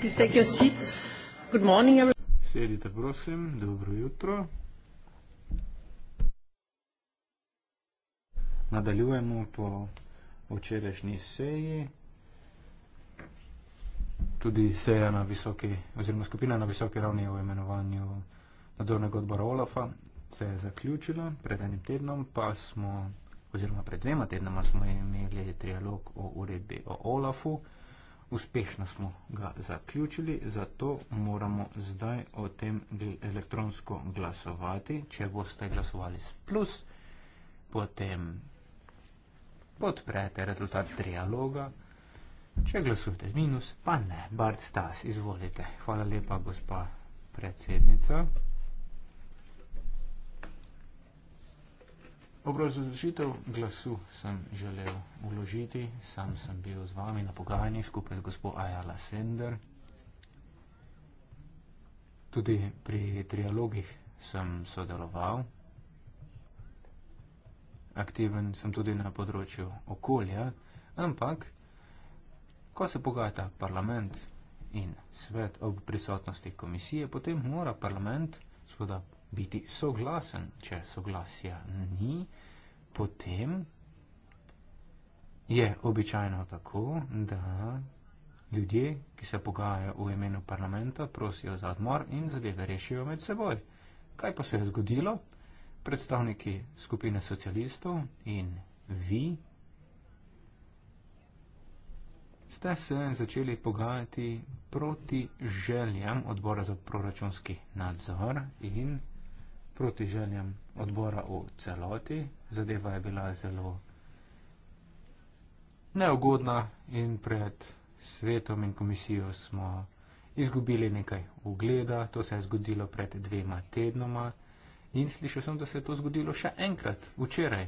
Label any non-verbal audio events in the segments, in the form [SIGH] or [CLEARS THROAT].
Please take your seats. Good morning, everyone. Sedite, prosim. Dobro jutro. Nadaljujemo po včerajšnji seji. Tudi seja na visoki, oziroma skupina na visoki ravni o imenovanju nadzornega odbora OLAFA se je zaključila. Pred enim tednom pa smo, oziroma pred dvema tednama smo imeli trialog o uredbi o OLAFu uspešno smo ga zaključili, zato moramo zdaj o tem elektronsko glasovati. Če boste glasovali s plus, potem podprete rezultat trialoga. Če glasujete z minus, pa ne. Bart Stas, izvolite. Hvala lepa, gospa predsednica. Obrazložitev glasu sem želel uložiti, sam sem bil z vami na pogajanjih skupaj z gospod Ajala Sender. Tudi pri trialogih sem sodeloval. Aktiven sem tudi na področju okolja, ampak ko se pogajata parlament in svet ob prisotnosti komisije, potem mora parlament, seveda biti soglasen. Če soglasja ni, potem je običajno tako, da ljudje, ki se pogajajo v imenu parlamenta, prosijo za odmor in zadeve rešijo med seboj. Kaj pa se je zgodilo? Predstavniki skupine socialistov in vi ste se začeli pogajati proti željam odbora za proračunski nadzor in proti željam odbora v celoti. Zadeva je bila zelo neugodna in pred svetom in komisijo smo izgubili nekaj ugleda. To se je zgodilo pred dvema tednoma in slišal sem, da se je to zgodilo še enkrat včeraj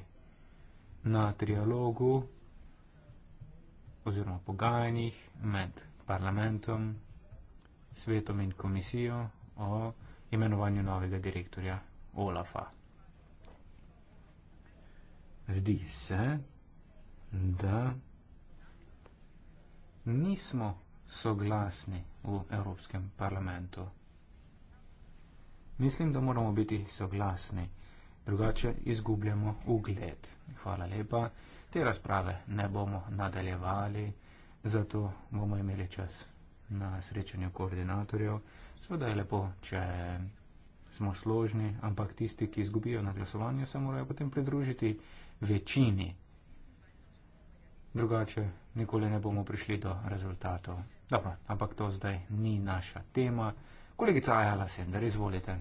na trialogu oziroma pogajanjih med parlamentom, svetom in komisijo o imenovanju novega direktorja Olafa. Zdi se, da nismo soglasni v Evropskem parlamentu. Mislim, da moramo biti soglasni, drugače izgubljamo ugled. Hvala lepa. Te razprave ne bomo nadaljevali, zato bomo imeli čas na srečanju koordinatorjev. Sveda je lepo, če smo složni, ampak tisti, ki izgubijo na glasovanju, se morajo potem pridružiti večini. Drugače nikoli ne bomo prišli do rezultatov. Dobro, ampak to zdaj ni naša tema. Kolegica Ajala Sender, izvolite.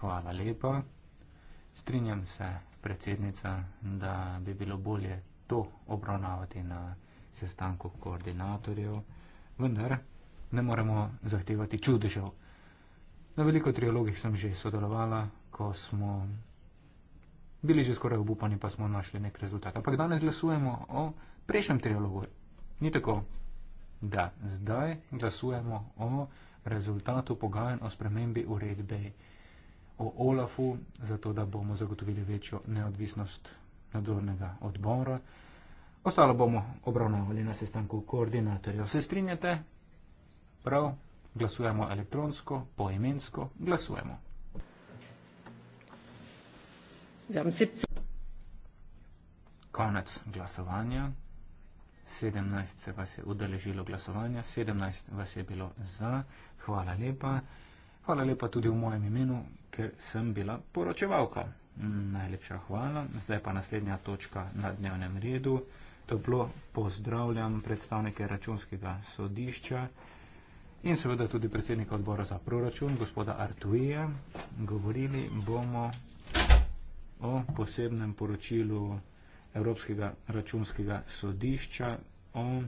Hvala lepa. Strinjam se, predsednica, da bi bilo bolje to obravnavati na sestanku koordinatorjev, vendar ne moremo zahtevati čudežev Na veliko trialogih sem že sodelovala, ko smo bili že skoraj obupani, pa smo našli nek rezultat. Ampak danes glasujemo o prejšnjem trialogu. Ni tako, da zdaj glasujemo o rezultatu pogajanj o spremembi uredbe o OLAF-u, zato da bomo zagotovili večjo neodvisnost nadzornega odbora. Ostalo bomo obravnavali na sestanku koordinatorjev. Se strinjate? Prav. Glasujemo elektronsko, poimensko, glasujemo. Ja, Konec glasovanja. 17 se vas je udeležilo glasovanja, 17 vas je bilo za. Hvala lepa. Hvala lepa tudi v mojem imenu, ker sem bila poročevalka. Najlepša hvala. Zdaj pa naslednja točka na dnevnem redu. Toplo pozdravljam predstavnike računskega sodišča in seveda tudi predsednika odbora za proračun, gospoda Artuija. Govorili bomo o posebnem poročilu Evropskega računskega sodišča o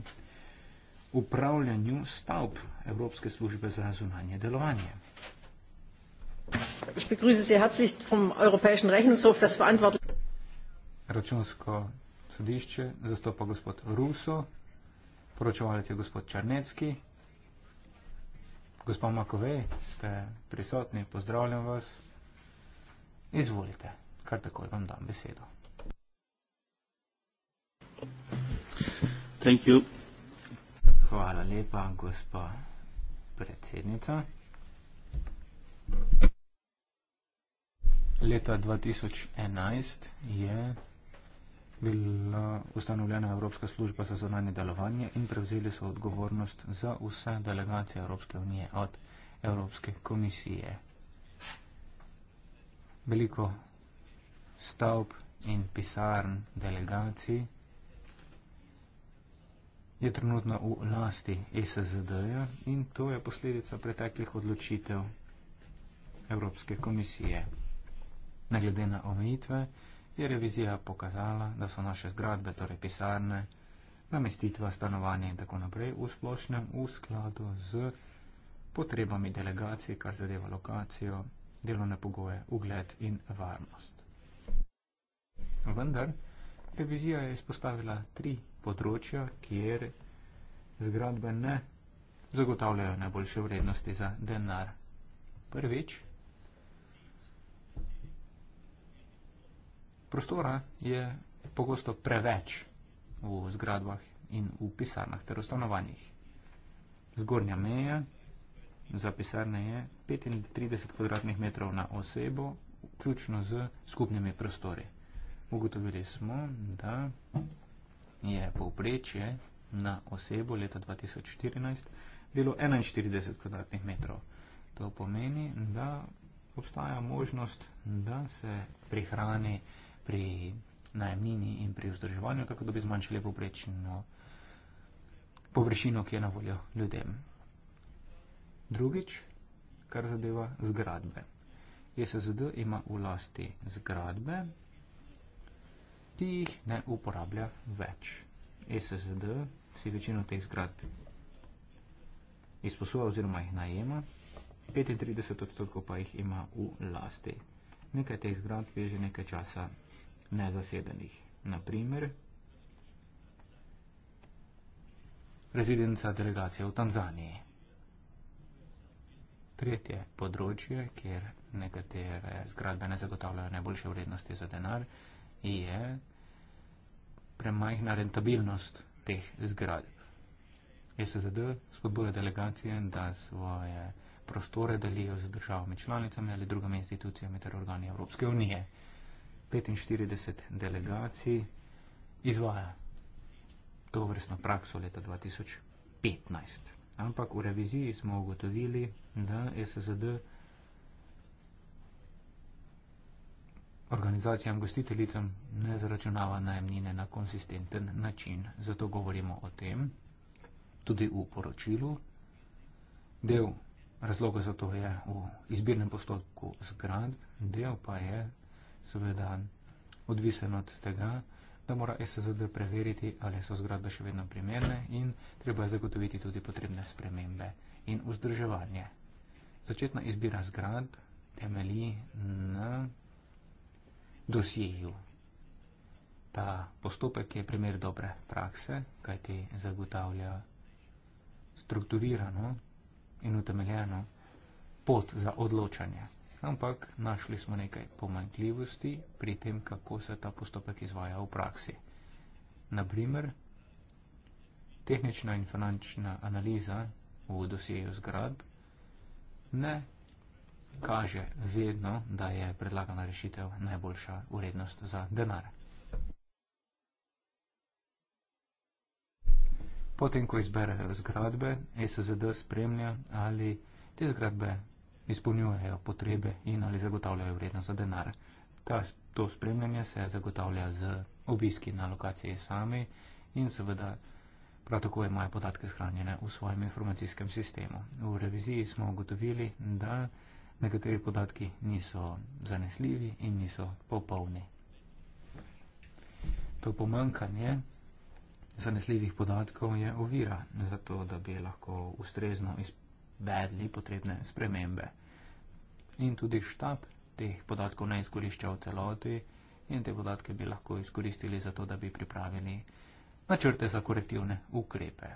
upravljanju stavb Evropske službe za zunanje delovanje. Računsko sodišče zastopa gospod Ruso, poročevalec je gospod Črnecki. Gospod Makovej, ste prisotni, pozdravljam vas. Izvolite, kar takoj vam dam besedo. Thank you. Hvala lepa, gospa predsednica. Leta 2011 je bila ustanovljena Evropska služba za zonanje delovanje in prevzeli so odgovornost za vse delegacije Evropske unije od Evropske komisije. Veliko stavb in pisarn delegacij je trenutno v lasti SZD-ja in to je posledica preteklih odločitev Evropske komisije. Naglede na omejitve, je revizija pokazala, da so naše zgradbe, torej pisarne, namestitva, stanovanje in tako naprej v splošnem v skladu z potrebami delegacije, kar zadeva lokacijo, delovne pogoje, ugled in varnost. Vendar, revizija je izpostavila tri področja, kjer zgradbe ne zagotavljajo najboljše vrednosti za denar. Prvič, prostora je pogosto preveč v zgradbah in v pisarnah ter v stanovanjih. Zgornja meja za pisarne je 35 km2 na osebo, vključno z skupnimi prostori. Ugotovili smo, da je povprečje na osebo leta 2014 bilo 41 km2. To pomeni, da obstaja možnost, da se prihrani pri najemnini in pri vzdrževanju, tako da bi zmanjšali povprečno površino, ki je na voljo ljudem. Drugič, kar zadeva zgradbe. JSZD ima v lasti zgradbe, ki jih ne uporablja več. JSZD si večino teh zgradb izposluje oziroma jih najema, 35 odstotkov pa jih ima v lasti. Nekaj teh zgradb je že nekaj časa nezasedenih. Naprimer, rezidenca delegacije v Tanzaniji. Tretje področje, kjer nekatere zgradbe ne zagotavljajo najboljše vrednosti za denar, je premajhna rentabilnost teh zgradb. SZD spodbuja delegacije, da svoje prostore delijo z državami članicami ali drugimi institucijami ter organi Evropske unije. 45 delegacij izvaja to vrstno prakso leta 2015. Ampak v reviziji smo ugotovili, da SSD organizacijam gostiteljicam ne zaračunava najemnine na konsistenten način. Zato govorimo o tem tudi v poročilu. Del razloga za to je v izbirnem postopku zgradb, del pa je seveda odvisen od tega, da mora SZD preveriti, ali so zgradbe še vedno primerne in treba je zagotoviti tudi potrebne spremembe in vzdrževanje. Začetna izbira zgrad temelji na dosjeju. Ta postopek je primer dobre prakse, kaj ti zagotavlja strukturirano in utemeljeno pot za odločanje ampak našli smo nekaj pomankljivosti pri tem, kako se ta postopek izvaja v praksi. Naprimer, tehnična in finančna analiza v dosjeju zgradb ne kaže vedno, da je predlagana rešitev najboljša urednost za denar. Potem, ko izberejo zgradbe, SZD spremlja, ali te zgradbe izpolnjujejo potrebe in ali zagotavljajo vrednost za denar. Ta, to spremljanje se zagotavlja z obiski na lokaciji sami in seveda prav tako imajo podatke shranjene v svojem informacijskem sistemu. V reviziji smo ugotovili, da nekateri podatki niso zanesljivi in niso popolni. To pomankanje zanesljivih podatkov je ovira za to, da bi lahko ustrezno izpolnili vedli potrebne spremembe. In tudi štab teh podatkov ne izkorišča v celoti in te podatke bi lahko izkoristili za to, da bi pripravili načrte za korektivne ukrepe.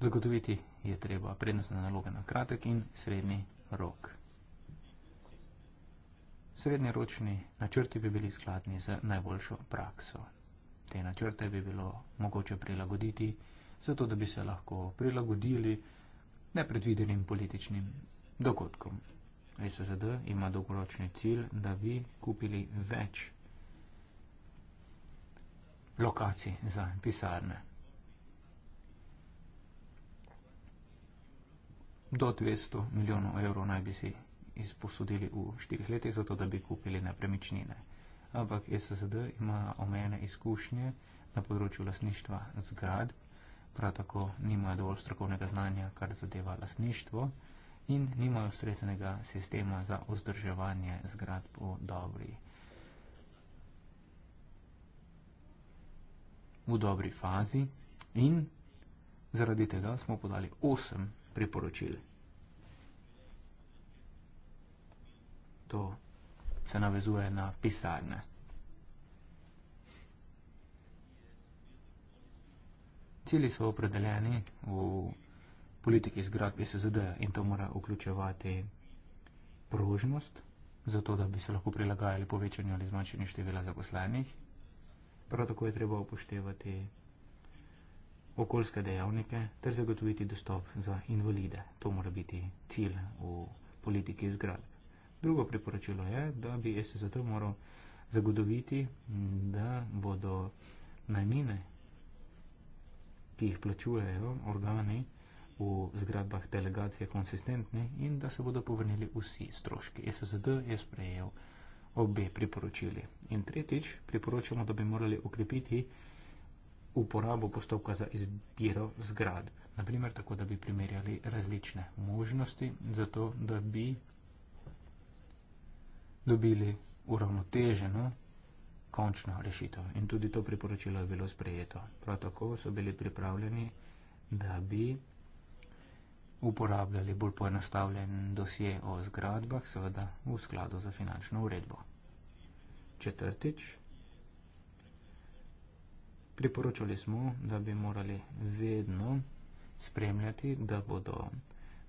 Zagotoviti je treba prednostne naloge na kratek in srednji rok. Srednjeročni načrti bi bili skladni z najboljšo prakso te načrte bi bilo mogoče prilagoditi, zato da bi se lahko prilagodili nepredvidenim političnim dogodkom. SSD ima dolgoročni cilj, da bi kupili več lokacij za pisarne. Do 200 milijonov evrov naj bi si izposodili v štirih letih, zato da bi kupili nepremičnine ampak SSD ima omejene izkušnje na področju lasništva zgrad, prav tako nima dovolj strokovnega znanja, kar zadeva lasništvo in nima ustreznega sistema za vzdrževanje zgrad po dobri, v dobri fazi in zaradi tega smo podali osem priporočil se navezuje na pisarne. Cili so opredeljeni v politiki zgradbi SZD in to mora vključevati prožnost, zato da bi se lahko prilagajali povečanju ali zmanjšanju števila zaposlenih. Prav tako je treba upoštevati okoljske dejavnike ter zagotoviti dostop za invalide. To mora biti cilj v politiki zgradbi. Drugo priporočilo je, da bi SZ moral zagotoviti, da bodo najmine, ki jih plačujejo organi v zgradbah delegacije, konsistentni in da se bodo povrnili vsi stroški. SZ je sprejel obe priporočili. In tretjič, priporočamo, da bi morali ukrepiti uporabo postopka za izbiro zgrad. Naprimer, tako da bi primerjali različne možnosti za to, da bi dobili uravnoteženo končno rešitev. In tudi to priporočilo je bilo sprejeto. Prav tako so bili pripravljeni, da bi uporabljali bolj poenostavljen dosje o zgradbah, seveda v skladu za finančno uredbo. Četrtič, priporočali smo, da bi morali vedno spremljati, da bodo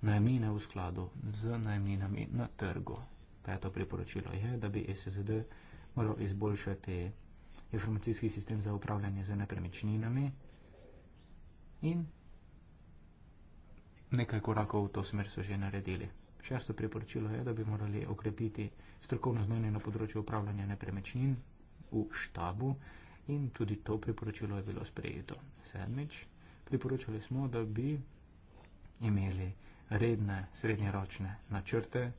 najmine v skladu z najminami na trgu peto priporočilo je, da bi SSD moral izboljšati informacijski sistem za upravljanje z nepremičninami in nekaj korakov v to smer so že naredili. Šesto priporočilo je, da bi morali okrepiti strokovno znanje na področju upravljanja nepremičnin v štabu in tudi to priporočilo je bilo sprejeto. Sedmič, priporočali smo, da bi imeli redne srednjeročne načrte,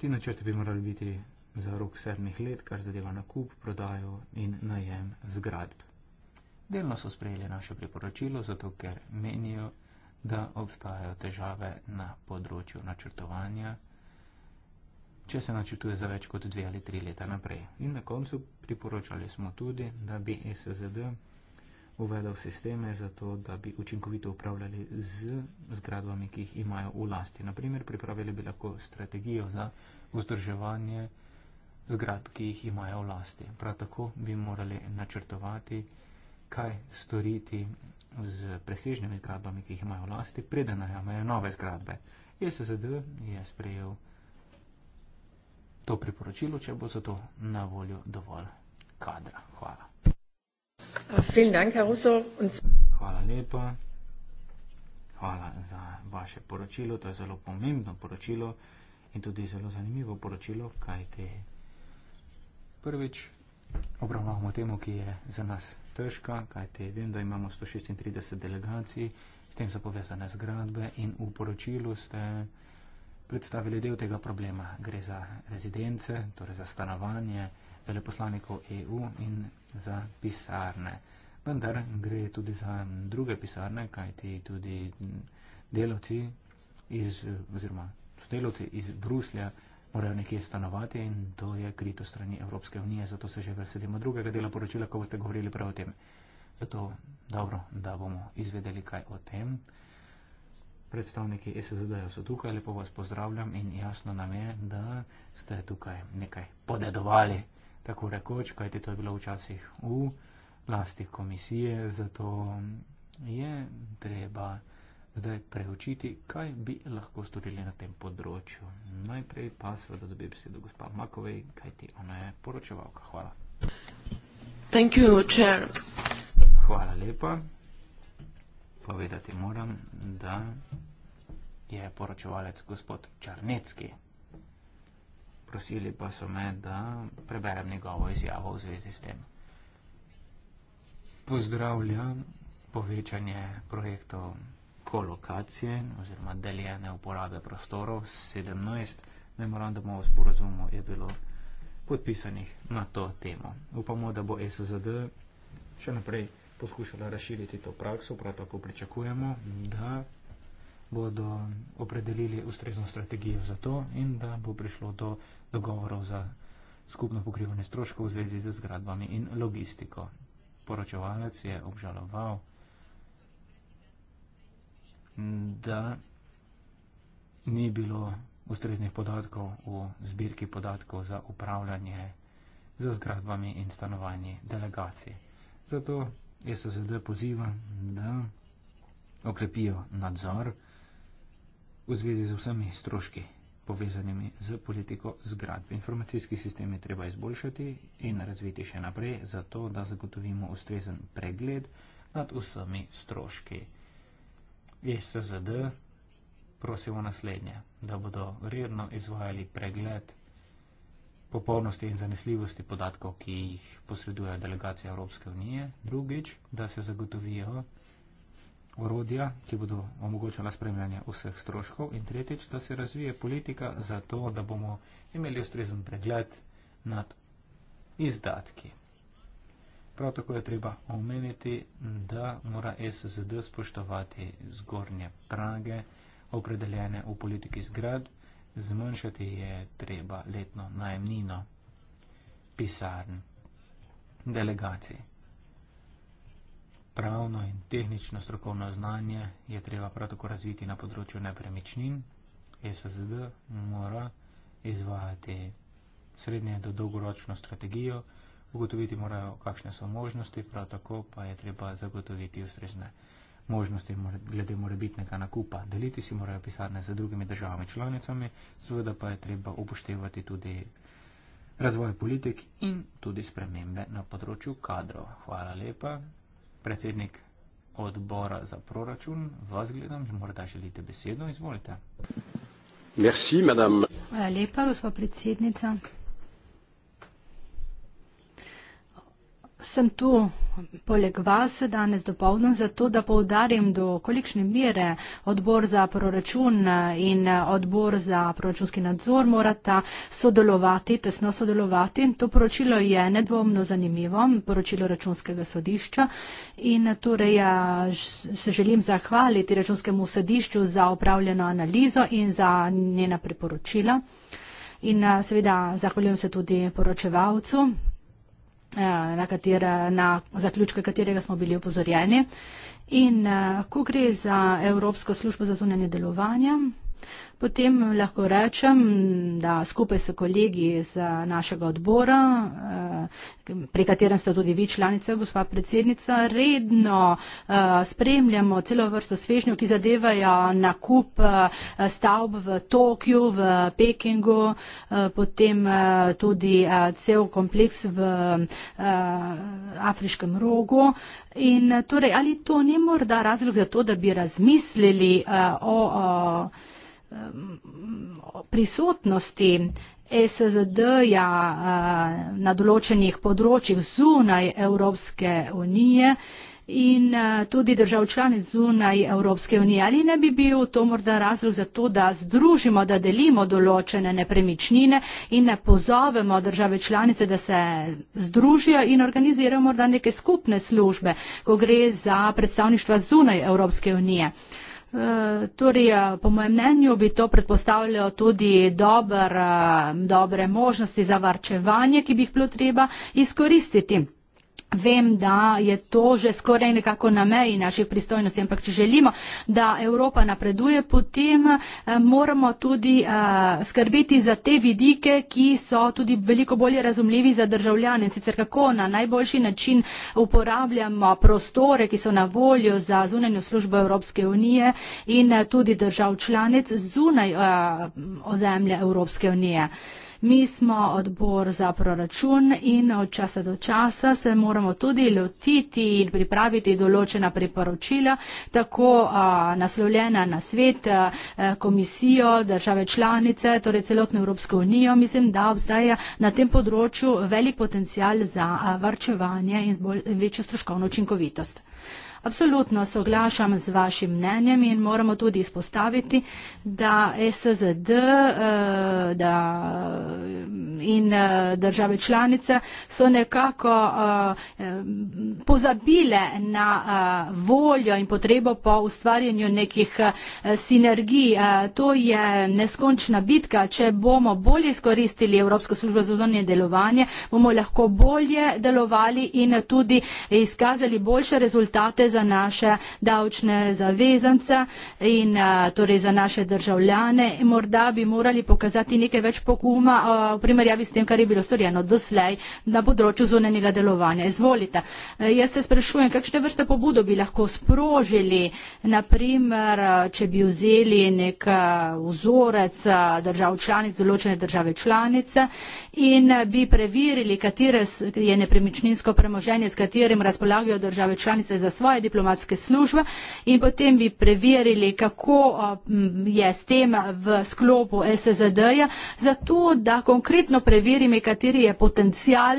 Ti načrti bi morali biti za rok sedmih let, kar zadeva nakup, prodajo in najem zgradb. Delno so sprejeli naše priporočilo, zato ker menijo, da obstajajo težave na področju načrtovanja, če se načrtuje za več kot dve ali tri leta naprej. In na koncu priporočali smo tudi, da bi SZD uvedel sisteme za to, da bi učinkovito upravljali z zgradbami, ki jih imajo v lasti. Naprimer, pripravili bi lahko strategijo za vzdrževanje zgradb, ki jih imajo v lasti. Prav tako bi morali načrtovati, kaj storiti z presežnimi zgradbami, ki jih imajo v lasti, preden najamejo nove zgradbe. E SSD je sprejel to priporočilo, če bo zato na voljo dovolj kadra. Hvala. Vielen Dank, Herr Russo. Und Hvala lepa. Hvala za vaše poročilo. To je zelo pomembno poročilo in tudi zelo zanimivo poročilo, kaj te prvič obravnavamo temo, ki je za nas težka, kaj te vem, da imamo 136 delegacij, s tem so povezane zgradbe in v poročilu ste predstavili del tega problema. Gre za rezidence, torej za stanovanje veleposlanikov EU in za pisarne. Vendar gre tudi za druge pisarne, kajti tudi delavci iz, oziroma sodelavci iz Bruslja morajo nekje stanovati in to je krito strani Evropske unije, zato se že veselimo drugega dela poročila, ko boste govorili prav o tem. Zato dobro, da bomo izvedeli kaj o tem predstavniki SSD-ja so tukaj, lepo vas pozdravljam in jasno nam je, da ste tukaj nekaj podedovali, tako rekoč, kajti to je bilo včasih v lasti komisije, zato je treba zdaj preučiti, kaj bi lahko storili na tem področju. Najprej pa seveda dobi besedo gospa Makovej, kajti ona je poročevalka. Hvala. Thank you, chair. Hvala lepa povedati moram, da je poročevalec gospod Črnecki. Prosili pa so me, da preberem njegovo izjavo v zvezi s tem. Pozdravljam povečanje projektov kolokacije oziroma deljene uporabe prostorov 17. Memorandum o sporazumu je bilo podpisanih na to temo. Upamo, da bo SZD še naprej poskušala razširiti to prakso, prav tako pričakujemo, da bodo opredelili ustrezno strategijo za to in da bo prišlo do dogovorov za skupno pokrivanje stroškov v zvezi z zgradbami in logistiko. Poročevalec je obžaloval, da ni bilo ustreznih podatkov v zbirki podatkov za upravljanje z zgradbami in stanovanji delegacije. Zato SSD poziva, da okrepijo nadzor v zvezi z vsemi stroški povezanimi z politiko zgradb. Informacijski sistem je treba izboljšati in razviti še naprej, zato da zagotovimo ustrezen pregled nad vsemi stroški. SSD prosimo naslednje, da bodo redno izvajali pregled popolnosti in zanesljivosti podatkov, ki jih posreduje delegacija Evropske unije. Drugič, da se zagotovijo orodja, ki bodo omogočala spremljanje vseh stroškov. In tretjič, da se razvije politika za to, da bomo imeli ustrezen pregled nad izdatki. Prav tako je treba omeniti, da mora SZD spoštovati zgornje prage, opredeljene v politiki zgradb zmanjšati je treba letno najemnino pisarn, delegacij. Pravno in tehnično strokovno znanje je treba prav tako razviti na področju nepremičnin. SSD mora izvajati srednje do dolgoročno strategijo, ugotoviti morajo, kakšne so možnosti, prav tako pa je treba zagotoviti ustrezne možnosti glede morebitnega nakupa. Deliti si morajo pisarne z drugimi državami članicami, seveda pa je treba upoštevati tudi razvoj politik in tudi spremembe na področju kadrov. Hvala lepa. Predsednik odbora za proračun, vas gledam, morda želite besedo, izvolite. Merci, Hvala lepa, gospod predsednica. sem tu poleg vas danes dopolnjen zato, da povdarim, do kolikšne mere odbor za proračun in odbor za proračunski nadzor morata sodelovati, tesno sodelovati. To poročilo je nedvomno zanimivo, poročilo računskega sodišča in torej ja, se želim zahvaliti računskemu sodišču za opravljeno analizo in za njena priporočila. In seveda zahvaljujem se tudi poročevalcu, Eh, na, katera, na zaključke katerega smo bili upozorjeni. In eh, ko gre za Evropsko službo za zunanje delovanje, Potem lahko rečem, da skupaj s kolegi iz eh, našega odbora, eh, pri katerem ste tudi vi članica, gospa predsednica, redno eh, spremljamo celo vrsto svežnjo, ki zadevajo nakup stavb v Tokiu, v Pekingu, potem tudi cel kompleks v Afriškem rogu. In torej, ali to ni morda razlog za to, da bi razmislili o. o Um, prisotnosti SZD-ja uh, na določenih področjih zunaj Evropske unije in uh, tudi držav članic zunaj Evropske unije. Ali ne bi bil to morda razlog za to, da združimo, da delimo določene nepremičnine in ne pozovemo države članice, da se združijo in organizirajo morda neke skupne službe, ko gre za predstavništva zunaj Evropske unije? Eh, torej, eh, po mojem mnenju bi to predpostavljalo tudi dober, eh, dobre možnosti za varčevanje, ki bi jih bilo treba izkoristiti. Vem, da je to že skoraj nekako na meji naših pristojnosti, ampak če želimo, da Evropa napreduje, potem eh, moramo tudi eh, skrbeti za te vidike, ki so tudi veliko bolje razumljivi za državljane. Sicer kako na najboljši način uporabljamo prostore, ki so na voljo za zunanjo službo Evropske unije in eh, tudi držav članic zunaj ozemlja Evropske unije. Mi smo odbor za proračun in od časa do časa se moramo tudi lotiti in pripraviti določena priporočila, tako a, naslovljena na svet, a, komisijo, države članice, torej celotno Evropsko unijo. Mislim, da obstaja na tem področju velik potencial za a, varčevanje in večjo stroškovno učinkovitost. Absolutno soglašam z vašim mnenjem in moramo tudi izpostaviti, da SZD eh, da in eh, države članice so nekako eh, pozabile na voljo in potrebo po ustvarjanju nekih sinergij. To je neskončna bitka. Če bomo bolje izkoristili Evropsko službo za zunanje delovanje, bomo lahko bolje delovali in tudi izkazali boljše rezultate za naše davčne zavezance in torej za naše državljane. Morda bi morali pokazati nekaj več poguma v primerjavi s tem, kar je bilo storjeno doslej na področju zunanjega delovanja. Izvolite. E, jaz se sprašujem, kakšne vrste pobudo bi lahko sprožili, naprimer, če bi vzeli nek vzorec držav članic, določene države članice in bi preverili, katere je nepremičninsko premoženje, s katerim razpolagajo države članice za svoje svoje diplomatske službe in potem bi preverili, kako je s tem v sklopu SZD-ja, zato da konkretno preverimo, kateri je potencial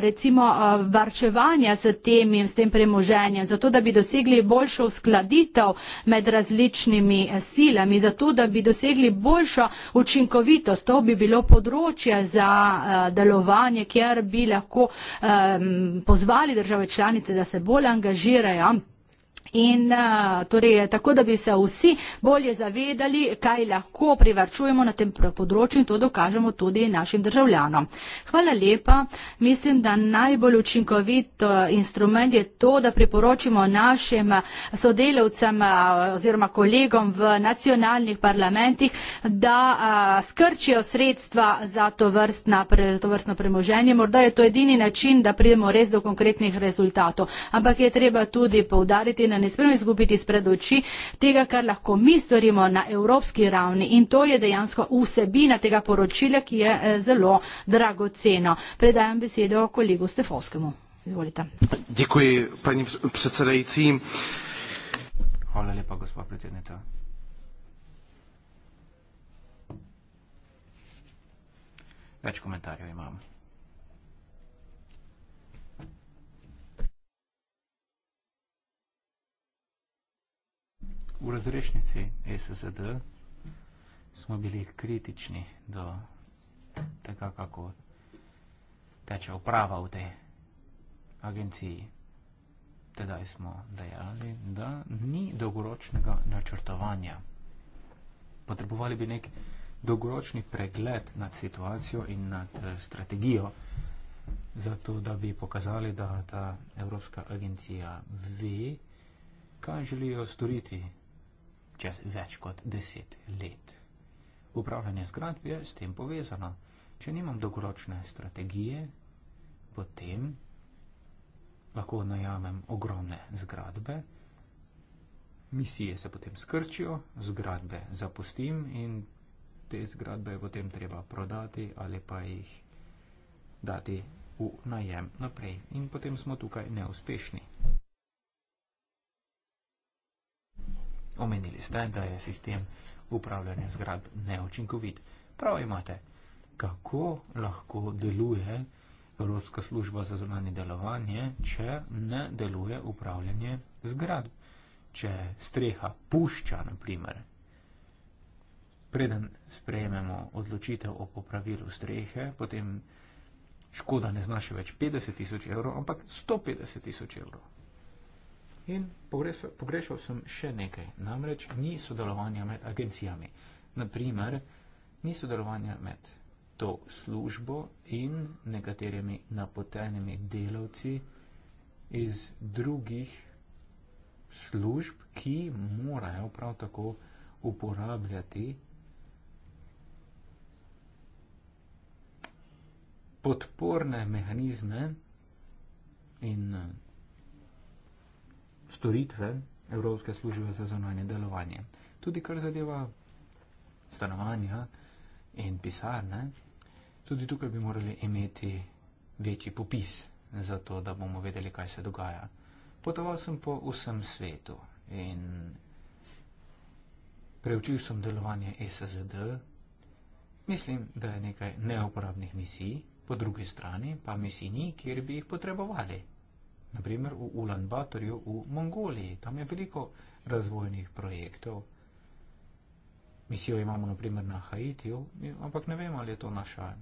recimo varčevanja s tem in s tem premoženjem, zato da bi dosegli boljšo uskladitev med različnimi silami, zato da bi dosegli boljšo učinkovitost. To bi bilo področje za delovanje, kjer bi lahko pozvali države članice, da se bolj angažirajo razbijajo in torej tako, da bi se vsi bolje zavedali, kaj lahko privarčujemo na tem področju in to dokažemo tudi našim državljanom. Hvala lepa. Mislim, da najbolj učinkovit instrument je to, da priporočimo našim sodelavcem oziroma kolegom v nacionalnih parlamentih, da skrčijo sredstva za to, vrstna, to vrstno premoženje. Morda je to edini način, da pridemo res do konkretnih rezultatov. Ampak je treba tudi poudariti na nekaj ne smemo izgubiti spred oči tega, kar lahko mi storimo na evropski ravni in to je dejansko vsebina tega poročila, ki je eh, zelo dragoceno. Predajam besedo kolegu Stefovskemu. Izvolite. Děkuji, paní předsedající. Hvala lepa, gospod predsednica. Več komentarjev imamo. V razrešnici SSD smo bili kritični do tega, kako teče oprava v tej agenciji. Tedaj smo dejali, da ni dolgoročnega načrtovanja. Potrebovali bi nek dolgoročni pregled nad situacijo in nad eh, strategijo, zato da bi pokazali, da ta Evropska agencija ve, kaj želijo storiti čez več kot deset let. Upravljanje zgradb je s tem povezano. Če nimam dolgoročne strategije, potem lahko najamem ogromne zgradbe, misije se potem skrčijo, zgradbe zapustim in te zgradbe je potem treba prodati ali pa jih dati v najem naprej. In potem smo tukaj neuspešni. Omenili ste, da je sistem upravljanja zgradb neočinkovit. Prav imate. Kako lahko deluje Evropska služba za zunanje delovanje, če ne deluje upravljanje zgradb? Če streha pušča, naprimer, preden sprejmemo odločitev o popravilu strehe, potem škoda ne znaše več 50 tisoč evrov, ampak 150 tisoč evrov. In pogrešal sem še nekaj, namreč ni sodelovanja med agencijami. Naprimer, ni sodelovanja med to službo in nekaterimi napotenimi delavci iz drugih služb, ki morajo prav tako uporabljati podporne mehanizme in storitve Evropske službe za zunanje delovanje. Tudi kar zadeva stanovanja in pisarne, tudi tukaj bi morali imeti večji popis, zato da bomo vedeli, kaj se dogaja. Potoval sem po vsem svetu in preučil sem delovanje SZD. Mislim, da je nekaj neuporabnih misij, po drugi strani pa misij ni, kjer bi jih potrebovali naprimer v Ulanbatorju v Mongoliji. Tam je veliko razvojnih projektov. Misijo imamo naprimer na Haitiju, ampak ne vemo, ali je to naša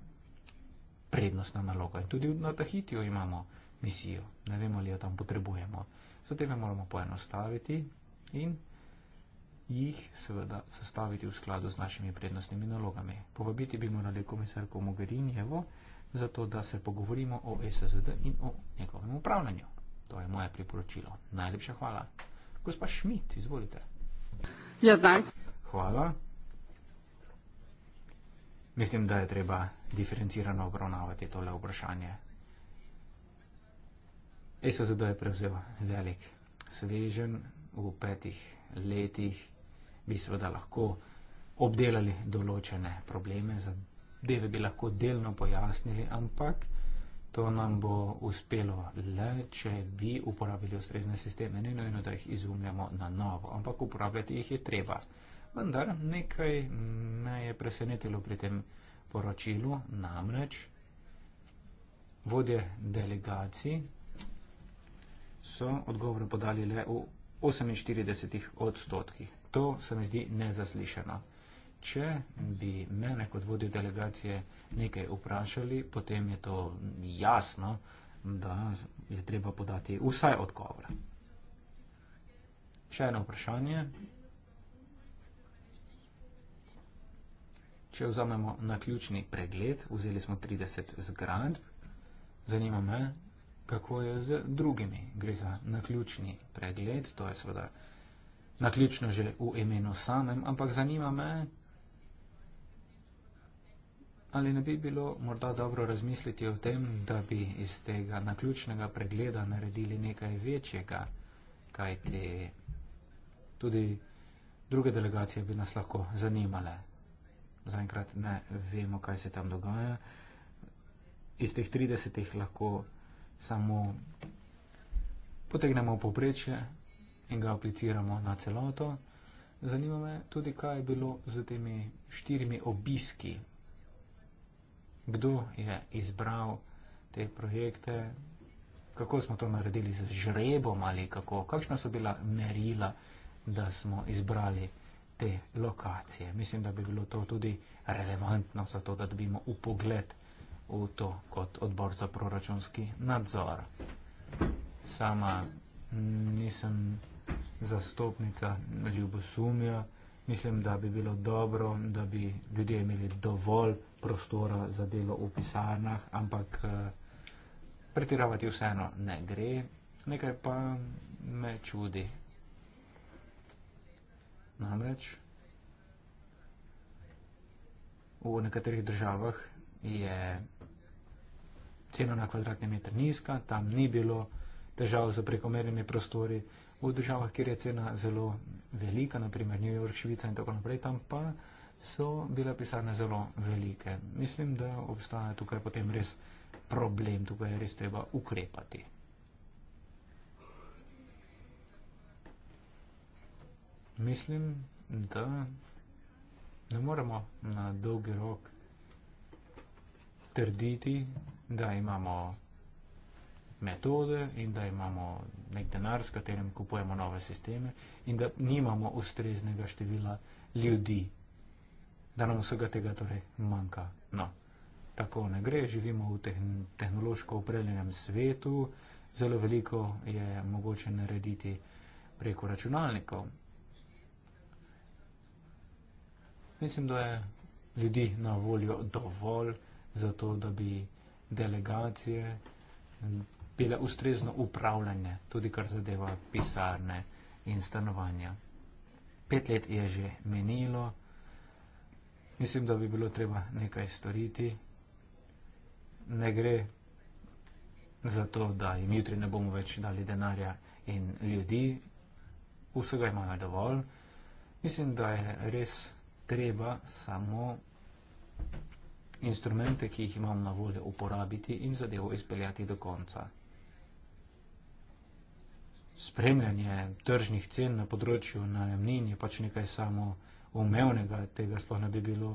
prednostna naloga. In tudi na Tahitiju imamo misijo, ne vemo, ali jo tam potrebujemo. Zato jo moramo poenostaviti in jih seveda sestaviti v skladu z našimi prednostnimi nalogami. Povabiti bi morali komisarko Mogherinjevo, zato da se pogovorimo o SSD in o njegovem upravljanju. To je moje priporočilo. Najlepša hvala. Gospa Šmit, izvolite. Ja, zdaj. Hvala. Mislim, da je treba diferencirano obravnavati tole vprašanje. SSD je prevzel velik svežen v petih letih, bi seveda lahko obdelali določene probleme, zadeve bi lahko delno pojasnili, ampak To nam bo uspelo le, če bi uporabili ustrezne sisteme. Ne nujno, da jih izumljamo na novo, ampak uporabljati jih je treba. Vendar nekaj me je presenetilo pri tem poročilu, namreč vodje delegacij so odgovor podali le v 48 odstotkih. To se mi zdi nezaslišano če bi mene kot vodjo delegacije nekaj vprašali, potem je to jasno, da je treba podati vsaj odgovor. Še eno vprašanje. Če vzamemo na ključni pregled, vzeli smo 30 zgradb, zanima me, kako je z drugimi. Gre za na ključni pregled, to je seveda na ključno že v imenu samem, ampak zanima me, Ali ne bi bilo morda dobro razmisliti o tem, da bi iz tega naključnega pregleda naredili nekaj večjega, kajti tudi druge delegacije bi nas lahko zanimale. Zaenkrat ne vemo, kaj se tam dogaja. Iz teh 30 lahko samo potegnemo poprečje in ga apliciramo na celoto. Zanima me tudi, kaj je bilo z temi štirimi obiski kdo je izbral te projekte, kako smo to naredili z žrebom ali kako, kakšna so bila merila, da smo izbrali te lokacije. Mislim, da bi bilo to tudi relevantno za to, da dobimo upogled v to kot odbor za proračunski nadzor. Sama nisem zastopnica ljubosumja. Mislim, da bi bilo dobro, da bi ljudje imeli dovolj prostora za delo v pisarnah, ampak eh, pretiravati vseeno ne gre. Nekaj pa me čudi. Namreč v nekaterih državah je cena na kvadratni meter nizka, tam ni bilo težav z prekomernimi prostori v državah, kjer je cena zelo velika, naprimer New York, Švica in tako naprej, tam pa so bile pisarne zelo velike. Mislim, da obstaja tukaj potem res problem, tukaj je res treba ukrepati. Mislim, da ne moremo na dolgi rok trditi, da imamo metode in da imamo nek denar, s katerim kupujemo nove sisteme in da nimamo ustreznega števila ljudi, da nam vsega tega torej manjka. No, tako ne gre, živimo v tehnološko upreljenem svetu, zelo veliko je mogoče narediti preko računalnikov. Mislim, da je ljudi na voljo dovolj za to, da bi delegacije bile ustrezno upravljene, tudi kar zadeva pisarne in stanovanja. Pet let je že menilo, mislim, da bi bilo treba nekaj storiti. Ne gre za to, da jim jutri ne bomo več dali denarja in ljudi, vsega imajo dovolj. Mislim, da je res treba samo instrumente, ki jih imam na voljo, uporabiti in zadevo izpeljati do konca spremljanje tržnih cen na področju najemnin je pač nekaj samo umevnega, tega sploh ne bi bilo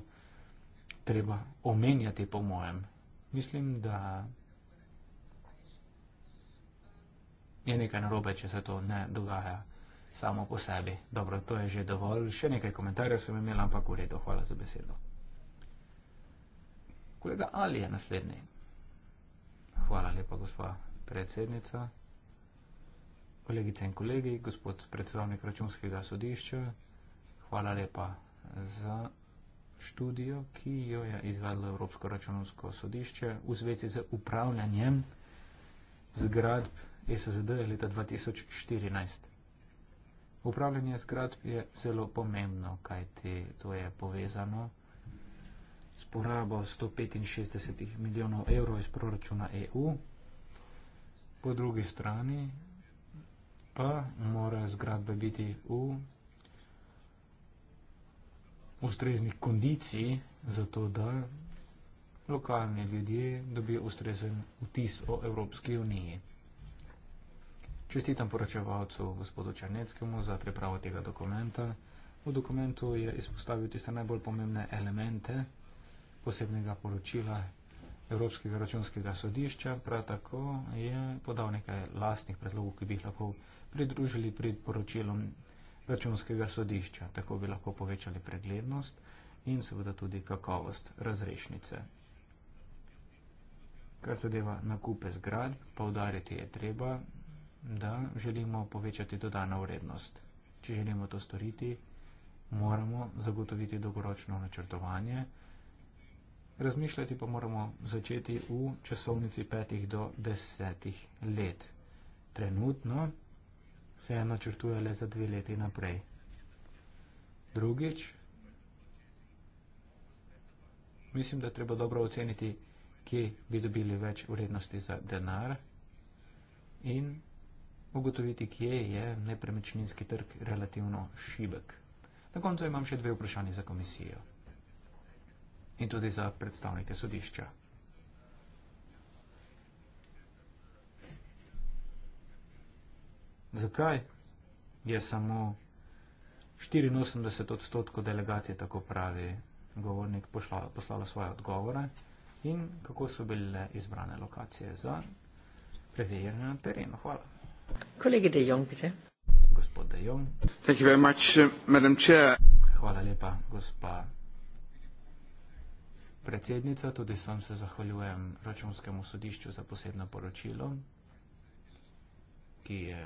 treba omenjati, po mojem. Mislim, da je nekaj narobe, če se to ne dogaja samo po sebi. Dobro, to je že dovolj. Še nekaj komentarjev sem imela, ampak v redu. Hvala za besedo. Kolega Ali je naslednji. Hvala lepa, gospa predsednica. Kolegice in kolegi, gospod predsednik računskega sodišča, hvala lepa za študijo, ki jo je izvedlo Evropsko računsko sodišče v zvezi z upravljanjem zgradb SSD leta 2014. Upravljanje zgradb je zelo pomembno, kajti to je povezano s porabo 165 milijonov evrov iz proračuna EU. Po drugi strani pa mora zgradba biti v ustreznih kondiciji, zato da lokalni ljudje dobijo ustrezen vtis o Evropski uniji. Čestitam poročevalcu gospodu Črneckemu za pripravo tega dokumenta. V dokumentu je izpostavil tiste najbolj pomembne elemente posebnega poročila, Evropskega računskega sodišča, prav tako je podal nekaj lastnih predlogov, ki bi jih lahko pridružili pred poročilom računskega sodišča. Tako bi lahko povečali preglednost in seveda tudi kakovost razrešnice. Kar zadeva nakupe zgrad, pa udariti je treba, da želimo povečati dodano vrednost. Če želimo to storiti, moramo zagotoviti dolgoročno načrtovanje. Razmišljati pa moramo začeti v časovnici 5 do 10 let. Trenutno se je načrtuje le za dve leti naprej. Drugič, mislim, da treba dobro oceniti, kje bi dobili več vrednosti za denar in ugotoviti, kje je nepremičninski trg relativno šibek. Na koncu imam še dve vprašanje za komisijo in tudi za predstavnike sodišča. Zakaj je samo 84 odstotkov delegacije, tako pravi govornik, poslalo, poslalo svoje odgovore in kako so bile izbrane lokacije za preverjanje na terenu? Hvala. Kolegi De Jong, pite. Gospod De Jong. Thank you very much, eh, Madam Chair. Hvala lepa, gospa predsednica, tudi sam se zahvaljujem računskemu sodišču za posebno poročilo, ki je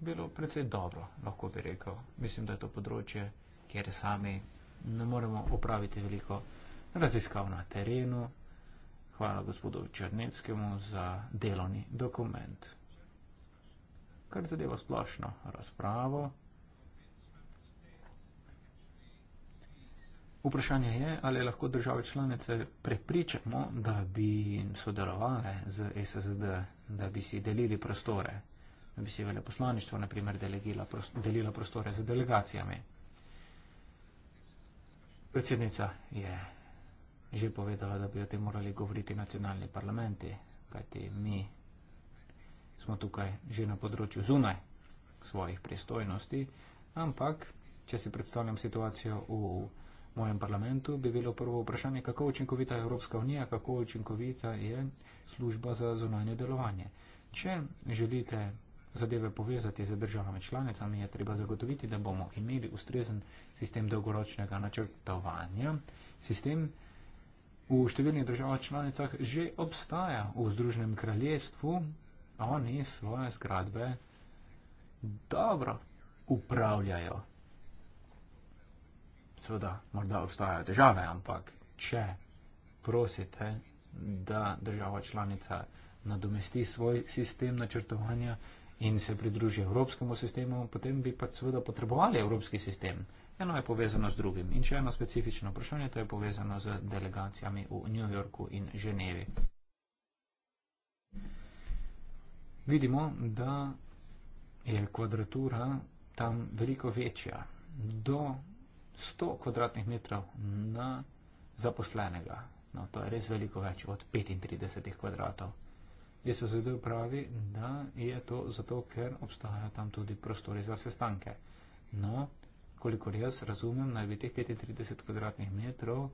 bilo predvsej dobro, lahko bi rekel. Mislim, da je to področje, kjer sami ne moremo opraviti veliko raziskav na terenu. Hvala gospodu Črneckemu za delovni dokument. Kar zadeva splošno razpravo. Vprašanje je, ali lahko države članice prepričamo, da bi sodelovali z SSD, da bi si delili prostore, da bi si veleposlaništvo, naprimer, delila prostore z delegacijami. Predsednica je že povedala, da bi o tem morali govoriti nacionalni parlamenti, kajti mi smo tukaj že na področju zunaj svojih pristojnosti, ampak, če si predstavljam situacijo v Ukrajini, v mojem parlamentu, bi bilo prvo vprašanje, kako učinkovita je Evropska unija, kako učinkovita je služba za zunanje delovanje. Če želite zadeve povezati z državami članicami, je treba zagotoviti, da bomo imeli ustrezen sistem dolgoročnega načrtovanja. Sistem v številnih državah članicah že obstaja v Združenem kraljestvu, oni svoje zgradbe dobro upravljajo seveda, morda obstajajo težave, ampak če prosite, da država članica nadomesti svoj sistem načrtovanja in se pridruži evropskemu sistemu, potem bi pač seveda potrebovali evropski sistem. Eno je povezano z drugim. In še eno specifično vprašanje, to je povezano z delegacijami v New Yorku in Ženevi. Vidimo, da je kvadratura tam veliko večja. Do 100 kvadratnih metrov na zaposlenega. No, to je res veliko več od 35 kvadratov. Jaz se zdaj pravi, da je to zato, ker obstajajo tam tudi prostori za sestanke. No, kolikor jaz razumem, naj bi teh 35 kvadratnih metrov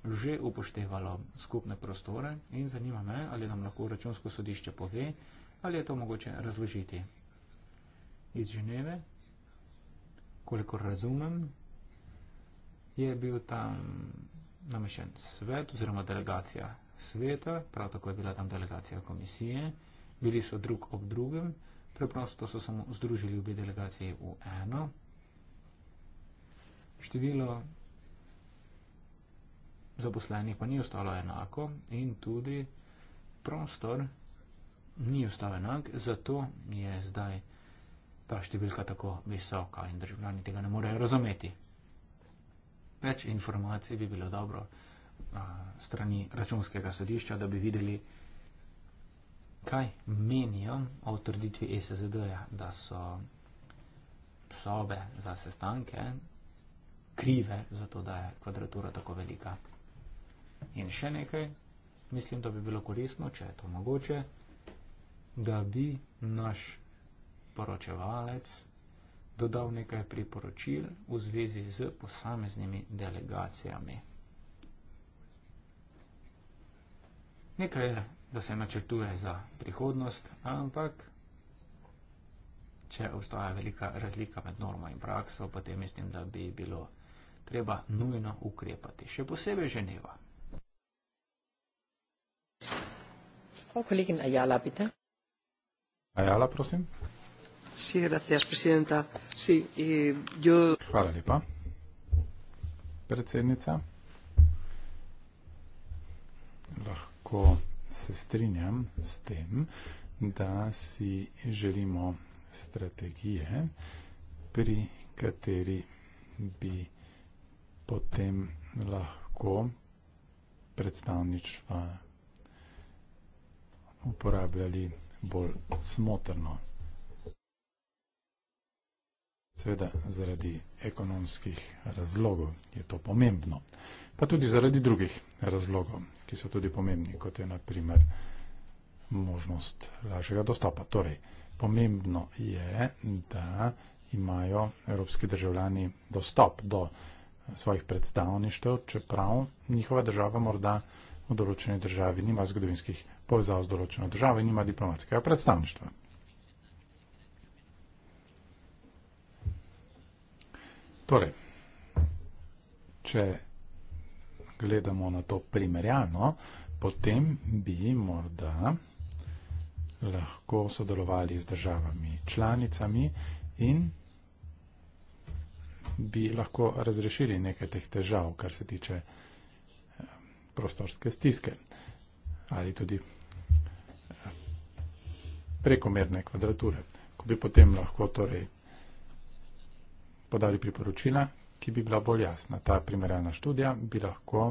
že upoštevalo skupne prostore in zanima me, ali nam lahko računsko sodišče pove, ali je to mogoče razložiti. Iz Ženeve, kolikor razumem, je bil tam namešen svet oziroma delegacija sveta, prav tako je bila tam delegacija komisije, bili so drug ob drugem, preprosto so samo združili obe delegaciji v eno. Število zaposlenih pa ni ostalo enako in tudi prostor ni ostal enak, zato je zdaj ta številka tako visoka in državljani tega ne morejo razumeti. Več informacij bi bilo dobro uh, strani računskega sodišča, da bi videli, kaj menijo o utrditvi e SSD-ja, da so sobe za sestanke krive za to, da je kvadratura tako velika. In še nekaj, mislim, da bi bilo korisno, če je to mogoče, da bi naš poročevalec dodal nekaj priporočil v zvezi z posameznimi delegacijami. Nekaj je, da se načrtuje za prihodnost, ampak če obstaja velika razlika med normo in prakso, potem mislim, da bi bilo treba nujno ukrepati, še posebej Ženeva. O, kolegin Ajala, pite. Ajala, prosim. Sí, gracias, presidenta. Sí, eh, yo... Hvala lepa. Predsednica. Lahko se strinjam s tem, da si želimo strategije, pri kateri bi potem lahko predstavništva uporabljali bolj smotrno Seveda zaradi ekonomskih razlogov je to pomembno, pa tudi zaradi drugih razlogov, ki so tudi pomembni, kot je naprimer možnost lažjega dostopa. Torej, pomembno je, da imajo evropski državljani dostop do svojih predstavništev, čeprav njihova država morda v določeni državi nima zgodovinskih povezav z določeno državo in nima diplomatskega predstavništva. Torej, če gledamo na to primerjalno, potem bi morda lahko sodelovali z državami članicami in bi lahko razrešili nekaj teh težav, kar se tiče eh, prostorske stiske ali tudi eh, prekomerne kvadrature. Ko bi potem lahko torej podali priporočila, ki bi bila bolj jasna. Ta primerjalna študija bi lahko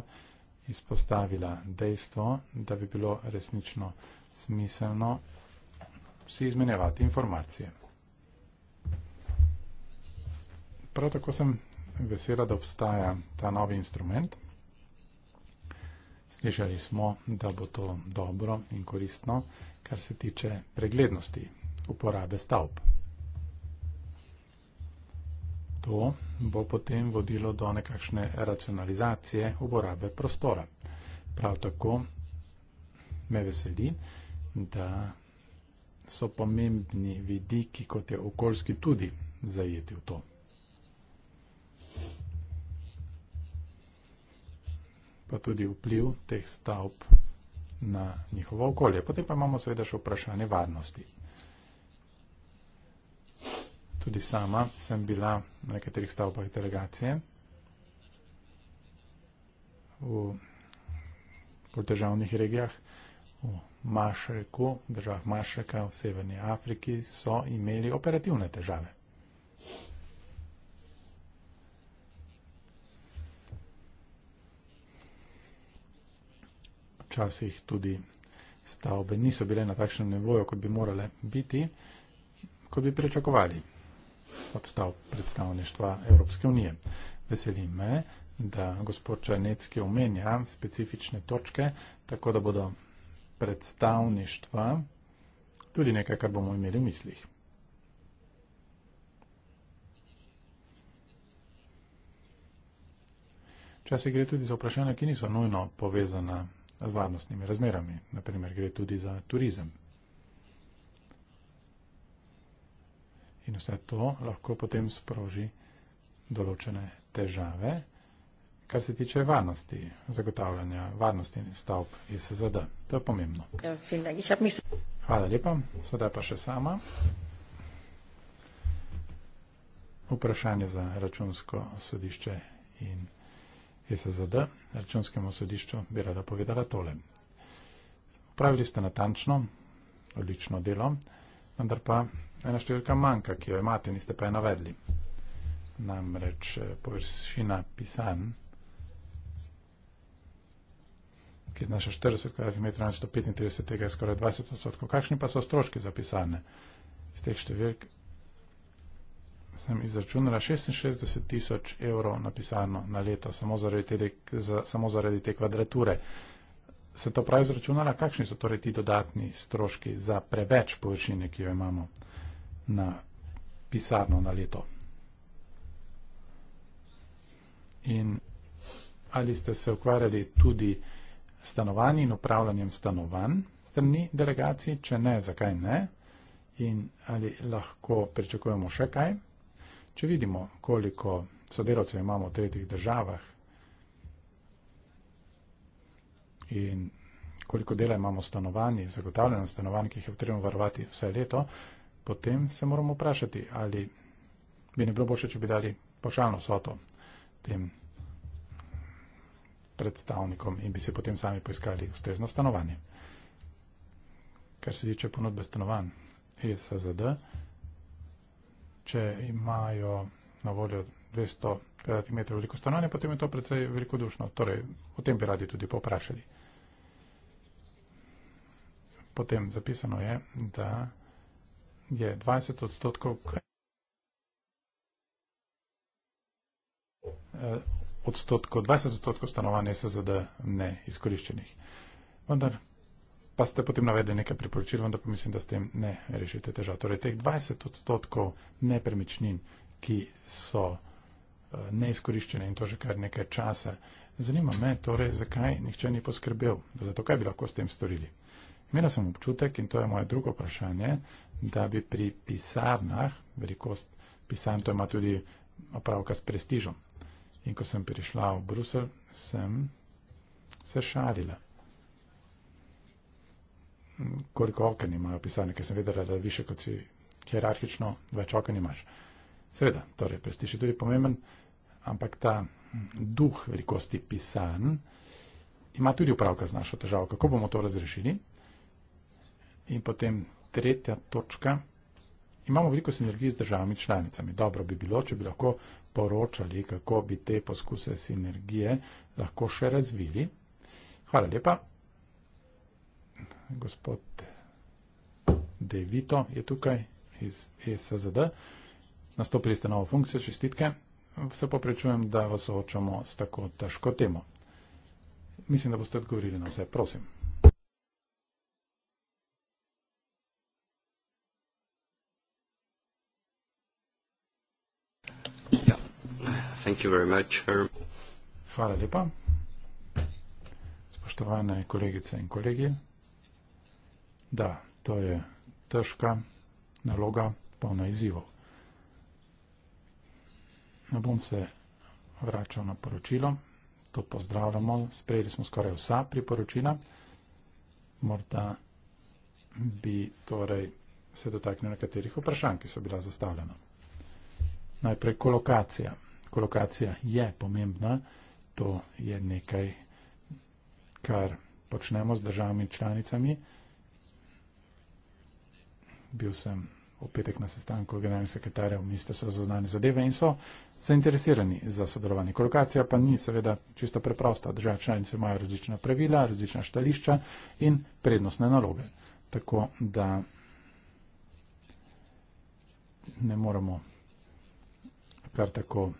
izpostavila dejstvo, da bi bilo resnično smiselno si izmenjevati informacije. Prav tako sem vesela, da obstaja ta novi instrument. Slišali smo, da bo to dobro in koristno, kar se tiče preglednosti uporabe stavb. To bo potem vodilo do nekakšne racionalizacije uporabe prostora. Prav tako me veseli, da so pomembni vidiki, kot je okoljski, tudi zajeti v to. Pa tudi vpliv teh stavb na njihovo okolje. Potem pa imamo seveda še vprašanje varnosti. Tudi sama sem bila na nekaterih stavbah delegacije v državnih regijah, v Mašreku, državah Mašreka v Severni Afriki so imeli operativne težave. Včasih tudi stavbe niso bile na takšnem nivoju, kot bi morale biti, kot bi pričakovali odstav predstavništva Evropske unije. Veseli me, da gospod Čajnecki omenja specifične točke, tako da bodo predstavništva tudi nekaj, kar bomo imeli v mislih. Včasih gre tudi za vprašanja, ki niso nujno povezana z varnostnimi razmerami. Naprimer, gre tudi za turizem. In vse to lahko potem sproži določene težave, kar se tiče varnosti, zagotavljanja varnosti stavb iz SZD. To je pomembno. Ja, Hvala lepa. Sedaj pa še sama. Vprašanje za računsko sodišče in SZD. Računskemu sodišču bi rada povedala tole. Upravili ste natančno, odlično delo, vendar pa ena številka manjka, ki jo imate, niste pa je navedli. Namreč eh, površina pisan, ki znaša 40 km na 135, tega je skoraj 20 odstotkov. Kakšni pa so stroški za pisanje? Z teh številk sem izračunala 66 tisoč evrov na pisarno na leto, samo zaradi, te, za, samo zaradi te kvadrature. Se to pravi izračunala, kakšni so torej ti dodatni stroški za preveč površine, ki jo imamo? na pisarno na leto. In ali ste se ukvarjali tudi stanovanji in upravljanjem stanovanj strani delegacij, če ne, zakaj ne? In ali lahko pričakujemo še kaj? Če vidimo, koliko sodelavcev imamo v tretjih državah in koliko dela imamo stanovanji, zagotavljanje stanovanj, ki jih je potrebno varovati vse leto, potem se moramo vprašati, ali bi ne bilo boljše, če bi dali pošaljno svoto tem predstavnikom in bi se potem sami poiskali ustrezno stanovanje. Kar se tiče ponudbe stanovanj ESZD, če imajo na voljo 200 kvadratnih metrov veliko stanovanje, potem je to precej velikodušno. Torej, o tem bi radi tudi poprašali. Potem zapisano je, da je 20 odstotkov eh, odstotkov, 20 odstotkov stanovanj SZD neizkoriščenih. Vendar pa ste potem navedli nekaj priporočil, vendar pa mislim, da s tem ne rešite težav. Torej, teh 20 odstotkov nepremičnin, ki so eh, neizkoriščene in to že kar nekaj časa, zanima me, torej, zakaj nihče ni poskrbel, zato kaj bi lahko s tem storili. Imela sem občutek, in to je moje drugo vprašanje, da bi pri pisarnah, velikost pisarn, to ima tudi opravka s prestižom. In ko sem prišla v Bruselj, sem se šalila. Koliko okna imajo pisarne, ker sem vedela, da više kot si hierarhično, več okna imaš. Seveda, torej prestiž je tudi pomemben, ampak ta duh velikosti pisarn ima tudi upravka z našo težavo. Kako bomo to razrešili? In potem tretja točka. Imamo veliko sinergij z državami članicami. Dobro bi bilo, če bi lahko poročali, kako bi te poskuse sinergije lahko še razvili. Hvala lepa. Gospod Devito je tukaj iz e SZD. Nastopili ste novo funkcijo, čestitke. Se poprečujem, da vas soočamo s tako težko temo. Mislim, da boste odgovorili na vse. Prosim. Thank you very much, Hvala lepa. Spoštovane kolegice in kolegi, da, to je težka naloga, polna izzivov. Ne bom se vračal na poročilo, to pozdravljamo, sprejeli smo skoraj vsa priporočila. Morda bi torej se dotaknil nekaterih vprašanj, ki so bila zastavljena. Najprej kolokacija kolokacija je pomembna, to je nekaj, kar počnemo z državami članicami. Bil sem v petek na sestanku generalnega sekretarja v Ministrstvu za zunanje zadeve in so zainteresirani za sodelovanje. Kolokacija pa ni seveda čisto preprosta. Države članice imajo različna pravila, različna stališča in prednostne naloge. Tako da ne moremo kar tako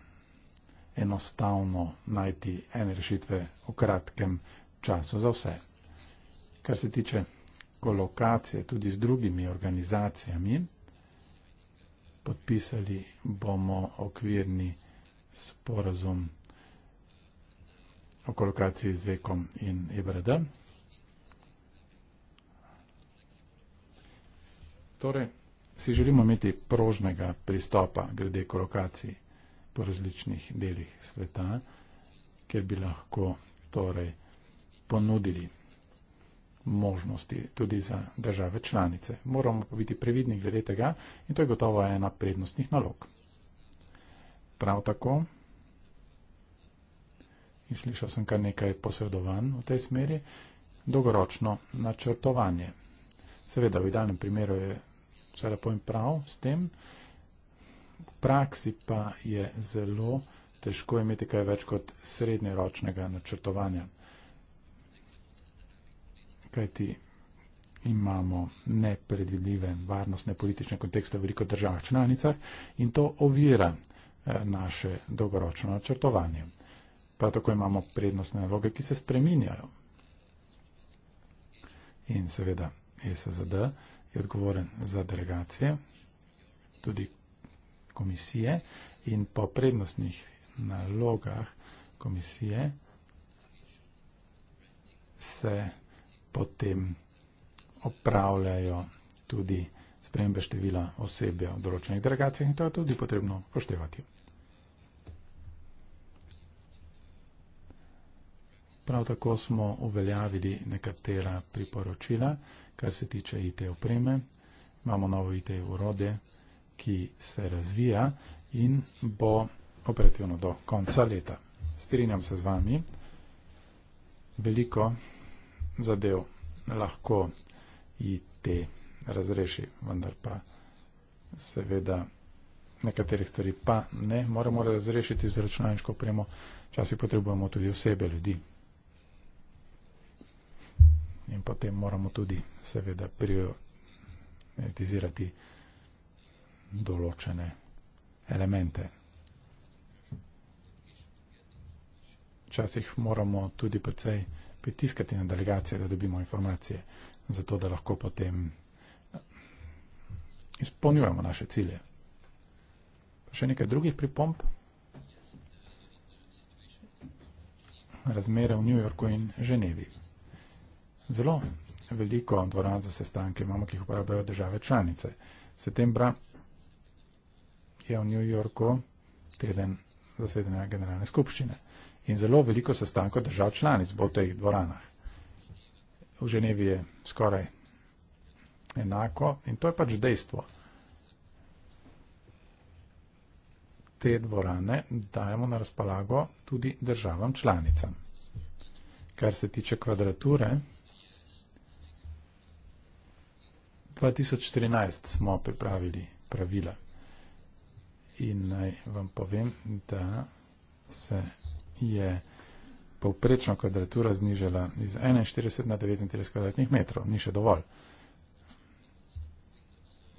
enostavno najti ene rešitve v kratkem času za vse. Kar se tiče kolokacije tudi z drugimi organizacijami, podpisali bomo okvirni sporazum o kolokaciji z EKOM in EBRD. Torej, si želimo imeti prožnega pristopa glede kolokaciji po različnih delih sveta, ker bi lahko torej ponudili možnosti tudi za države članice. Moramo biti previdni glede tega in to je gotovo ena prednostnih nalog. Prav tako, in slišal sem kar nekaj posredovanj v tej smeri, dolgoročno načrtovanje. Seveda, v idealnem primeru je, seveda povem prav s tem, praksi pa je zelo težko imeti kaj več kot srednjeročnega načrtovanja. Kaj ti imamo nepredvidljive varnostne politične kontekste v veliko državah članicah in to ovira eh, naše dolgoročno načrtovanje. Prav tako imamo prednostne naloge, ki se spreminjajo. In seveda, SZD je odgovoren za delegacije, tudi komisije in po prednostnih nalogah komisije se potem opravljajo tudi spremembe števila osebja v določenih delegacijah in to je tudi potrebno poštevati. Prav tako smo uveljavili nekatera priporočila, kar se tiče IT opreme. Imamo novo IT urode, ki se razvija in bo operativno do konca leta. Strinjam se z vami, veliko zadev lahko IT razreši, vendar pa seveda nekaterih stvari pa ne moramo razrešiti z računalniško opremo, včasih potrebujemo tudi osebe ljudi. In potem moramo tudi seveda prioritizirati določene elemente. Včasih moramo tudi precej pritiskati na delegacije, da dobimo informacije, zato da lahko potem eh, izpolnjujemo naše cilje. Še nekaj drugih pripomb. Razmere v New Yorku in Ženevi. Zelo veliko dvoran za sestanke imamo, ki jih uporabljajo države članice. Septembra je v New Yorku teden zasedanja generalne skupščine in zelo veliko sestankov držav članic bo v teh dvoranah. V Ženevi je skoraj enako in to je pač dejstvo. Te dvorane dajemo na razpolago tudi državam članicam. Kar se tiče kvadrature, 2014 smo pripravili pravila in naj vam povem, da se je povprečno kvadratura znižala iz 41 na 39 kvadratnih metrov, ni še dovolj.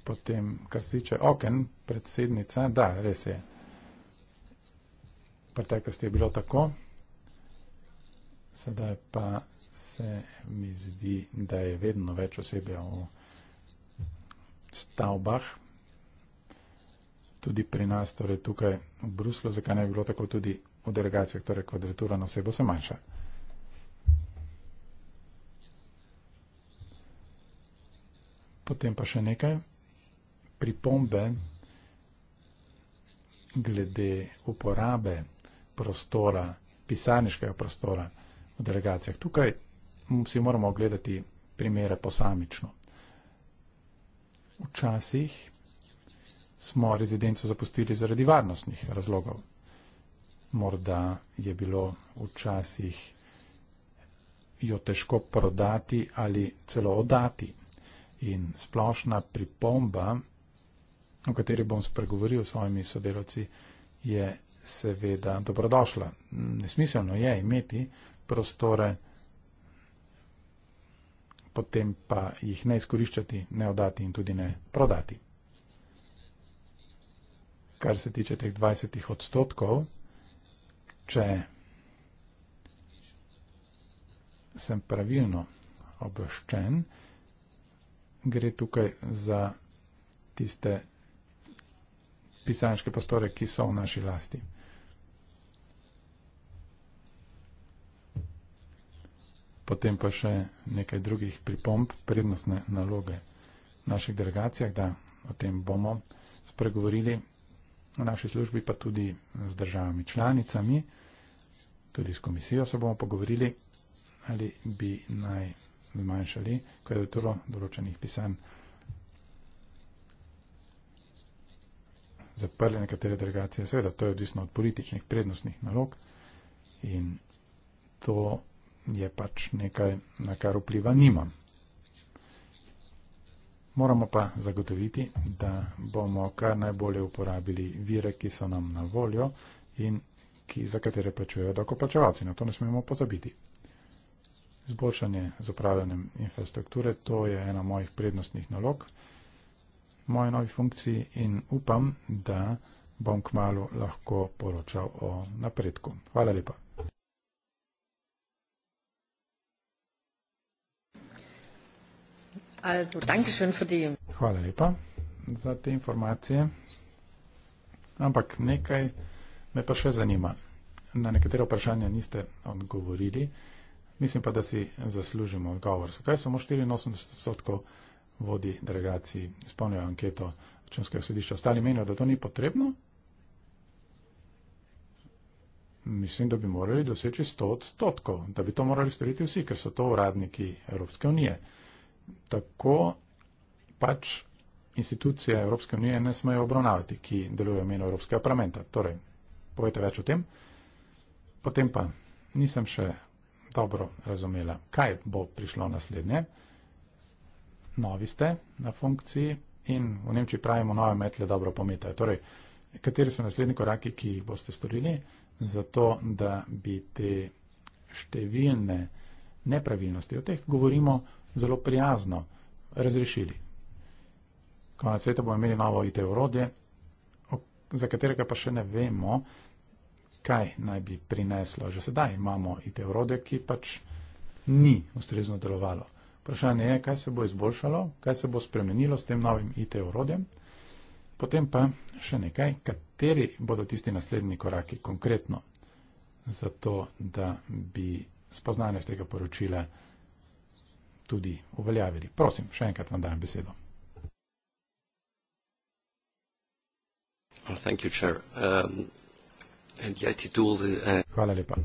Potem, kar se tiče oken, predsednica, da, res je. V preteklosti je bilo tako, sedaj pa se mi zdi, da je vedno več osebja v stavbah tudi pri nas, torej tukaj v Bruslu, zakaj ne bi bilo tako tudi v delegacijah, torej kvadratura na osebo se manjša. Potem pa še nekaj pripombe glede uporabe prostora, pisarniškega prostora v delegacijah. Tukaj si moramo ogledati primere posamično. Včasih smo rezidenco zapustili zaradi varnostnih razlogov. Morda je bilo včasih jo težko prodati ali celo oddati. In splošna pripomba, o kateri bom spregovoril s svojimi sodelavci, je seveda dobrodošla. Nesmiselno je imeti prostore, potem pa jih ne izkoriščati, ne oddati in tudi ne prodati kar se tiče teh 20 odstotkov, če sem pravilno obveščen, gre tukaj za tiste pisarniške prostore, ki so v naši lasti. Potem pa še nekaj drugih pripomb, prednostne naloge naših delegacijah, da o tem bomo spregovorili v naši službi, pa tudi z državami članicami, tudi s komisijo se bomo pogovorili, ali bi naj zmanjšali kvadraturo določenih pisanj, zaprli nekatere delegacije. Seveda, to je odvisno od političnih prednostnih nalog in to je pač nekaj, na kar vpliva nimam. Moramo pa zagotoviti, da bomo kar najbolje uporabili vire, ki so nam na voljo in ki, za katere plačujejo dokoplačevalci. Na to ne smemo pozabiti. Zboljšanje z upravljanjem infrastrukture, to je ena mojih prednostnih nalog, moje novi funkciji in upam, da bom k malu lahko poročal o napredku. Hvala lepa. Also, Dankeschön für die. Hvala lepa za te informacije. Ampak nekaj me pa še zanima. Na nekatere vprašanja niste odgovorili. Mislim pa, da si zaslužimo odgovor. Zakaj samo 84 odstotkov vodi delegacij izpolnjajo anketo občinskega sodišča? Ostali menijo, da to ni potrebno? Mislim, da bi morali doseči 100 odstotkov, da bi to morali storiti vsi, ker so to uradniki Evropske unije tako pač institucije Evropske unije ne smejo obravnavati, ki delujejo v imenu Evropskega parlamenta. Torej, povete več o tem. Potem pa nisem še dobro razumela, kaj bo prišlo naslednje. Novi ste na funkciji in v Nemčiji pravimo nove metle dobro pometajo. Torej, kateri so naslednji koraki, ki jih boste storili, zato da bi te številne nepravilnosti, o teh govorimo, zelo prijazno razrešili. Konec leta bomo imeli novo IT urodje, za katerega pa še ne vemo, kaj naj bi prineslo. Že sedaj imamo IT urodje, ki pač ni ustrezno delovalo. Vprašanje je, kaj se bo izboljšalo, kaj se bo spremenilo s tem novim IT urodjem. Potem pa še nekaj, kateri bodo tisti naslednji koraki konkretno, zato da bi spoznanje z tega poročila tudi uveljavili. Prosim, še enkrat vam dajem besedo. Um, uh, Hvala lepa.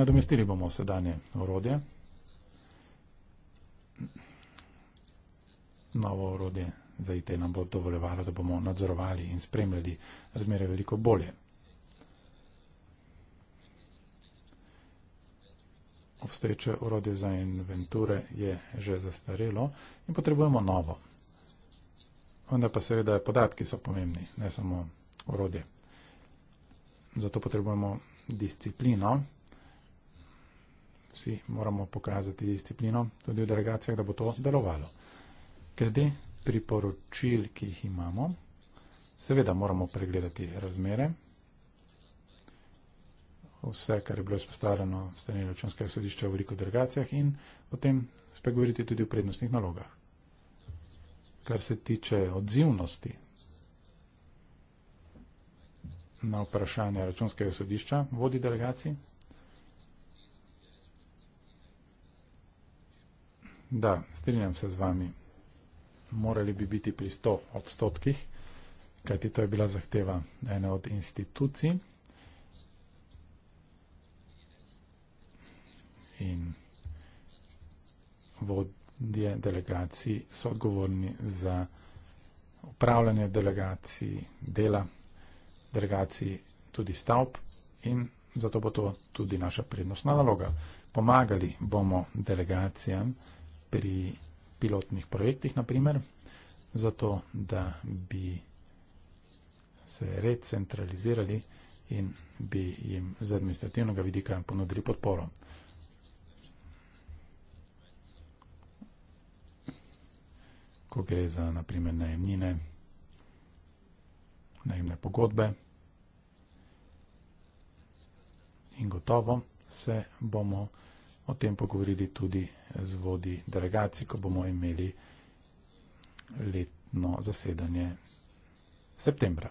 Nadomestili bomo sedanje orodje. Novo orodje za IT nam bo dovoljevalo, da bomo nadzorovali in spremljali razmere veliko bolje. obstoječe urodje za inventure je že zastarelo in potrebujemo novo. Vendar pa seveda podatki so pomembni, ne samo urodje. Zato potrebujemo disciplino. Vsi moramo pokazati disciplino tudi v delegacijah, da bo to delovalo. Glede priporočil, ki jih imamo, seveda moramo pregledati razmere, vse, kar je bilo izpostavljeno v strani računskega sodišča v veliko delegacijah in o tem spregovoriti tudi v prednostnih nalogah. Kar se tiče odzivnosti na vprašanje računskega sodišča, vodi delegacij. Da, strinjam se z vami, morali bi biti pri 100 odstotkih, kajti to je bila zahteva ene od institucij. in vodje delegacij so odgovorni za upravljanje delegacij dela, delegacij tudi stavb in zato bo to tudi naša prednostna naloga. Pomagali bomo delegacijam pri pilotnih projektih, naprimer, zato da bi se recentralizirali in bi jim z administrativnega vidika ponudili podporo. ko gre za naprimer najemnine, najemne pogodbe. In gotovo se bomo o tem pogovorili tudi z vodi delegacij, ko bomo imeli letno zasedanje septembra.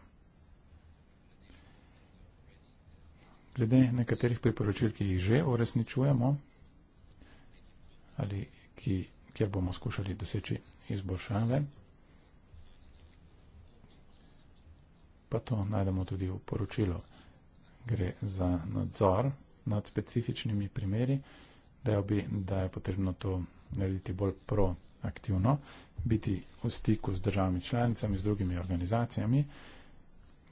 Glede nekaterih priporočil, ki jih že uresničujemo ali ki, kjer bomo skušali doseči izboljšave, pa to najdemo tudi v poročilu. Gre za nadzor nad specifičnimi primeri, dejal bi, da je potrebno to narediti bolj proaktivno, biti v stiku z državami članicami, z drugimi organizacijami.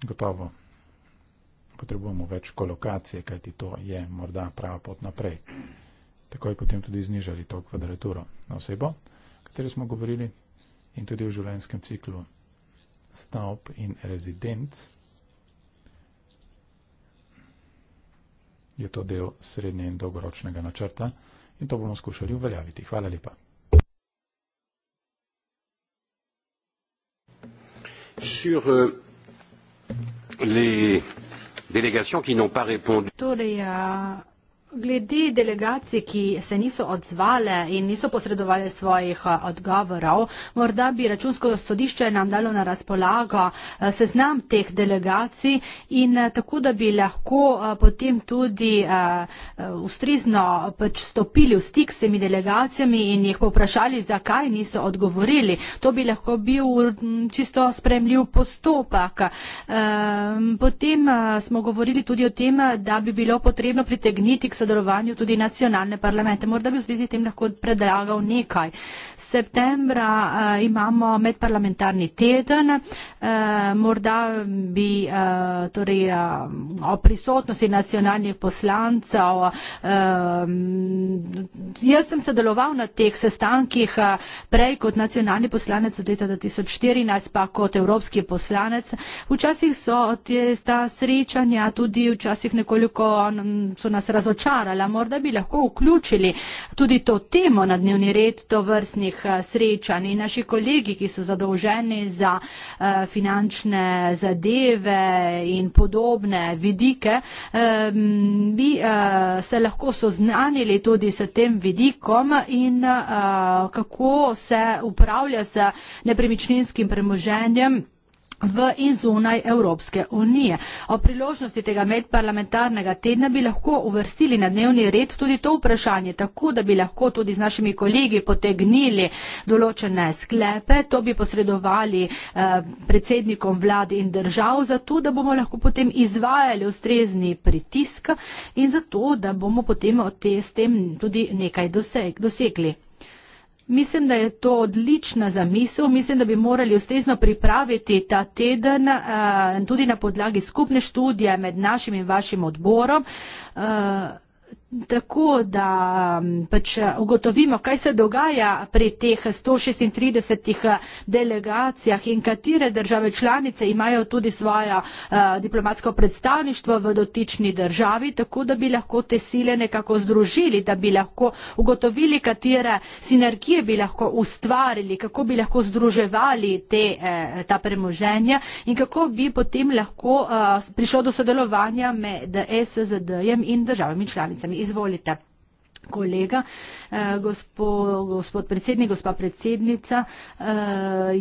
Gotovo potrebujemo več kolokacije, kajti to je morda prava pot naprej. Tako je potem tudi znižali to kvadraturo na osebo kateri smo govorili, in tudi v življenjskem ciklu stavb in rezidenc. Je to del srednje in dolgoročnega načrta in to bomo skušali uveljaviti. Hvala lepa. Sur euh, les délégations qui n'ont pas répondu. Torej, ja, Glede delegacij, ki se niso odzvale in niso posredovali svojih eh, odgovorov, morda bi računsko sodišče nam dalo na razpolago eh, seznam teh delegacij in eh, tako, da bi lahko potem tudi ustrezno pač stopili v stik s temi delegacijami in jih poprašali, zakaj niso odgovorili. To bi lahko bil mm, čisto spremljiv postopek. Ehm, potem smo govorili tudi o tem, da bi bilo potrebno pritegniti k sodelovanju tudi nacionalne parlamente. Morda bi v zvezi s tem lahko predlagal nekaj. Septembra uh, imamo medparlamentarni teden, uh, morda bi uh, torej, uh, o prisotnosti nacionalnih poslancev. Uh, jaz sem sodeloval na teh sestankih uh, prej kot nacionalni poslanec od leta 2014, pa kot evropski poslanec. Včasih so te, ta srečanja tudi včasih nekoliko mm, so nas razočarali razočarala. Morda bi lahko vključili tudi to temo na dnevni red do vrstnih eh, srečanj. In naši kolegi, ki so zadolženi za eh, finančne zadeve in podobne vidike, ehm, bi eh, se lahko soznanili tudi s tem vidikom in kako se upravlja z nepremičninskim premoženjem v in zunaj Evropske unije. O priložnosti tega medparlamentarnega tedna bi lahko uvrstili na dnevni red tudi to vprašanje, tako da bi lahko tudi z našimi kolegi potegnili določene sklepe, to bi posredovali eh, predsednikom vlad in držav, zato da bomo lahko potem izvajali ustrezni pritisk in zato da bomo potem te, s tem tudi nekaj doseg, dosegli. Mislim, da je to odlična zamisel. Mislim, da bi morali ustrezno pripraviti ta teden eh, tudi na podlagi skupne študije med našim in vašim odborom. Eh, Tako da pač eh, ugotovimo, kaj se dogaja pri teh 136 eh, delegacijah in katere države članice imajo tudi svoje uh, diplomatsko predstavništvo v dotični državi, tako da bi lahko te sile nekako združili, da bi lahko ugotovili, katere sinergije bi lahko ustvarili, kako bi lahko združevali te, uh, ta premoženja in kako bi potem lahko uh, prišlo do sodelovanja med SZD-jem in državami članicami. Izvolite kolega, eh, gospod, gospod predsednik, gospa predsednica, eh,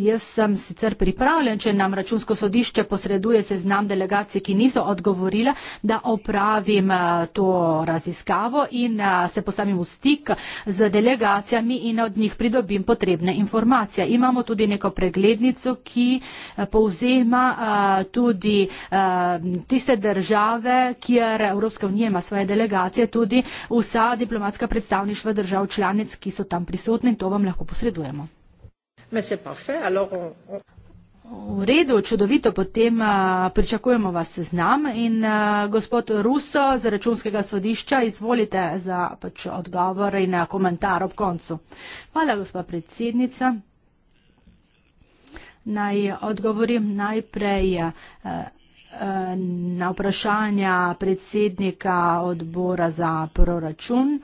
jaz sem sicer pripravljen, če nam računsko sodišče posreduje seznam delegacij, ki niso odgovorila, da opravim eh, to raziskavo in eh, se postavim v stik z delegacijami in od njih pridobim potrebne informacije. Imamo tudi neko preglednico, ki eh, povzema eh, tudi eh, tiste države, kjer Evropska unija ima svoje delegacije, tudi vsa diplomatska diplomatska predstavništva držav članic, ki so tam prisotne in to vam lahko posredujemo. V redu, čudovito, potem pričakujemo vas seznam in gospod Ruso z računskega sodišča, izvolite za pač odgovor in komentar ob koncu. Hvala, gospod predsednica. Naj odgovorim najprej na vprašanja predsednika odbora za proračun.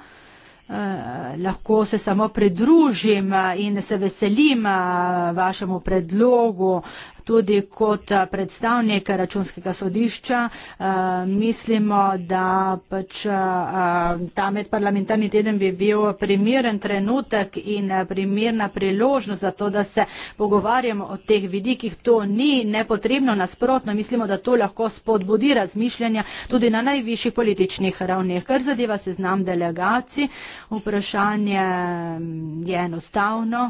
Eh, lahko se samo pridružim eh, in se veselim eh, vašemu predlogu, uh, Tudi kot eh, predstavnik računskega sodišča eh, mislimo, da pač eh, ta medparlamentarni teden bi bil primeren trenutek in primerna priložnost za to, da se pogovarjamo o teh vidikih. To ni nepotrebno, nasprotno, mislimo, da to lahko spodbudi razmišljanja tudi na najvišjih političnih ravneh. Kar zadeva se znam delegacij, vprašanje mm, je enostavno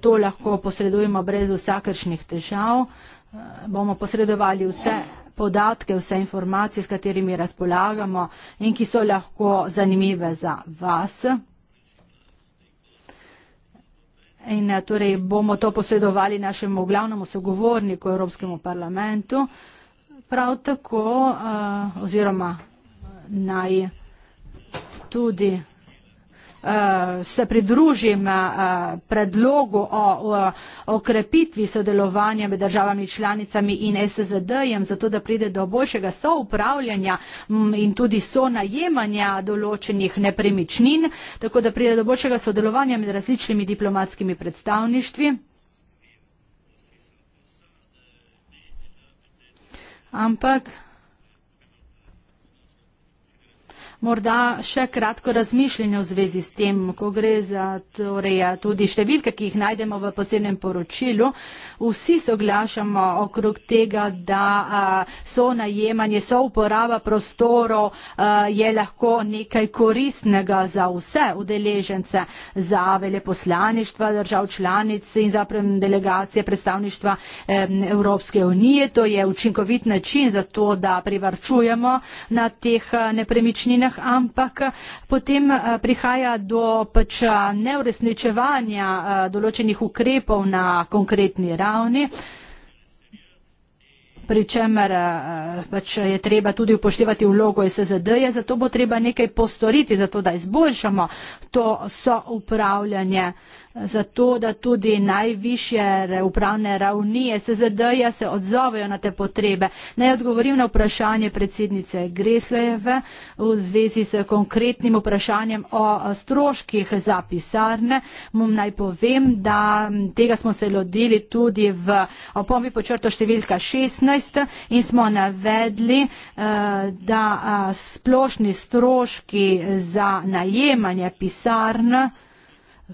to lahko posredujemo brez vsakršnih težav. Bomo posredovali vse podatke, vse informacije, s katerimi razpolagamo in ki so lahko zanimive za vas. In torej bomo to posredovali našemu glavnemu sogovorniku Evropskemu parlamentu, prav tako eh, oziroma naj tudi uh, se pridružim uh, predlogu o okrepitvi sodelovanja med državami članicami in SZD-jem, zato da pride do boljšega soupravljanja mm, in tudi so najemanja določenih nepremičnin, tako da pride do boljšega sodelovanja med različnimi diplomatskimi predstavništvi. Ampak Morda še kratko razmišljanje v zvezi s tem, ko gre za torej, ja, tudi številke, ki jih najdemo v posebnem poročilu. Vsi soglašamo okrog tega, da a, so najemanje, so uporaba prostorov, je lahko nekaj koristnega za vse udeležence, za veleposlaništva držav članic in za delegacije predstavništva Evropske unije. To je učinkovit način za to, da privarčujemo na teh nepremičninah skupinah, ampak eh, potem eh, prihaja do pač eh, neuresničevanja določenih ukrepov na konkretni ravni pri čemer pač je treba tudi upoštevati vlogo SZD-ja, zato bo treba nekaj postoriti, zato da izboljšamo to soupravljanje zato da tudi najvišje upravne ravni SZD-ja se odzovejo na te potrebe. Naj odgovorim na vprašanje predsednice Greslejeve v zvezi s konkretnim vprašanjem o stroških za pisarne. Mum naj povem, da tega smo se lodili tudi v opombi po črto številka 16 in smo navedli, eh, da splošni stroški za najemanje pisarne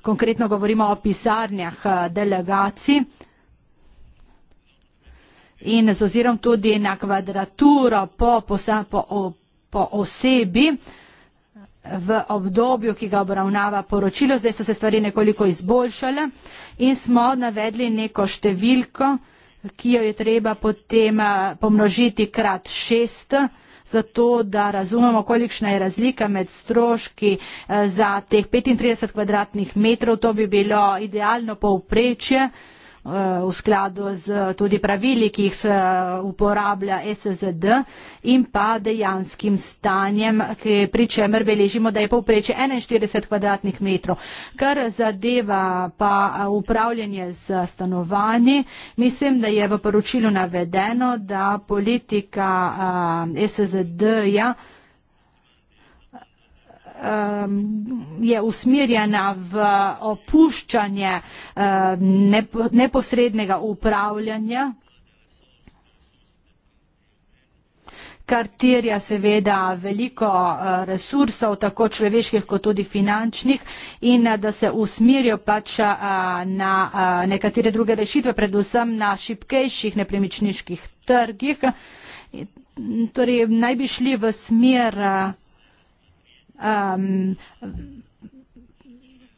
konkretno govorimo o pisarnjah eh, delegacij in z ozirom tudi na kvadraturo po, po, po, po osebi v obdobju, ki ga obravnava poročilo. Zdaj so se stvari nekoliko izboljšale in smo navedli neko številko, ki jo je treba potem eh, pomnožiti krat šest zato da razumemo, kolikšna je razlika med stroški eh, za teh 35 kvadratnih metrov. To bi bilo idealno povprečje v skladu z tudi pravili, ki jih uporablja SZD in pa dejanskim stanjem, pri čemer beležimo, da je povprečje 41 kvadratnih metrov. Kar zadeva pa upravljanje z stanovanji, mislim, da je v poročilu navedeno, da politika SZD-ja -ja um, je usmerjena v opuščanje um, nepo, neposrednega upravljanja, kar terja seveda veliko uh, resursov, tako človeških kot tudi finančnih, in uh, da se usmerijo pač uh, na nekatere druge rešitve, predvsem na šipkejših nepremičniških trgih. Torej, naj bi šli v smer um,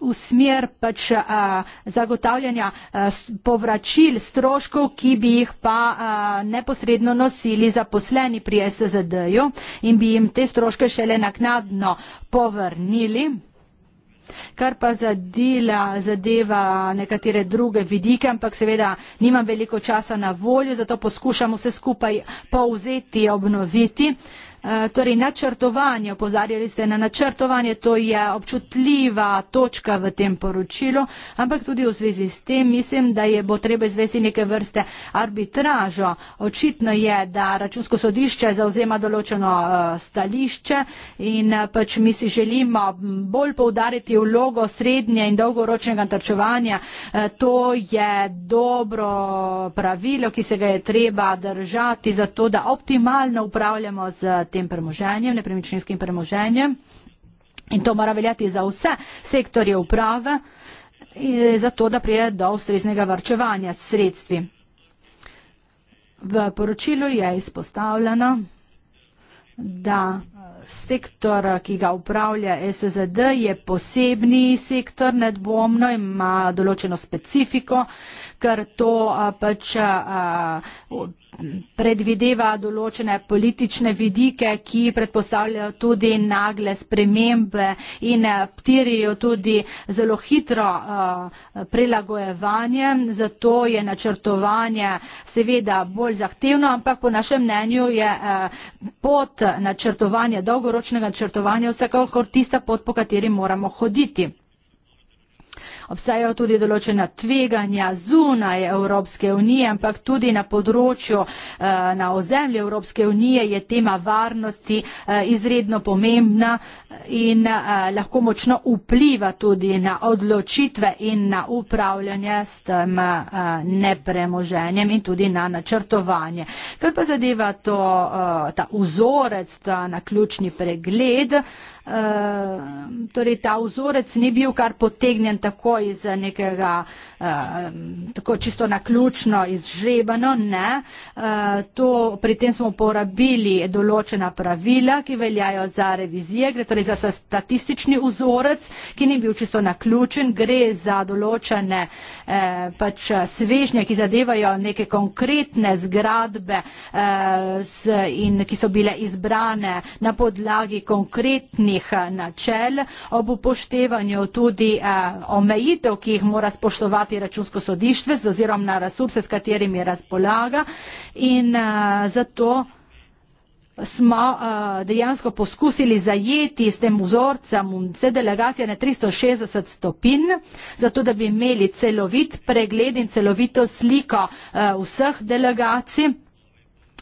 v smer pač uh, zagotavljanja uh, povračil stroškov, ki bi jih pa uh, neposredno nosili zaposleni pri SZD-ju in bi jim te stroške šele naknadno povrnili. Kar pa zadila, zadeva nekatere druge vidike, ampak seveda nimam veliko časa na voljo, zato poskušam vse skupaj povzeti, obnoviti. Uh, Eh, torej načrtovanje, opozarjali ste na načrtovanje, to je občutljiva točka v tem poročilu, ampak tudi v zvezi s tem mislim, da je bo treba izvesti neke vrste arbitražo. Očitno je, da računsko sodišče zauzema določeno eh, stališče in eh, pač mi si želimo bolj povdariti vlogo srednje in dolgoročnega trčevanja. To je dobro pravilo, ki se ga je treba držati za to, da optimalno upravljamo z tem tem premoženjem, nepremičninskim premoženjem. In to mora veljati za vse sektorje uprave, eh, zato da prije do ustreznega varčevanja s sredstvi. V poročilu je izpostavljeno, da sektor, ki ga upravlja SZD, je posebni sektor, nedvomno ima določeno specifiko, ker to pač predvideva določene politične vidike, ki predpostavljajo tudi nagle spremembe in ptirijo tudi zelo hitro prilagojevanje. Zato je načrtovanje seveda bolj zahtevno, ampak po našem mnenju je pot načrtovanja dobro dolgoročnega načrtovanja vsekakor tista pot, po kateri moramo hoditi. Obstajajo tudi določena tveganja zunaj Evropske unije, ampak tudi na področju, eh, na ozemlju Evropske unije je tema varnosti eh, izredno pomembna eh, in lahko močno vpliva tudi na odločitve in na upravljanje s tem nepremoženjem in tudi na načrtovanje. Kaj pa zadeva to, ta vzorec, ta naključni pregled? Ehm, torej ta vzorec ni bil kar potegnjen tako iz nekega, uh, tako čisto naključno izžrebano, ne. Uh, to, pri tem smo uporabili določena pravila, ki veljajo za revizije, gre torej za statistični vzorec, ki ni bil čisto naključen, gre za določene uh, pač svežnje, ki zadevajo neke konkretne zgradbe uh, s, in ki so bile izbrane na podlagi konkretnih temeljnih eh, načel, ob upoštevanju tudi eh, omejitev, ki jih mora spoštovati računsko sodišče z ozirom na resurse, s katerimi razpolaga in eh, zato smo uh, dejansko poskusili zajeti s tem vzorcem vse delegacije na 360 stopinj, zato da bi imeli celovit pregled in celovito sliko uh, vseh delegacij.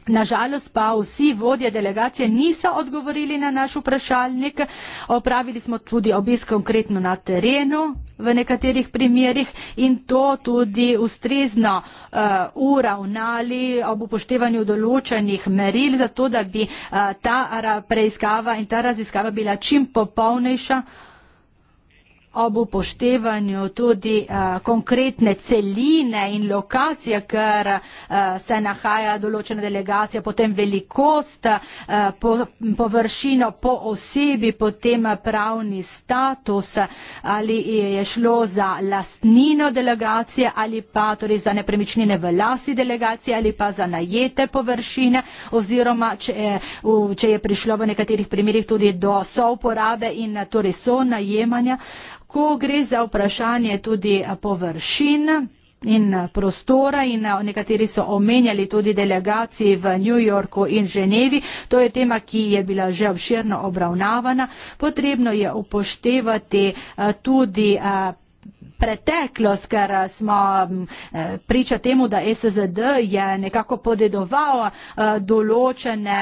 Nažalost pa vsi vodje delegacije niso odgovorili na naš vprašalnik. Opravili smo tudi obisk konkretno na terenu v nekaterih primerjih in to tudi ustrezno uh, uravnali ob upoštevanju določenih meril, zato da bi uh, ta preiskava in ta raziskava bila čim popolnejša ob upoštevanju tudi uh, konkretne celine in lokacije, ker uh, se nahaja določena delegacija, potem velikost, uh, po, površino po osebi, potem pravni status, ali je šlo za lastnino delegacije ali pa torej za nepremičnine v lasi delegacije ali pa za najete površine oziroma če, če je prišlo v nekaterih primerjih tudi do souporabe in torej so najemanja ko gre za vprašanje tudi površin in prostora in eh, nekateri so omenjali tudi delegaciji v New Yorku in Ženevi. To je tema, ki je bila že obširno obravnavana. Potrebno je upoštevati eh, tudi eh, preteklost, ker smo mm, priča temu, da SZD je nekako podedoval določene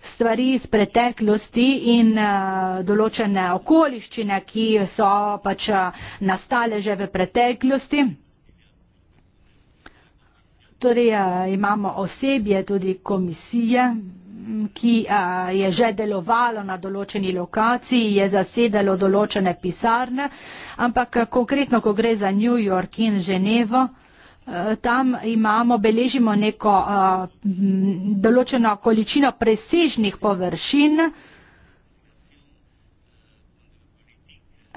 stvari iz preteklosti in uh, določene okoliščine, ki so pač uh, nastale že v preteklosti. Tudi torej, uh, eh, imamo osebje, tudi komisije, ki uh, je že delovalo na določeni lokaciji, je zasedalo določene pisarne, ampak konkretno, ko gre za New York in Ženevo, tam imamo, beležimo neko eh, določeno količino presežnih površin,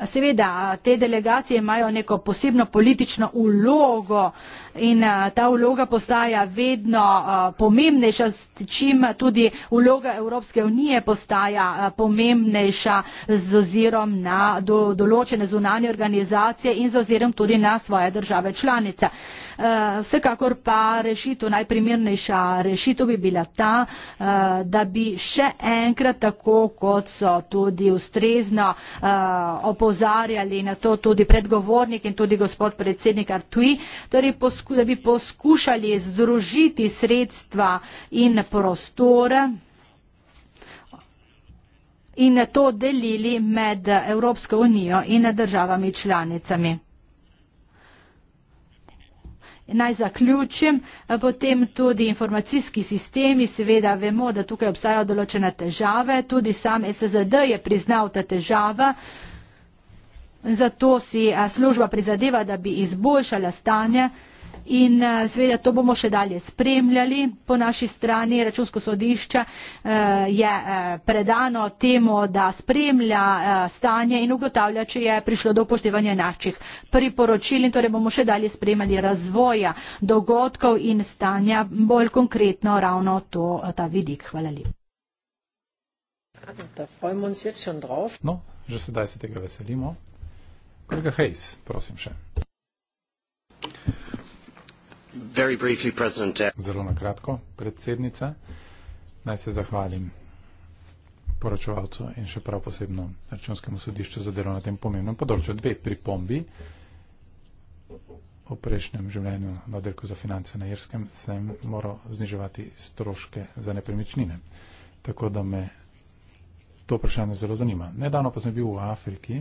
Seveda, te delegacije imajo neko posebno politično ulogo in eh, ta uloga postaja vedno eh, pomembnejša, s čim tudi uloga Evropske unije postaja eh, pomembnejša z ozirom na do, določene zunanje organizacije in z ozirom tudi na svoje države članice. Vsekakor pa rešitev, najprimernejša rešitev bi bila ta, da bi še enkrat tako, kot so tudi ustrezno opozorili, opozarjali na to tudi predgovornik in tudi gospod predsednik Artui, torej posku, da bi poskušali združiti sredstva in prostor in to delili med Evropsko unijo in državami članicami. Naj zaključim, potem tudi informacijski sistemi, seveda vemo, da tukaj obstajajo določene težave, tudi sam SSD je priznal te težave. Zato si služba prizadeva, da bi izboljšala stanje in seveda to bomo še dalje spremljali po naši strani. Računsko sodišče je predano temu, da spremlja stanje in ugotavlja, če je prišlo do upoštevanja naših priporočil in torej bomo še dalje spremljali razvoja dogodkov in stanja bolj konkretno ravno to, ta vidik. Hvala lepa. No, že sedaj se tega veselimo. Kolega Hayes, prosim še. Uh, zelo na kratko, predsednica, naj se zahvalim poročevalcu in še prav posebno računskemu sodišču za delo na tem pomembnem področju. Dve pripombi. V prejšnjem življenju na delku za finance na Jerskem sem moral zniževati stroške za nepremičnine. Tako da me to vprašanje zelo zanima. Nedavno pa sem bil v Afriki,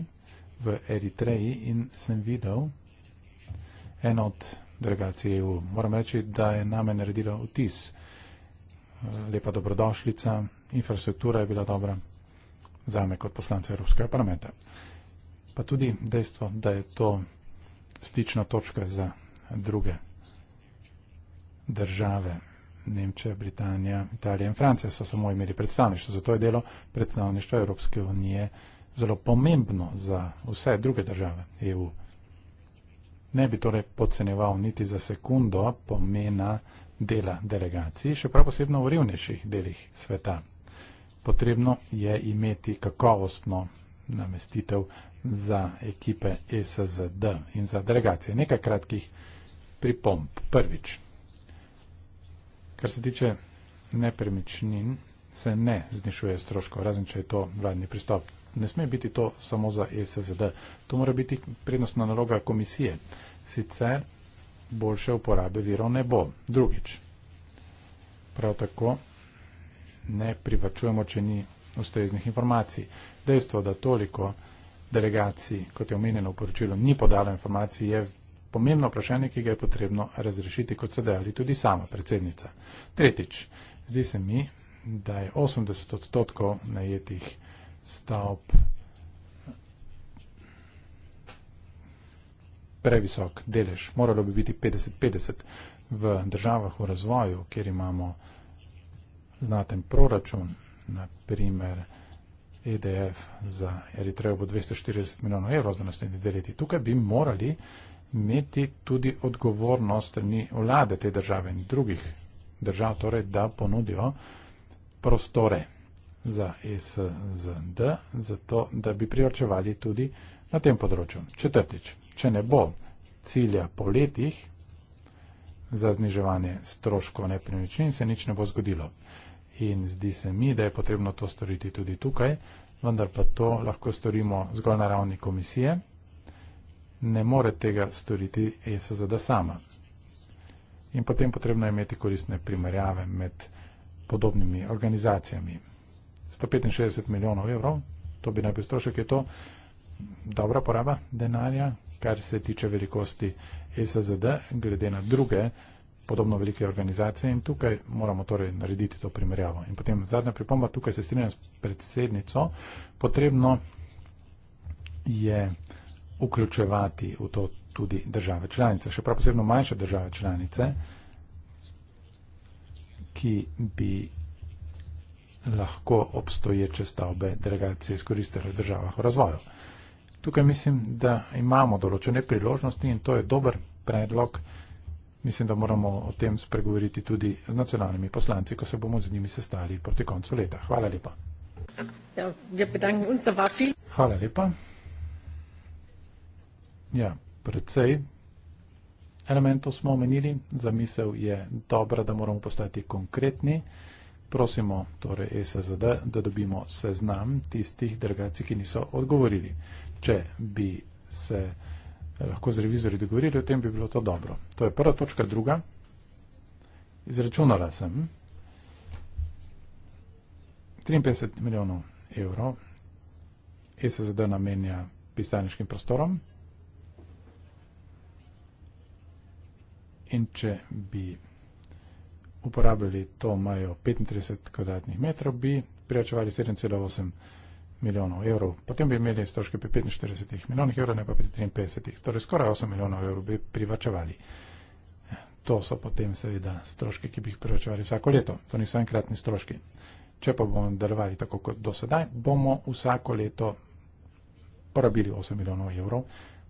v Eritreji in sem videl eno od delegacij EU. Moram reči, da je name naredila vtis. Lepa dobrodošlica, infrastruktura je bila dobra za me kot poslanca Evropskega parlamenta. Pa tudi dejstvo, da je to stična točka za druge države. Nemčija, Britanija, Italija in Francija so samo imeli predstavništvo. Zato je delo predstavništva Evropske unije uh, zelo pomembno za vse druge države EU. Ne bi torej podceneval niti za sekundo pomena dela delegacij, še prav posebno v revnejših delih sveta. Potrebno je imeti kakovostno namestitev za ekipe e SZD in za delegacije. Nekaj kratkih pripomp. Prvič, kar se tiče nepremičnin, se ne znišuje stroškov, razen če je to vladni pristop ne sme biti to samo za e SSD. To mora biti prednostna naloga komisije. Sicer boljše uporabe virov ne bo. Drugič, prav tako ne privačujemo, če ni ustreznih informacij. Dejstvo, da toliko delegacij, kot je omenjeno v poročilu, ni podalo informacij, je pomembno vprašanje, ki ga je potrebno razrešiti, kot se dejali tudi sama predsednica. Tretjič, zdi se mi, da je 80 odstotkov najetih informacij stavb previsok delež. Moralo bi biti 50-50 v državah v razvoju, kjer imamo znaten proračun, naprimer EDF za Eritrejo bo 240 milijonov evrov za naslednji dve leti. Tukaj bi morali imeti tudi odgovornost strani vlade te države in drugih držav, torej da ponudijo prostore za e SZD, zato da bi privrčevali tudi na tem področju. Četrtič, če ne bo cilja po letih za zniževanje stroškov nepremičnin, se nič ne bo zgodilo. In zdi se mi, da je potrebno to storiti tudi tukaj, vendar pa to lahko storimo zgolj na ravni komisije. Ne more tega storiti e SZD sama. In potem potrebno je imeti koristne primerjave med podobnimi organizacijami. 165 milijonov evrov, to bi naj bil strošek, je to dobra poraba denarja, kar se tiče velikosti SZD, glede na druge podobno velike organizacije in tukaj moramo torej narediti to primerjavo. In potem zadnja pripomba, tukaj se strinjam s predsednico, potrebno je vključevati v to tudi države članice, še prav posebno manjše države članice, ki bi lahko obstoječe stavbe delegacije izkoristili v državah v razvoju. Tukaj mislim, da imamo določene priložnosti in to je dober predlog. Mislim, da moramo o tem spregovoriti tudi z nacionalnimi poslanci, ko se bomo z njimi sestali proti koncu leta. Hvala lepa. Ja, Hvala lepa. Ja, predvsej elementov smo omenili. Zamisel je dobra, da moramo postati konkretni prosimo torej e SSD, da dobimo seznam tistih delegacij, ki niso odgovorili. Če bi se lahko z revizori dogovorili, o tem bi bilo to dobro. To je prva točka, druga. Izračunala sem 53 milijonov evrov e SSD namenja pisarniškim prostorom. In če bi uporabljali to, imajo 35 kvadratnih metrov, bi priračevali 7,8 milijonov evrov. Potem bi imeli stroške pri 45 milijonih evrov, ne pa pri 53. Torej skoraj 8 milijonov evrov bi privačevali. To so potem seveda stroške, ki bi jih priračevali vsako leto. To niso enkratni stroški. Če pa bomo nadaljevali tako kot do sedaj, bomo vsako leto porabili 8 milijonov evrov.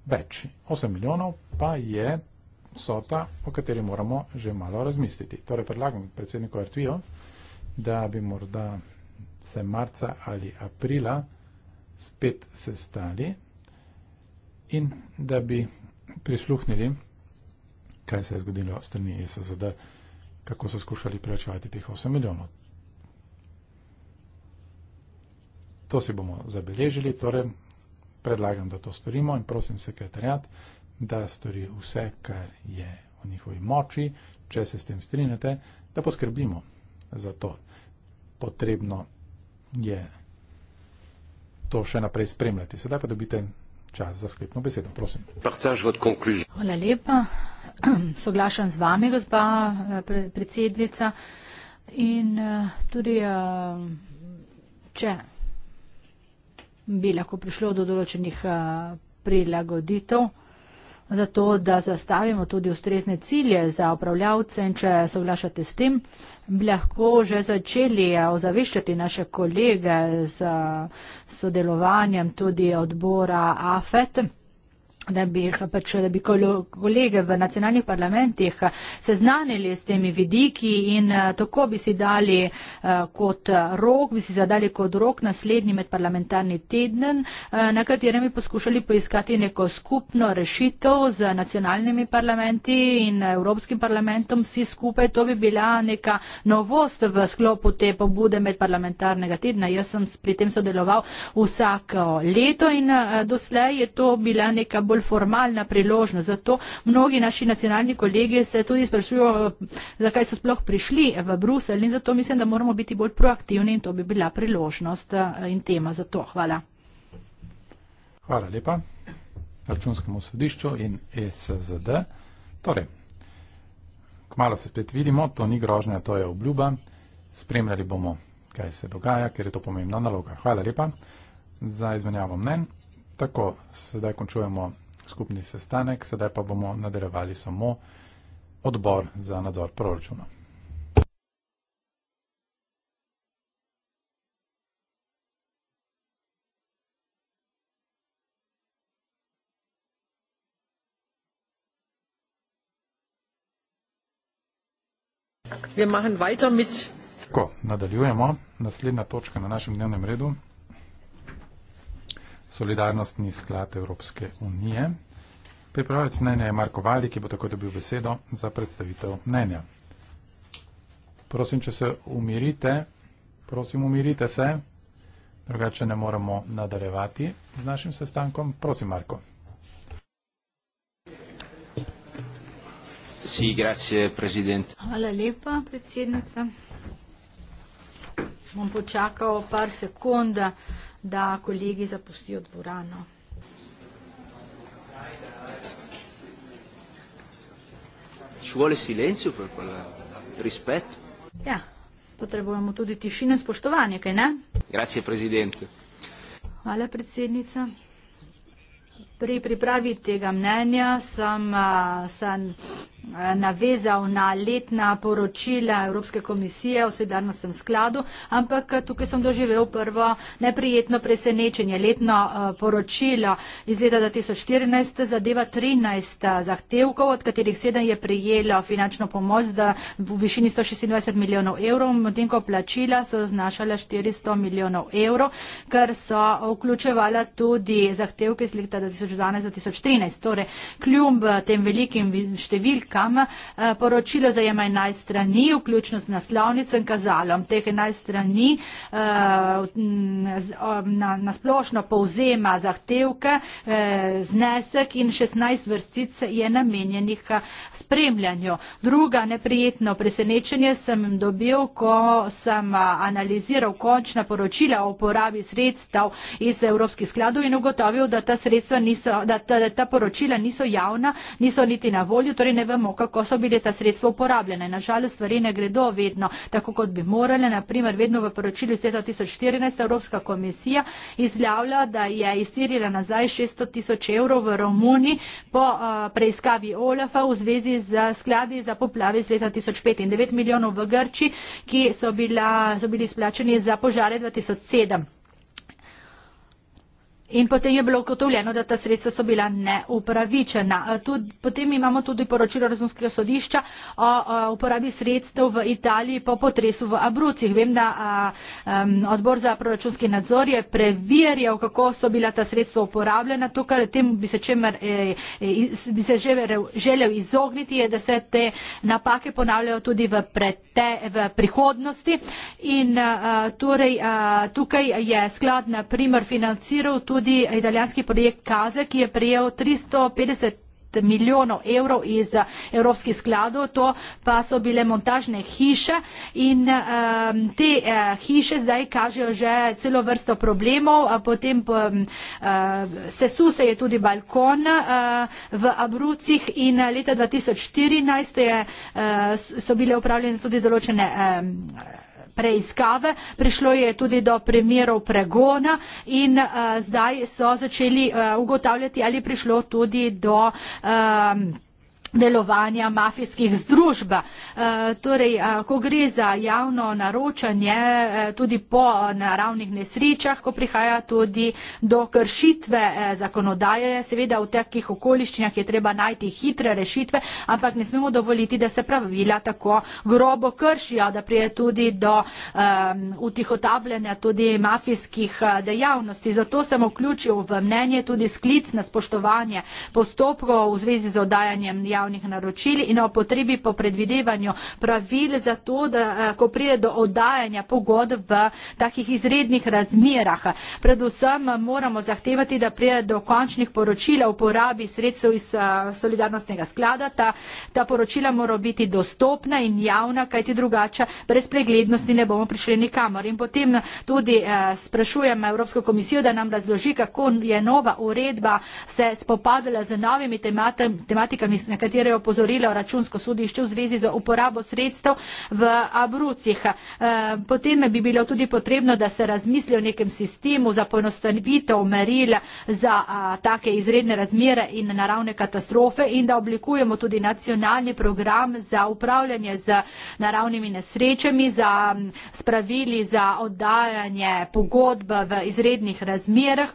Več 8 milijonov pa je vsota, o kateri moramo že malo razmisliti. Torej predlagam predsedniku Artvijo, da bi morda se marca ali aprila spet sestali in da bi prisluhnili, kaj se je zgodilo strani SSD, kako so skušali preračevati teh 8 milijonov. To si bomo zabeležili, torej predlagam, da to storimo in prosim sekretarjat, da stori vse, kar je v njihovi moči, če se s tem strinjate, da poskrbimo za to. Potrebno je to še naprej spremljati. Sedaj pa dobite čas za sklepno besedo, prosim. Hvala lepa. [CLEARS THROAT] Soglašam z vami, gospa eh, predsednica. In eh, tudi, eh, če bi lahko prišlo do določenih prilagoditev, zato da zastavimo tudi ustrezne cilje za upravljavce in če soglašate s tem, bi lahko že začeli eh, ozaveščati naše kolege z eh, sodelovanjem tudi odbora AFET da bi, pač, da bi kolege v nacionalnih parlamentih seznanili s temi vidiki in eh, tako bi si dali eh, kot rok, bi si zadali kot rok naslednji medparlamentarni teden, eh, na katerem bi poskušali poiskati neko skupno rešitev z nacionalnimi parlamenti in Evropskim parlamentom vsi skupaj. To bi bila neka novost v sklopu te pobude medparlamentarnega tedna. Jaz sem pri tem sodeloval vsako leto in doslej je to bila neka bolj formalna priložnost. Zato mnogi naši nacionalni kolegi se tudi sprašujejo, zakaj so sploh prišli v Bruselj in zato mislim, da moramo biti bolj proaktivni in to bi bila priložnost eh, in tema za to. Hvala. Hvala lepa. Računskemu sodišču in e SZD. Torej, kmalo se spet vidimo, to ni grožnja, to je obljuba. Spremljali bomo, kaj se dogaja, ker je to pomembna naloga. Hvala lepa za izmenjavo mnen. Tako, sedaj končujemo skupni sestanek, sedaj pa bomo nadaljevali samo odbor za nadzor proračuna. Tako, nadaljujemo. Naslednja točka na našem dnevnem redu Solidarnostni sklad Evropske unije. Pripravljalec mnenja je Marko Vali, ki bo tako dobil besedo za predstavitev mnenja. Prosim, če se umirite, prosim, umirite se, drugače ne moremo nadaljevati z našim sestankom. Prosim, Marko. Si, grazie, predsednik. Hvala lepa, predsednica. Bom počakal par sekunda da kolegi zapustijo dvorano. Če vole silencijo, pa pa rispet. Ja, potrebujemo tudi tišino in spoštovanje, kaj ne? Grazie, prezident. Hvala, predsednica. Pri pripravi tega mnenja sem, eh, sem navezal na letna poročila Evropske komisije o solidarnostnem skladu, ampak tukaj sem doživel prvo neprijetno presenečenje. Letno eh, poročilo iz leta 2014 zadeva 13 eh, zahtevkov, od katerih 7 je prijelo finančno pomoč v višini 126 milijonov evrov, medtem ko plačila so znašala 400 milijonov evrov, kar so vključevala tudi zahtevke iz leta 2012-2013. Torej, kljub eh, tem velikim številkam, kam. Eh, poročilo zajema 11 strani, vključno z naslovnico in kazalom. Teh 11 strani nasplošno eh, na povzema zahtevke, eh, znesek in 16 vrstic je namenjenih spremljanju. Druga neprijetno presenečenje sem dobil, ko sem analiziral končna poročila o uporabi sredstev iz Evropskih skladov in ugotovil, da ta, niso, da ta, da ta poročila niso javna, niso niti na volju, torej ne vem, gledamo, kako so bile ta sredstva uporabljene. Nažalost, stvari ne gredo vedno tako, kot bi morale. Naprimer, vedno v poročilu iz leta 2014 Evropska komisija izjavlja, da je iztirila nazaj 600 tisoč evrov v Romuniji po uh, preiskavi OLAF-a v zvezi z skladi za poplave iz leta 2005 in 9 milijonov v Grči, ki so, bila, so bili izplačeni za požare 2007. In potem je bilo ugotovljeno, da ta sredstva so bila neupravičena. Tud, potem imamo tudi poročilo Razumskega sodišča o, o uporabi sredstev v Italiji po potresu v Abrucih. Vem, da a, um, odbor za proračunski nadzor je preverjal, kako so bila ta sredstva uporabljena. To, kar tem bi se, čemer, e, e, bi se želel, želel izogniti, je, da se te napake ponavljajo tudi v, prete, v prihodnosti. In, a, torej, a, tukaj je sklad na primer financiral tudi tudi italijanski projekt Kaze, ki je prijel 350 milijonov evrov iz evropskih skladov, to pa so bile montažne hiše in um, te uh, hiše zdaj kažejo že celo vrsto problemov, a potem um, uh, sesu se je tudi balkon uh, v Abrucih in leta 2014 je, uh, so bile upravljene tudi določene um, preiskave, prišlo je tudi do primerov pregona in uh, zdaj so začeli uh, ugotavljati, ali je prišlo tudi do um, delovanja mafijskih združb. Eh, torej, eh, ko gre za javno naročanje, eh, tudi po naravnih nesrečah, ko prihaja tudi do kršitve zakonodaje, seveda v takih okoliščinah je treba najti hitre rešitve, ampak ne smemo dovoliti, da se pravila tako grobo kršijo, da prije tudi do um, utihotavljanja tudi mafijskih dejavnosti. Zato sem vključil v mnenje tudi sklic na spoštovanje postopkov v zvezi z oddajanjem javnosti javnih naročil in o potrebi po predvidevanju pravil za to, da eh, ko pride do oddajanja pogod v takih izrednih razmerah. Predvsem moramo zahtevati, da prije do končnih poročila uporabi sredstev iz eh, solidarnostnega sklada. Ta, ta poročila mora biti dostopna in javna, kajti drugače brez preglednosti ne bomo prišli nikamor. In potem tudi eh, sprašujem Evropsko komisijo, da nam razloži, kako je nova uredba se spopadala z novimi tematikami, na kar katero je opozorilo računsko sodišče v zvezi z uporabo sredstev v Abrucih. Eh, potem bi bilo tudi potrebno, da se razmisli o nekem sistemu za ponostanitev meril za eh, take izredne razmere in naravne katastrofe in da oblikujemo tudi nacionalni program za upravljanje z naravnimi nesrečami, za mm, spravili za oddajanje pogodb v izrednih razmerah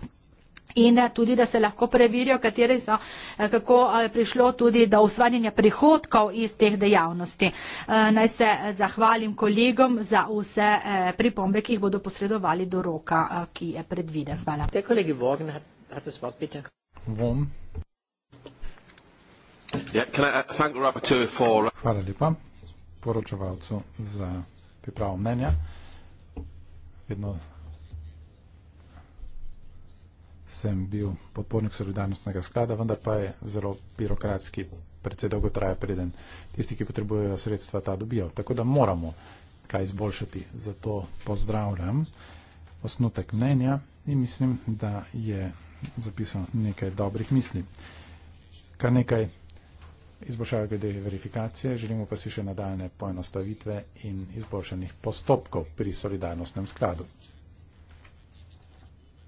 in tudi, da se lahko preverijo, eh, kako je eh, prišlo tudi do usvanjanja prihodkov iz teh dejavnosti. Eh, naj se zahvalim kolegom za vse pripombe, ki jih bodo posredovali do roka, ki je predviden. Hvala. Te kolegi Vogn, hrte svoj, pite. Vom. Hvala lepa poročevalcu za pripravo mnenja. Vedno sem bil podpornik solidarnostnega sklada, vendar pa je zelo birokratski, predvsej dolgo traja preden tisti, ki potrebujejo sredstva, ta dobijo. Tako da moramo kaj izboljšati. Zato pozdravljam osnutek mnenja in mislim, da je zapisano nekaj dobrih misli. Kar nekaj izboljšava glede verifikacije, želimo pa si še nadaljne poenostavitve in izboljšanih postopkov pri solidarnostnem skladu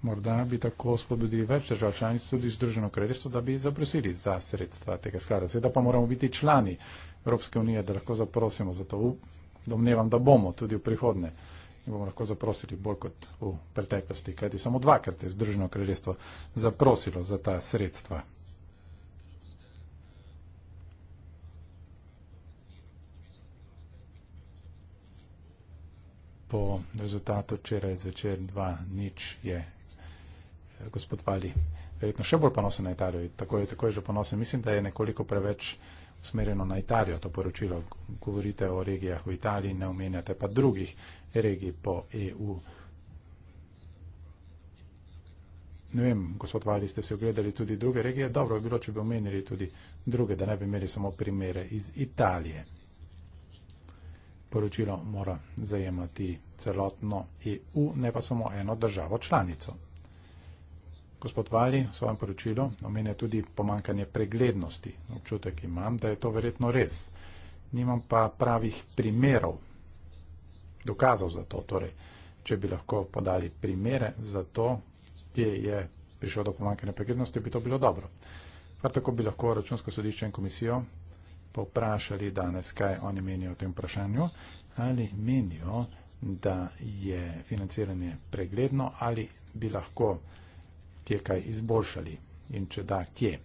morda bi tako spodbudili več držav članic tudi Združeno kraljestvo, da bi zaprosili za sredstva tega sklada. Seveda pa moramo biti člani Evropske unije, da lahko zaprosimo za to. Domnevam, da bomo tudi v prihodne in bomo lahko zaprosili bolj kot v preteklosti, kajti samo dvakrat je Združeno kraljestvo zaprosilo za ta sredstva. Po rezultatu včeraj zvečer 2 nič je gospod Vali. Verjetno še bolj ponosen na Italijo, tako je, tako je že ponosen. Mislim, da je nekoliko preveč usmerjeno na Italijo to poročilo. Govorite o regijah v Italiji, ne omenjate pa drugih regij po EU. Ne vem, gospod Vali, ste si ogledali tudi druge regije. Dobro bi bilo, če bi omenili tudi druge, da ne bi imeli samo primere iz Italije. Poročilo mora zajemati celotno EU, ne pa samo eno državo članico. Gospod Vali v svojem poročilu omenja tudi pomankanje preglednosti. Občutek imam, da je to verjetno res. Nimam pa pravih primerov, dokazov za to. Torej, če bi lahko podali primere za to, kje je prišlo do pomankanja preglednosti, bi to bilo dobro. Prav tako bi lahko računsko sodišče in komisijo povprašali danes, kaj oni menijo o tem vprašanju, ali menijo, da je financiranje pregledno ali bi lahko kje kaj izboljšali in če da, kje.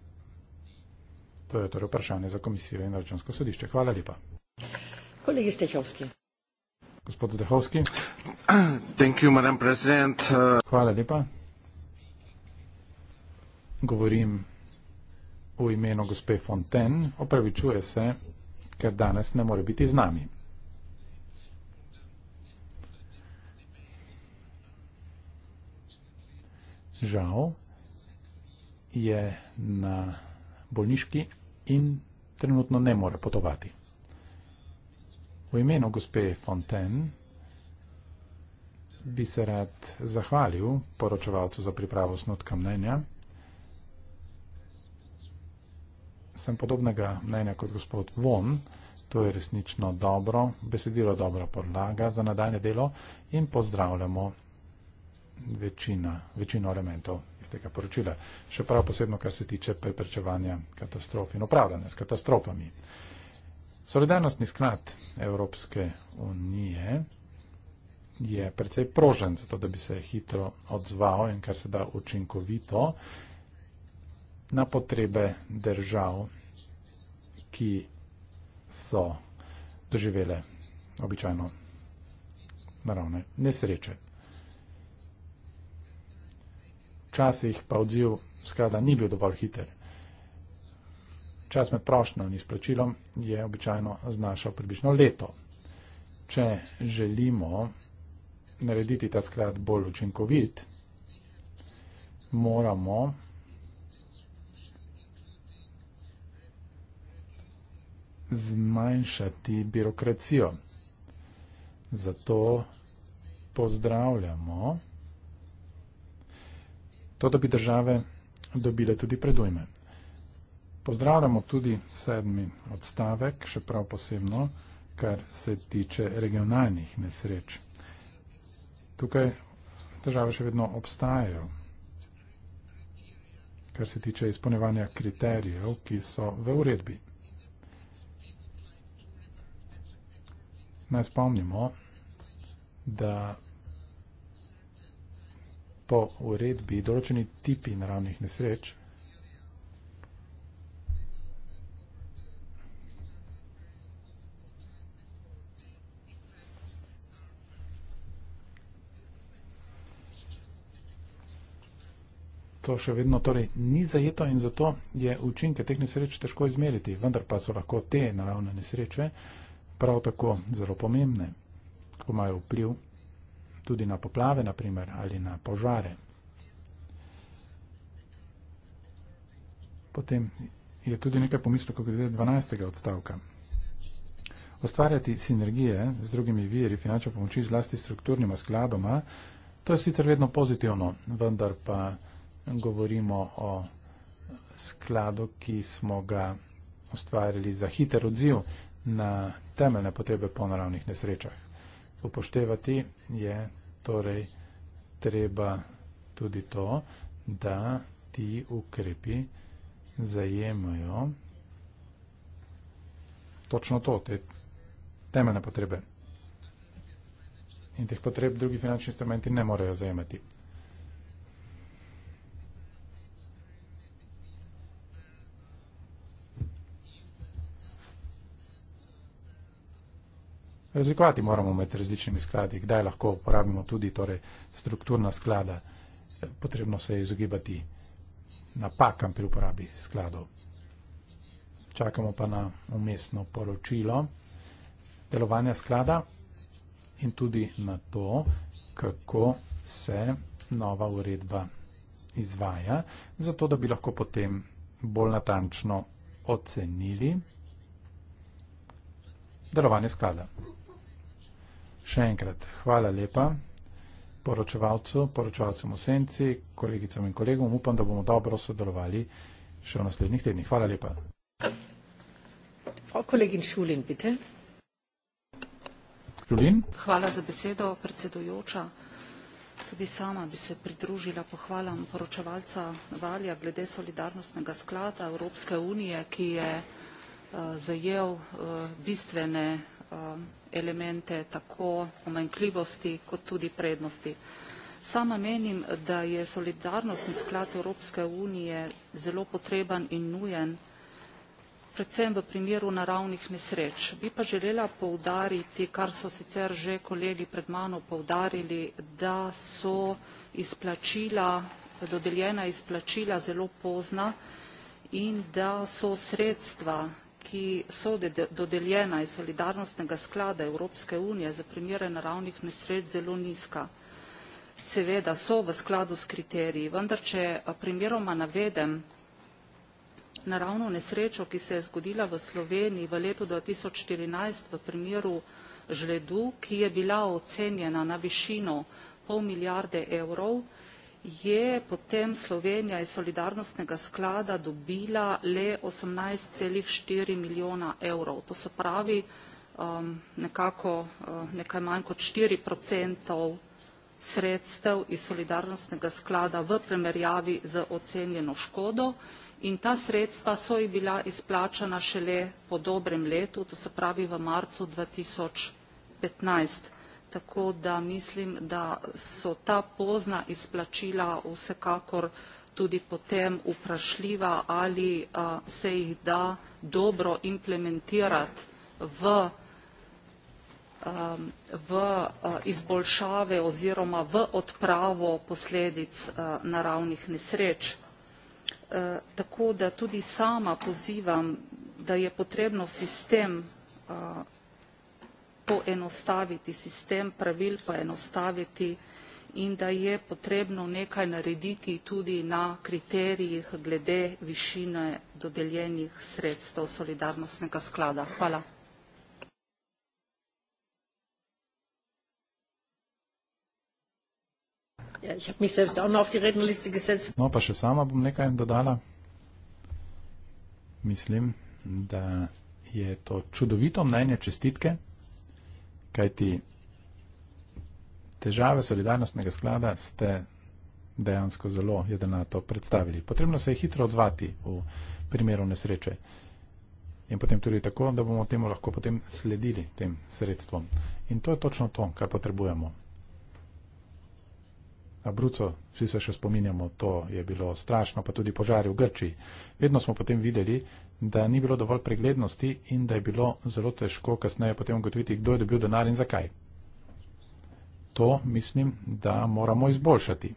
To je torej vprašanje za komisijo in računsko sodišče. Hvala lepa. Kolegi Stehovski. Gospod Zdehovski. [CLEARS THROAT] Thank you, madam president. Hvala lepa. Govorim v imenu gospe Fonten. Opravičuje se, ker danes ne more biti z nami. žal je na bolniški in trenutno ne more potovati. V imenu gospe Fontaine bi se rad zahvalil poročevalcu za pripravo snotka mnenja. Sem podobnega mnenja kot gospod Von. To je resnično dobro, besedilo dobra podlaga za nadaljne delo in pozdravljamo večina, večino elementov iz tega poročila. Še prav posebno, kar se tiče preprečevanja katastrof in upravljanja s katastrofami. Solidarnostni sklad Evropske unije je precej prožen za to, da bi se hitro odzval in kar se da učinkovito na potrebe držav, ki so doživele običajno naravne nesreče včasih pa odziv skrada ni bil dovolj hiter. Čas med prošnjo in izplačilom je običajno znašal približno leto. Če želimo narediti ta sklad bolj učinkovit, moramo zmanjšati birokracijo. Zato pozdravljamo to, da bi države dobile tudi predujme. Pozdravljamo tudi sedmi odstavek, še prav posebno, kar se tiče regionalnih nesreč. Tukaj države še vedno obstajajo, kar se tiče izpolnevanja kriterijev, ki so v uredbi. Naj spomnimo, da po uredbi določeni tipi naravnih nesreč, To še vedno torej ni zajeto in zato je učinke teh nesreč težko izmeriti, vendar pa so lahko te naravne nesreče prav tako zelo pomembne, ko imajo vpliv tudi na poplave, naprimer, ali na požare. Potem je tudi nekaj pomislo, kako glede 12. odstavka. Ostvarjati sinergije z drugimi viri finančne pomoči zlasti strukturnima skladoma, to je sicer vedno pozitivno, vendar pa govorimo o skladu, ki smo ga ustvarili za hiter odziv na temeljne potrebe po naravnih nesrečah upoštevati je torej treba tudi to, da ti ukrepi zajemajo točno to, te temeljne potrebe. In teh potreb drugi finančni instrumenti ne morejo zajemati. Razlikovati moramo med različnimi skladi, kdaj lahko uporabimo tudi torej, strukturna sklada. Potrebno se je izogibati napakam pri uporabi skladov. Čakamo pa na umestno poročilo delovanja sklada in tudi na to, kako se nova uredba izvaja, zato da bi lahko potem bolj natančno ocenili delovanje sklada. Še enkrat hvala lepa poročevalcu, poročevalcem v senci, kolegicam in kolegom. Upam, da bomo dobro sodelovali še v naslednjih tednih. Hvala lepa. Frau kolegin Šulin, bitte. Šulin. Hvala za besedo, predsedujoča. Tudi sama bi se pridružila pohvalam poročevalca Valja glede solidarnostnega sklada Evropske unije, ki je uh, zajel uh, bistvene uh, elemente, tako omenjkljivosti, kot tudi prednosti. Sama menim, da je solidarnostni sklad Evropske unije zelo potreben in nujen, predvsem v primeru naravnih nesreč. Bi pa želela poudariti, kar so sicer že kolegi pred mano poudarili, da so izplačila, dodeljena izplačila zelo pozna in da so sredstva ki so dodeljena iz solidarnostnega sklada Evropske unije za primere naravnih nesreč zelo nizka. Seveda so v skladu s kriteriji, vendar če primeroma navedem naravno nesrečo, ki se je zgodila v Sloveniji v letu 2014 v primeru žledu, ki je bila ocenjena na višino pol milijarde evrov, je potem Slovenija iz solidarnostnega sklada dobila le 18,4 milijona evrov. To se pravi um, nekako uh, nekaj manj kot 4 odstotkov sredstev iz solidarnostnega sklada v primerjavi z ocenjeno škodo in ta sredstva so ji bila izplačana šele po dobrem letu, to se pravi v marcu 2015 tako da mislim, da so ta pozna izplačila vsekakor tudi potem vprašljiva, ali a, se jih da dobro implementirati v, a, v a, izboljšave oziroma v odpravo posledic a, naravnih nesreč. A, e, tako da tudi sama pozivam, da je potrebno sistem a, poenostaviti sistem, pravil poenostaviti in da je potrebno nekaj narediti tudi na kriterijih glede višine dodeljenih sredstev solidarnostnega sklada. Hvala. Ja, no, pa še sama bom nekaj dodala. Mislim, da je to čudovito mnenje čestitke, kajti težave solidarnostnega sklada ste dejansko zelo jedenato predstavili. Potrebno se je hitro odzvati v primeru nesreče in potem tudi tako, da bomo temu lahko potem sledili tem sredstvom. In to je točno to, kar potrebujemo. Abruco, vsi se še spominjamo, to je bilo strašno, pa tudi požari v Grčiji. Vedno smo potem videli, da ni bilo dovolj preglednosti in da je bilo zelo težko kasneje potem ugotoviti, kdo je dobil denar in zakaj. To mislim, da moramo izboljšati.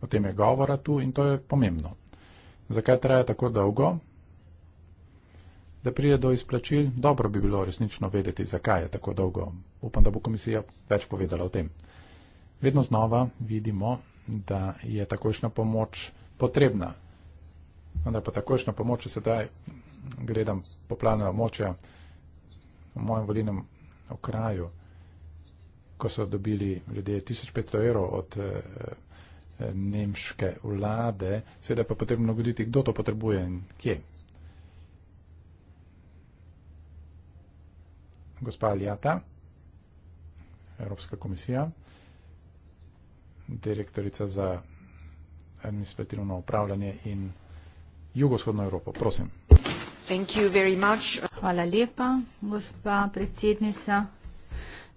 O tem je govora tu in to je pomembno. Zakaj traja tako dolgo? Da pride do izplačil, dobro bi bilo resnično vedeti, zakaj je tako dolgo. Upam, da bo komisija več povedala o tem. Vedno znova vidimo, da je takošna pomoč potrebna vendar pa takošno pomoč, če sedaj gledam poplavljena območja v mojem volilnem okraju, ko so dobili ljudje 1500 evrov od eh, eh, nemške vlade, seveda pa potrebno nagoditi, kdo to potrebuje in kje. Gospa Aljata, Evropska komisija, direktorica za administrativno upravljanje in jugovzhodno Evropo. Prosim. Hvala lepa, gospa predsednica,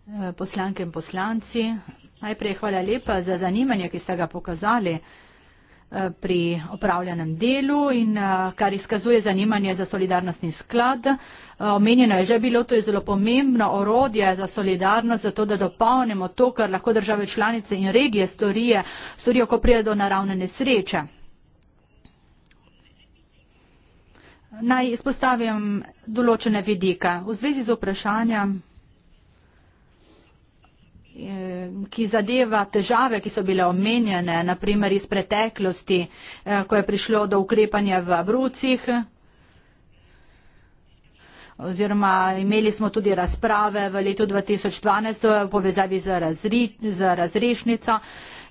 eh, poslanke in poslanci. Najprej hvala lepa za zanimanje, ki ste ga pokazali eh, pri opravljenem delu in eh, kar izkazuje zanimanje za solidarnostni sklad. Omenjeno je že bilo, to je zelo pomembno orodje za solidarnost, zato da dopolnimo to, kar lahko države članice in regije storijo, storijo ko prije do naravne nesreče. Naj izpostavim določene vidika. V zvezi z vprašanja, eh, ki zadeva težave, ki so bile omenjene, naprimer iz preteklosti, eh, ko je prišlo do ukrepanja v Abrucih, oziroma imeli smo tudi razprave v letu 2012 v povezavi z, razri, z razrešnico,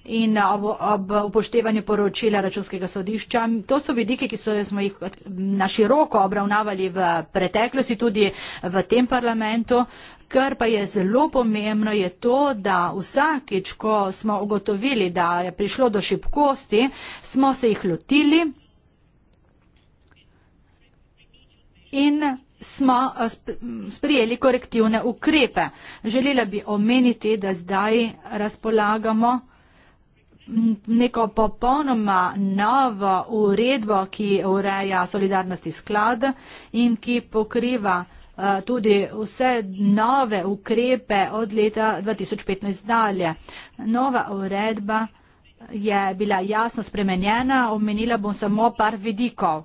in ob, ob upoštevanju poročila računskega sodišča. To so vidiki, ki so, smo jih na široko obravnavali v preteklosti, tudi v tem parlamentu. Kar pa je zelo pomembno, je to, da vsakič, ko smo ugotovili, da je prišlo do šibkosti, smo se jih lotili in smo sprijeli korektivne ukrepe. Želela bi omeniti, da zdaj razpolagamo neko popolnoma novo uredbo, ki ureja solidarnosti sklad in ki pokriva eh, tudi vse nove ukrepe od leta 2015 dalje. Nova uredba je bila jasno spremenjena, omenila bom samo par vidikov.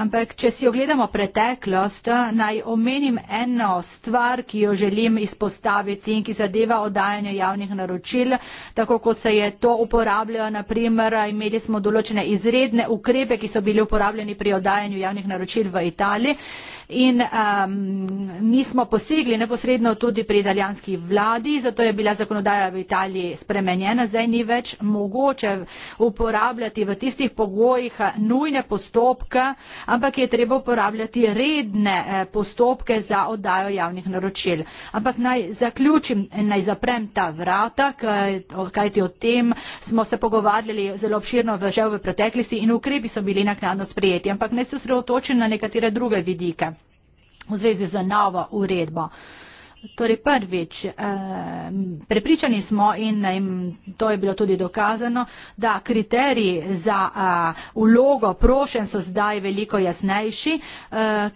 Ampak, če si ogledamo preteklost, naj omenim eno stvar, ki jo želim izpostaviti in ki zadeva oddajanje javnih naročil, tako kot se je to uporabljalo, naprimer, imeli smo določene izredne ukrepe, ki so bili uporabljeni pri oddajanju javnih naročil v Italiji in um, nismo posegli neposredno tudi pri italijanski vladi, zato je bila zakonodaja v Italiji spremenjena, zdaj ni več mogoče uporabljati v tistih pogojih nujne postopke, ampak je treba uporabljati redne eh, postopke za oddajo javnih naročil. Ampak naj zaključim, naj zaprem ta vrata, kajti o tem smo se pogovarjali zelo obširno že v preteklosti in ukrepi so bili naknadno sprejeti, ampak ne se osredotočim na nekatere druge vidike v zvezi z novo uredbo. Torej prvič, eh, prepričani smo eh, in to je bilo tudi dokazano, da kriteriji za ulogo eh, prošen so zdaj veliko jasnejši.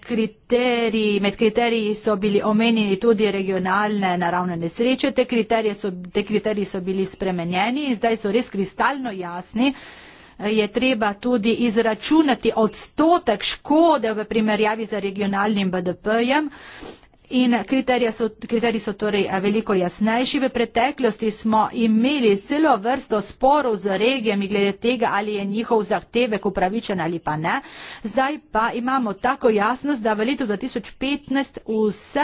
Kriteriji, med kriteriji so bili omenjeni tudi regionalne naravne nesreče, te kriteriji so, te kriteriji so bili spremenjeni in zdaj so res kristalno jasni je treba tudi izračunati odstotek škode v primerjavi z regionalnim BDP-jem. In so, kriteriji so torej eh, veliko jasnejši. V preteklosti smo imeli celo vrsto sporov z regijami glede tega, ali je njihov zahtevek upravičen ali pa ne. Zdaj pa imamo tako jasnost, da v letu 2015 vse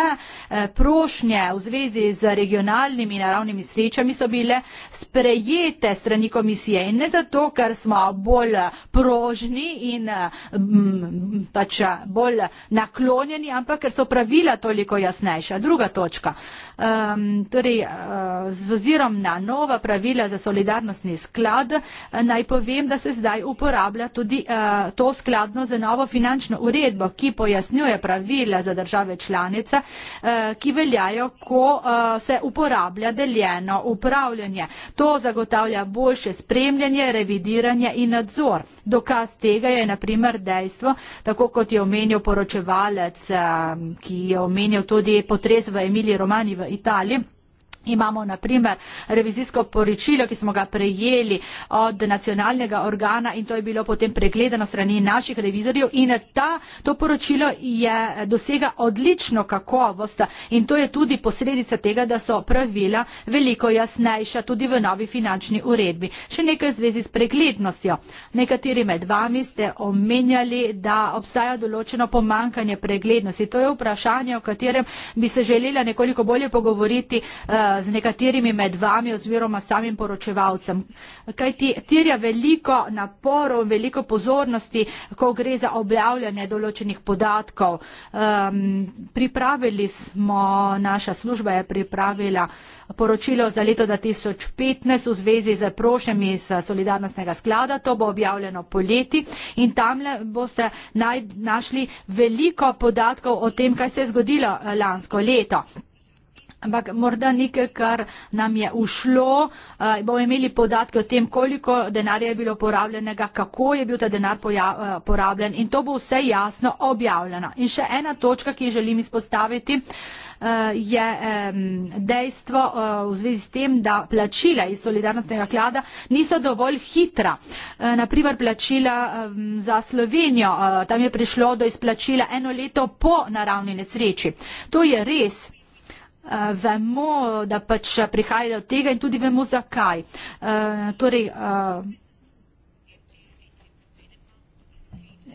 eh, prošnje v zvezi z regionalnimi naravnimi srečami so bile sprejete strani komisije. In ne zato, ker smo bolj eh, prožni in pač bolj naklonjeni, ampak ker so pravila toliko nekoliko jasnejša. Druga točka. Um, torej, eh, z ozirom na nova pravila za solidarnostni sklad, eh, naj povem, da se zdaj uporablja tudi uh, to skladno za novo finančno uredbo, ki pojasnjuje pravila za države članice, uh, ki veljajo, ko uh, se uporablja deljeno upravljanje. To zagotavlja boljše spremljanje, revidiranje in nadzor. Dokaz tega je naprimer dejstvo, tako kot je omenil poročevalec, uh, ki je omenil tudi potres v Emiliji Romani v Italiji. Imamo naprimer revizijsko poročilo, ki smo ga prejeli od nacionalnega organa in to je bilo potem pregledano strani naših revizorjev in ta, to poročilo je dosega odlično kakovost in to je tudi posledica tega, da so pravila veliko jasnejša tudi v novi finančni uredbi. Še nekaj v zvezi s preglednostjo. Nekateri med vami ste omenjali, da obstaja določeno pomankanje preglednosti. To je vprašanje, o katerem bi se želela nekoliko bolje pogovoriti. Uh, z nekaterimi med vami oziroma samim poročevalcem. Kaj ti tirja veliko naporov, veliko pozornosti, ko gre za objavljanje določenih podatkov. Um, pripravili smo, naša služba je pripravila poročilo za leto 2015 v zvezi z prošnjami iz eh, Solidarnostnega sklada. To bo objavljeno poleti in tam boste naj, našli veliko podatkov o tem, kaj se je zgodilo eh, lansko leto. Ampak morda nekaj, kar nam je ušlo, uh, bomo imeli podatke o tem, koliko denarja je bilo porabljenega, kako je bil ta denar poja, uh, porabljen in to bo vse jasno objavljeno. In še ena točka, ki jo želim izpostaviti, uh, je um, dejstvo uh, v zvezi s tem, da plačila iz solidarnostnega klada niso dovolj hitra. Uh, naprimer, plačila um, za Slovenijo, uh, tam je prišlo do izplačila eno leto po naravni nesreči. To je res. Uh, vemo, da pač prihaja do tega in tudi vemo, zakaj. Uh, torej, uh,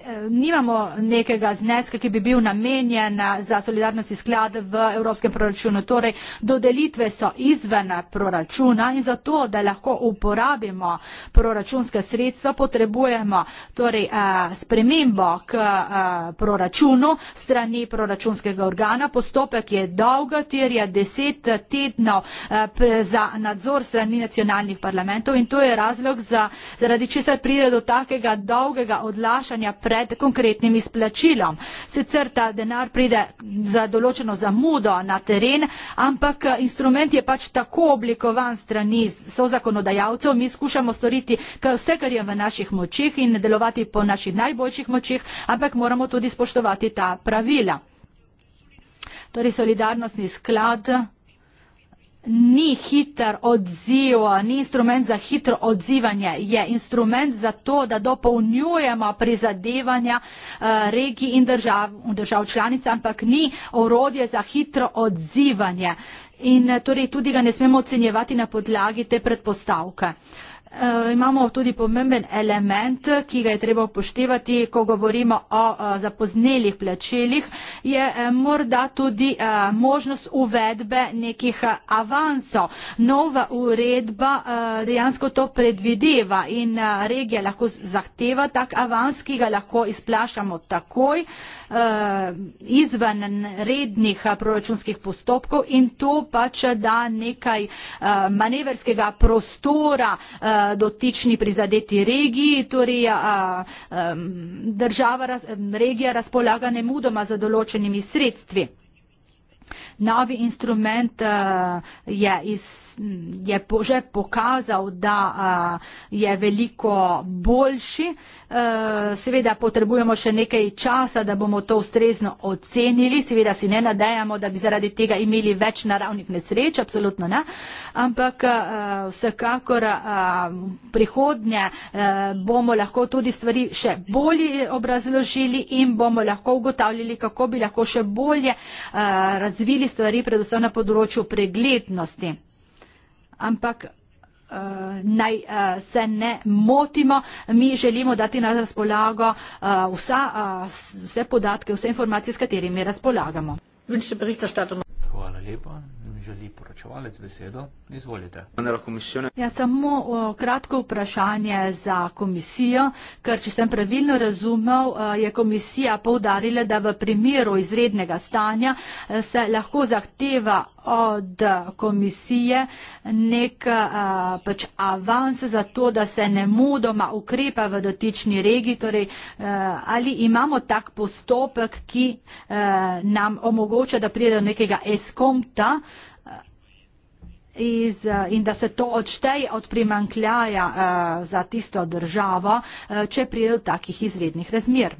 Eh, nimamo nekega zneska, ki bi bil namenjen eh, za solidarnostni sklad v evropskem proračunu. Torej, dodelitve so izven eh, proračuna in zato, da lahko uporabimo proračunske sredstva, potrebujemo torej, spremembo k proračunu strani proračunskega organa. Postopek je dolg, ter je deset tednov za nadzor strani nacionalnih parlamentov in to je razlog, za, zaradi česar pride do takega dolgega odlašanja. Pre pred konkretnim izplačilom. Sicer ta denar pride za določeno zamudo na teren, ampak eh, instrument je pač tako oblikovan strani so zakonodajalcev, mi skušamo storiti vse, kar je v naših močih in delovati po naših najboljših močih, ampak moramo tudi spoštovati ta pravila. Torej solidarnostni sklad ni hiter odziv, ni instrument za hitro odzivanje, je instrument za to, da dopolnjujemo prizadevanja eh, regij in držav, držav članic, ampak ni orodje za hitro odzivanje. In eh, torej tudi ga ne smemo ocenjevati na podlagi te predpostavke. Uh, Eh, imamo tudi pomemben element, ki ga je treba upoštevati, ko govorimo o eh, zapoznelih plačilih, je eh, morda tudi možnost uvedbe nekih avansov. Nova uredba dejansko to predvideva in regija lahko zahteva tak avans, ki ga lahko izplašamo takoj izven rednih proračunskih postopkov in to pač da nekaj manevrskega prostora, dotični prizadeti regiji, torej država, regija razpolaga nemudoma za določenimi sredstvi novi instrument eh, je, iz, je po, že pokazal, da eh, je veliko boljši. Eh, seveda potrebujemo še nekaj časa, da bomo to ustrezno ocenili. Seveda si ne nadejamo, da bi zaradi tega imeli več naravnih nesreč, absolutno ne. Ampak vsekakor v prihodnje bomo lahko tudi stvari še bolje obrazložili in bomo lahko ugotavljali, kako bi lahko še bolje razvili naredili stvari, predvsem na področju preglednosti. Ampak uh, naj uh, se ne motimo, mi želimo dati na razpolago uh, vsa, uh, vse podatke, vse informacije, s katerimi razpolagamo. Hvala lepa želi poročevalec besedo, izvolite. Ja, samo o, kratko vprašanje za komisijo, ker če sem pravilno razumel, je komisija povdarila, da v primeru izrednega stanja e, se lahko zahteva od komisije nek a, e, pač avans za to, da se ne mudoma ukrepa v dotični regiji, torej a, e, ali imamo tak postopek, ki a, nam omogoča, da pride do nekega eskomta iz, eh, in da se to odšteje od primankljaja eh, za tisto državo, eh, če pride do takih izrednih razmer.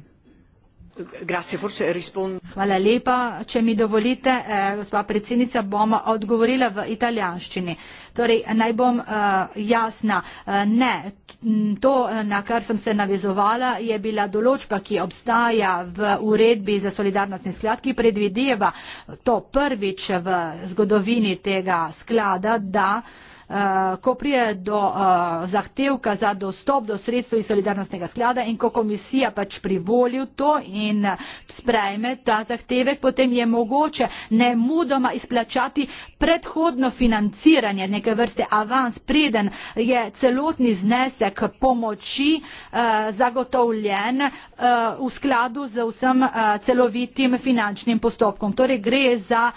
Grazie, forse rispondo. Hvala lepa, če mi dovolite, eh, gospa predsednica, bom odgovorila v italijanščini. Torej, naj bom eh, jasna, eh, ne, to, eh, na kar sem se navezovala, je bila določba, ki obstaja v uredbi za solidarnostni sklad, ki predvideva to prvič v zgodovini tega sklada, da eh, Eh, ko prije do eh, zahtevka za dostop do sredstva iz solidarnostnega sklada in ko komisija pač privoli v to in sprejme ta zahtevek, potem je mogoče ne mudoma izplačati predhodno financiranje, neke vrste avans, preden je celotni znesek pomoči eh, zagotovljen v skladu z vsem celovitim finančnim postopkom. Torej gre za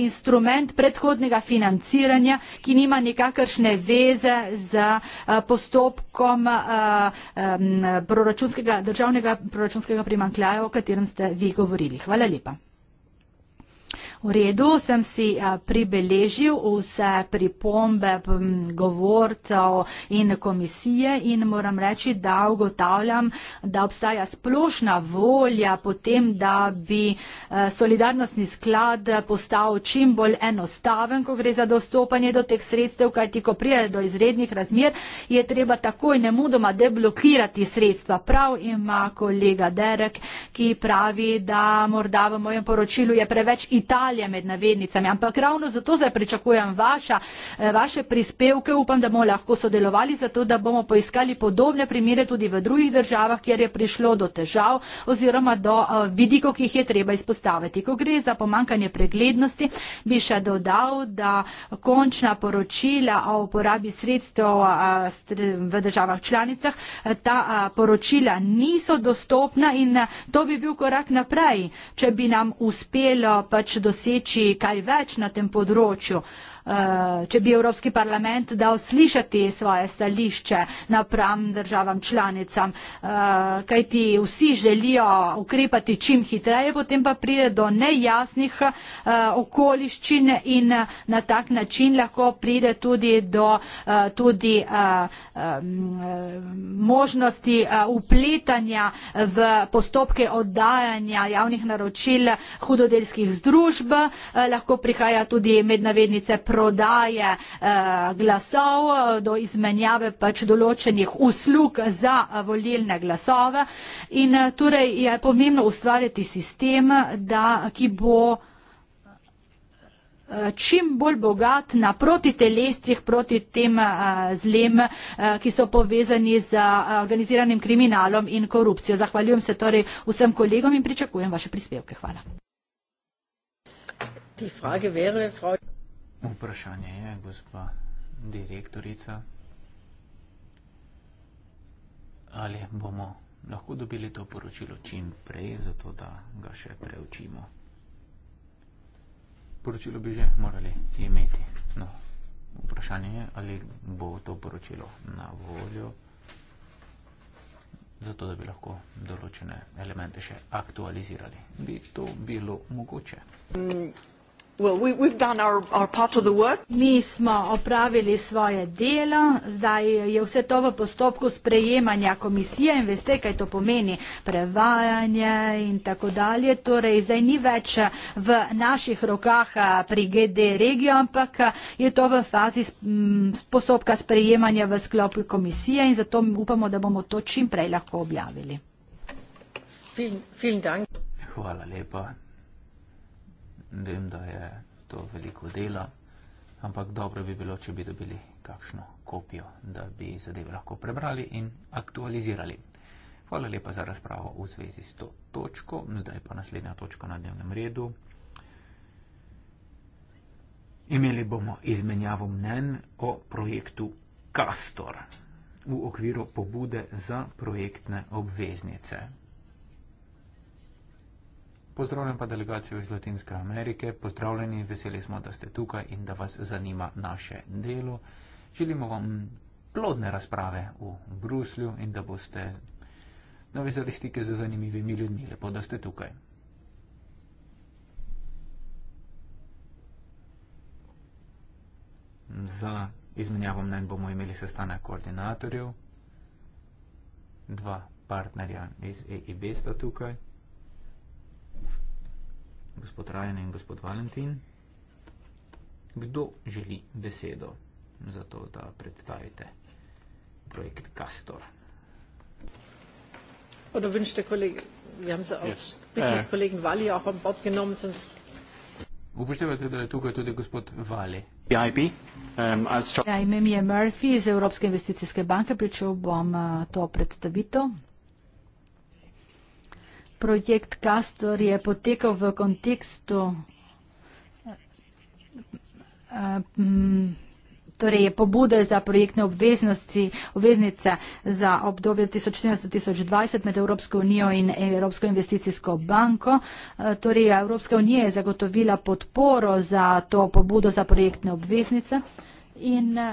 instrument predhodnega financiranja, ki nima nekaj vsakršne veze z eh, postopkom eh, proračunskega, državnega proračunskega primankljaja, o katerem ste vi govorili. Hvala lepa. V redu, sem si eh, pribeležil vse pripombe govorcev in komisije in moram reči, da ugotavljam, da obstaja splošna volja potem, da bi eh, solidarnostni sklad postal čim bolj enostaven, ko gre za dostopanje do teh sredstev, kajti ko prije do izrednih razmer, je treba takoj nemudoma deblokirati sredstva. Prav ima kolega Derek, ki pravi, da morda v mojem poročilu je preveč Italija nasilje med navednicami. Ampak ravno zato zdaj pričakujem vaša, eh, vaše prispevke. Upam, da bomo lahko sodelovali za to, da bomo poiskali podobne primere tudi v drugih državah, kjer je prišlo do težav oziroma do eh, vidikov, ki jih je treba izpostaviti. Ko gre za pomankanje preglednosti, bi še dodal, da končna poročila o uporabi sredstev eh, v državah članicah, ta poročila niso dostopna in to bi bil korak naprej, če bi nam uspelo pač dosežiti doseči kaj več na tem področju. Eh, če bi Evropski parlament dal slišati svoje stališče napram državam članicam, eh, kajti vsi želijo ukrepati čim hitreje, potem pa pride do nejasnih eh, okoliščin in na tak način lahko pride tudi do tudi možnosti upletanja v postopke oddajanja javnih naročil hudodelskih združb, lahko prihaja tudi mednavednice proizvodnje prodaje eh, glasov, eh, do izmenjave pač določenih uslug za eh, volilne glasove. In torej je pomembno ustvariti sistem, ki bo čim bolj bogat na proti telestih, proti tem zlem, ki so povezani z organiziranim kriminalom in korupcijo. Zahvaljujem se torej vsem kolegom in pričakujem vaše prispevke. Hvala. Die Frage wäre, Frau. Vprašanje je, gospa direktorica, ali bomo lahko dobili to poročilo čim prej, zato da ga še preučimo. Poročilo bi že morali imeti. No, vprašanje je, ali bo to poročilo na voljo, zato da bi lahko določene elemente še aktualizirali. Bi to bilo mogoče? Mm. Well, we, we've done our, our part of the work. Mi smo opravili svoje delo, zdaj je vse to v postopku sprejemanja komisije in veste, kaj to pomeni, prevajanje in tako dalje. Torej, zdaj ni več v naših rokah eh, pri GD regijo, ampak eh, je to v fazi postopka sprejemanja v sklopu komisije in zato upamo, da bomo to čim prej lahko objavili. Fil, Hvala lepa vem, da je to veliko dela, ampak dobro bi bilo, če bi dobili kakšno kopijo, da bi zadeve lahko prebrali in aktualizirali. Hvala lepa za razpravo v zvezi s to točko. Zdaj pa naslednja točka na dnevnem redu. Imeli bomo izmenjavo mnen o projektu Castor v okviru pobude za projektne obveznice. Pozdravljam pa delegacijo iz Latinske Amerike. Pozdravljeni, veseli smo, da ste tukaj in da vas zanima naše delo. Želimo vam plodne razprave v Bruslju in da boste navezali stike z zanimivimi ljudmi. Lepo, da ste tukaj. Za izmenjavo mnen bomo imeli sestanek koordinatorjev. Dva partnerja iz EIB sta tukaj gospod Rajan in gospod Valentin. Kdo želi besedo za to, da predstavite projekt Castor? Oder wünscht der Kollege, wir haben sie aus yes. des äh. Kollegen Walli auch an Bord genommen, sonst Upoštevate, da je tukaj tudi gospod Vali. Ähm, ja, ime mi je Murphy iz Evropske investicijske banke, pričel bom äh, to predstavitev projekt Castor je potekal v kontekstu eh, mm, torej je pobude za projektne obveznosti, obveznice za obdobje 2014-2020 med Evropsko unijo in Evropsko investicijsko banko. Eh, torej ja, Evropska unija je zagotovila podporo za to pobudo za projektne obveznice in eh,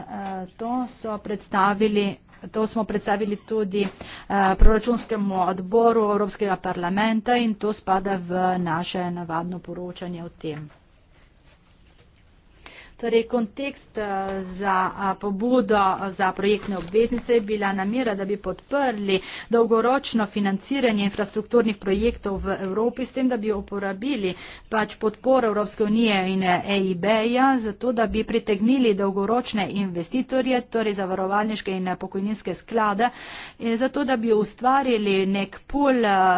to so predstavili To smo predstavili tudi eh, proračunskemu odboru Evropskega parlamenta in to spada v naše navadno poročanje o tem. Torej, kontekst eh, za eh, pobudo eh, za projektne obveznice je bila namera, da bi podprli dolgoročno financiranje infrastrukturnih projektov v Evropi, s tem, da bi uporabili pač podporo Evropske unije in EIB-ja, e zato da bi pritegnili dolgoročne investitorje, torej zavarovalniške in pokojninske sklade, zato da bi ustvarili nek pol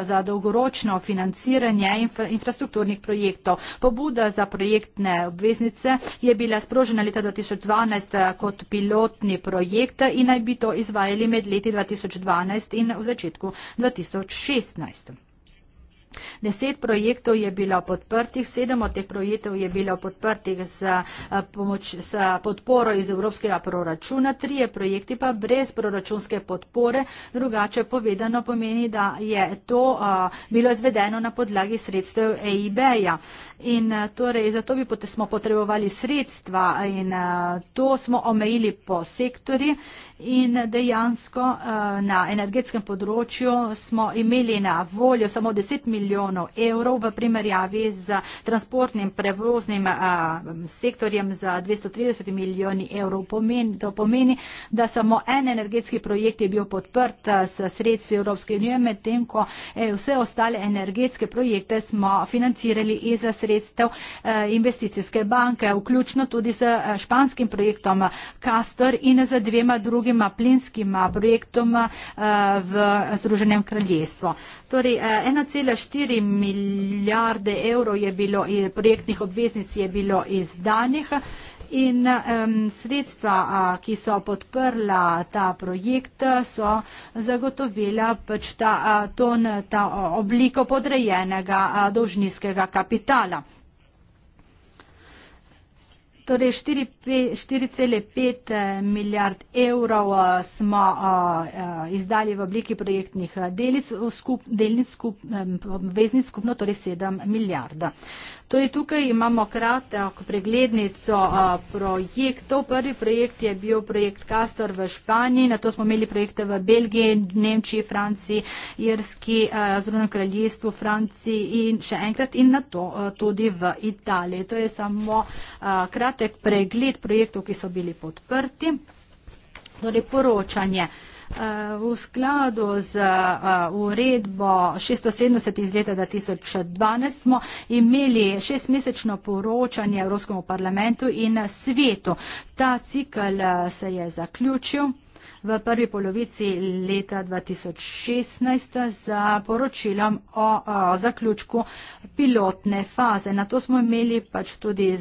za dolgoročno financiranje infrastrukturnih projektov. Pobuda za projektne obveznice je bila bila sprožena leta 2012 eh, kot pilotni projekt in naj bi to izvajali med leti 2012 in v začetku 2016. Deset projektov je bilo podprtih, sedem od teh projektov je bilo podprtih s, eh, pomoč, s podporo iz evropskega proračuna, trije projekti pa brez proračunske podpore. Drugače povedano pomeni, da je to a, eh, bilo izvedeno na podlagi sredstev EIB-ja. In a, eh, torej zato bi pot smo potrebovali sredstva in a, to smo omejili po sektori in dejansko a, na energetskem področju smo imeli na voljo samo 10 milijonov milijonov evrov v primerjavi z transportnim prevoznim a, sektorjem za 230 milijoni evrov. Pomeni, to pomeni, da samo en energetski projekt je bil podprt s sredstvi Evropske unije, medtem ko e, vse ostale energetske projekte smo financirali iz sredstev e, investicijske banke, vključno tudi s e, španskim projektom Castor in z dvema drugima plinskima projektoma e, v Združenem kraljestvu. Torej, e, 4 milijarde evrov je bilo, projektnih obveznic je bilo izdanih in um, sredstva, ki so podprla ta projekt, so zagotovila pač ta, ta, ta obliko podrejenega dolžninskega kapitala. Torej 4,5 eh, milijard evrov eh, smo eh, izdali v obliki projektnih delic, skup, delnic, skup, veznic skupno, torej 7 milijard. Tudi torej, tukaj imamo kratek preglednico projektov. Prvi projekt je bil projekt Castor v Španiji, na to smo imeli projekte v Belgiji, Nemčiji, Franciji, Irski, Zrunem kraljestvu, Franciji in še enkrat in na to tudi v Italiji. To je samo kratek pregled projektov, ki so bili podprti. Torej, poročanje. Eh, v skladu z eh, uredbo 670 iz leta 2012 smo imeli šestmesečno poročanje Evropskemu parlamentu in svetu. Ta cikl eh, se je zaključil v prvi polovici leta 2016 za poročilom o, o zaključku pilotne faze. Na to smo imeli pač tudi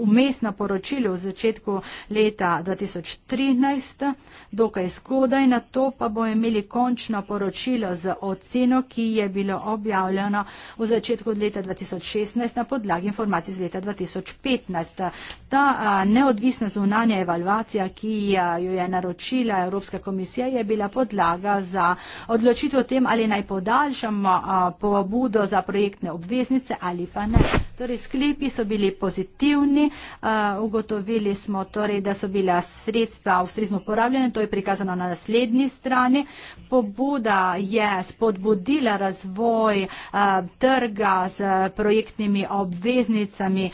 umestno poročilo v začetku leta 2013, dokaj skodaj, na to pa bomo imeli končno poročilo z oceno, ki je bilo objavljeno v začetku leta 2016 na podlagi informacij iz leta 2015. Ta a, neodvisna zunanja evalvacija, ki a, jo je naročila Evropska komisija je bila podlaga za odločitev o tem, ali naj podaljšamo pobudo za projektne obveznice ali pa ne. Torej, sklepi so bili pozitivni, ugotovili smo torej, da so bila sredstva ustrezno uporabljene, to je prikazano na naslednji strani. Pobuda je spodbudila razvoj trga z projektnimi obveznicami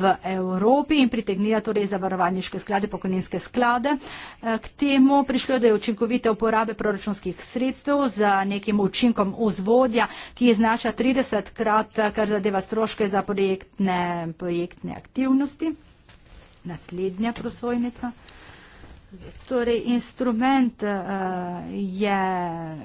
v Evropi in pritegnila torej zavarovanjiške sklade, pokojninske sklade. K temu prišlo, da je učinkovite uporabe proračunskih sredstev z nekim učinkom vzvodja, ki je znača 30 krat, kar zadeva stroške za podjetje projektne, projektne aktivnosti. Naslednja prosojnica. Torej, instrument uh, je,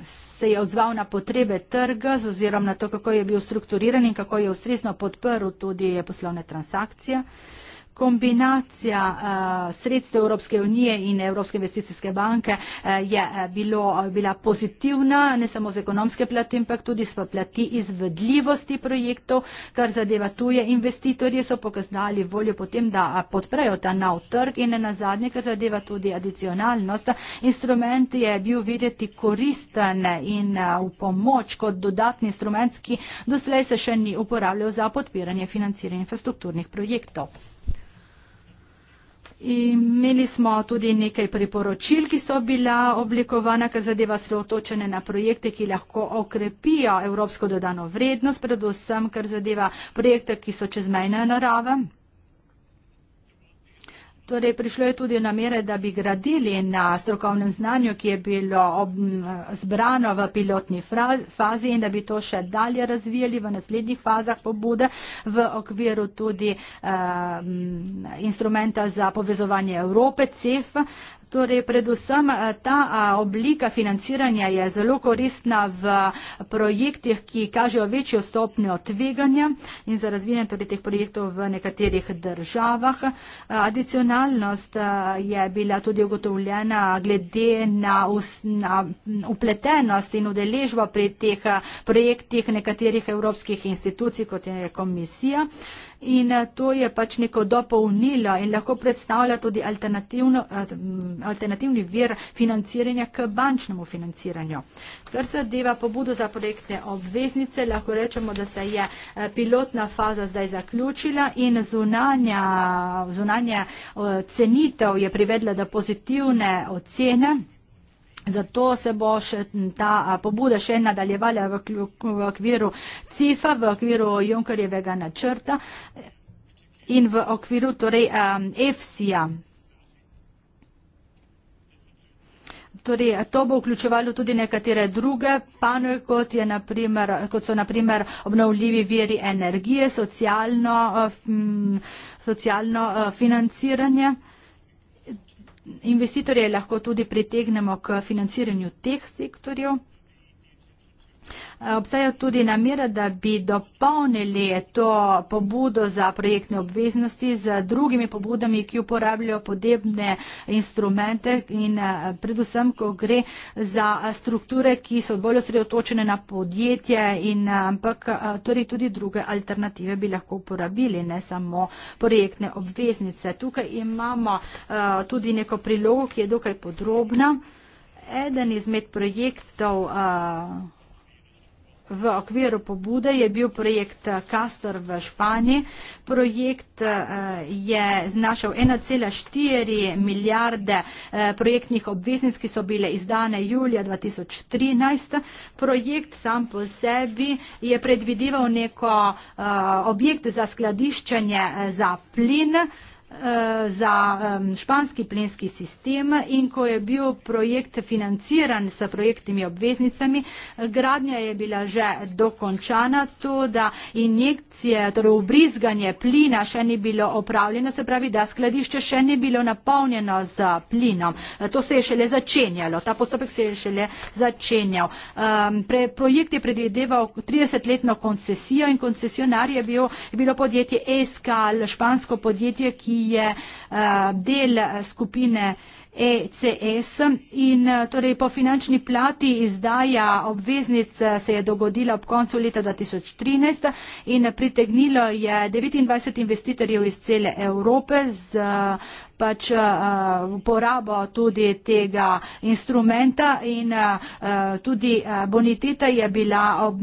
se je odzval na potrebe trga z ozirom na to, kako je bil strukturiran in kako je ustrezno podprl tudi poslovne transakcije. Uh, kombinacija eh, sredstev Evropske unije in Evropske investicijske banke eh, je eh, bilo, bila pozitivna, ne samo z ekonomske plati, ampak tudi s plati izvedljivosti projektov, kar zadeva tuje investitorje, so pokazali voljo potem, da podprejo ta nov trg in na zadnje, kar zadeva tudi adicionalnost. Instrument je bil videti koristen in v pomoč kot dodatni instrument, ki doslej se še ni uporabljal za podpiranje financiranja infrastrukturnih projektov. Imeli smo tudi nekaj priporočil, ki so bila oblikovana, ker zadeva se otočene na projekte, ki lahko okrepijo evropsko dodano vrednost, predvsem, ker zadeva projekte, ki so čezmejne narave. Torej, prišlo je tudi na mere, da bi gradili na strokovnem znanju, ki je bilo ob, zbrano v pilotni fraz, fazi in da bi to še dalje razvijali v naslednjih fazah pobude v okviru tudi uh, instrumenta za povezovanje Evrope, CEF, uh, Torej, predvsem eh, ta eh, oblika financiranja je zelo koristna v projektih, ki kažejo večjo stopnjo tveganja in za razvijanje torej, teh projektov v nekaterih državah. Eh, adicionalnost je bila tudi ugotovljena glede na, us, na upletenost in udeležbo pri teh projektih nekaterih evropskih institucij, kot je komisija. In eh, to je pač neko dopolnilo in lahko predstavlja tudi eh, alternativni vir financiranja k bančnemu financiranju. Kar zadeva pobudo za projektne obveznice, lahko rečemo, da se je eh, pilotna faza zdaj zaključila in zunanja, zunanja cenitev je privedla do pozitivne ocene. Zato se bo še ta pobuda še nadaljevala v okviru CIFA, v okviru Junkerjevega načrta in v okviru torej EFSI-ja. Torej, to bo vključevalo tudi nekatere druge panoje, kot, kot so naprimer obnovljivi viri energije, socialno, socialno eh, financiranje investitorje lahko tudi pritegnemo k financiranju teh sektorjev. Obstajajo tudi namere, da bi dopolnili to pobudo za projektne obveznosti z drugimi pobudami, ki uporabljajo podobne instrumente in eh, predvsem, ko gre za eh, strukture, ki so bolj osredotočene na podjetje in eh, ampak torej tudi druge alternative bi lahko uporabili, ne samo projektne obveznice. Tukaj imamo tudi neko prilogo, ki je dokaj podrobna. Eden izmed projektov uh, V okviru pobude je bil projekt eh, Castor v Španiji. Projekt eh, je znašal 1,4 milijarde eh, projektnih obveznic, ki so bile izdane julija 2013. Projekt sam po sebi je predvideval neko objekt za skladiščenje za plin. Eh, za španski plinski sistem in ko je bil projekt financiran s projektnimi obveznicami, gradnja je bila že dokončana, to da injekcija injekcije, torej obrizganje plina še ni bilo opravljeno, se pravi, da skladišče še ni bilo napolnjeno z plinom. To se je šele začenjalo, ta postopek se je šele začenjal. Projekt je predvideval 30-letno koncesijo in koncesionar je, bil, je bilo podjetje Eskal, špansko podjetje, ki je eh, del eh, skupine ECS in eh, torej po finančni plati izdaja obveznic eh, se je dogodila ob koncu leta 2013 in pritegnilo je 29 investitorjev iz cele Evrope z pač eh, uporabo tudi tega instrumenta in tudi boniteta je bila, ob,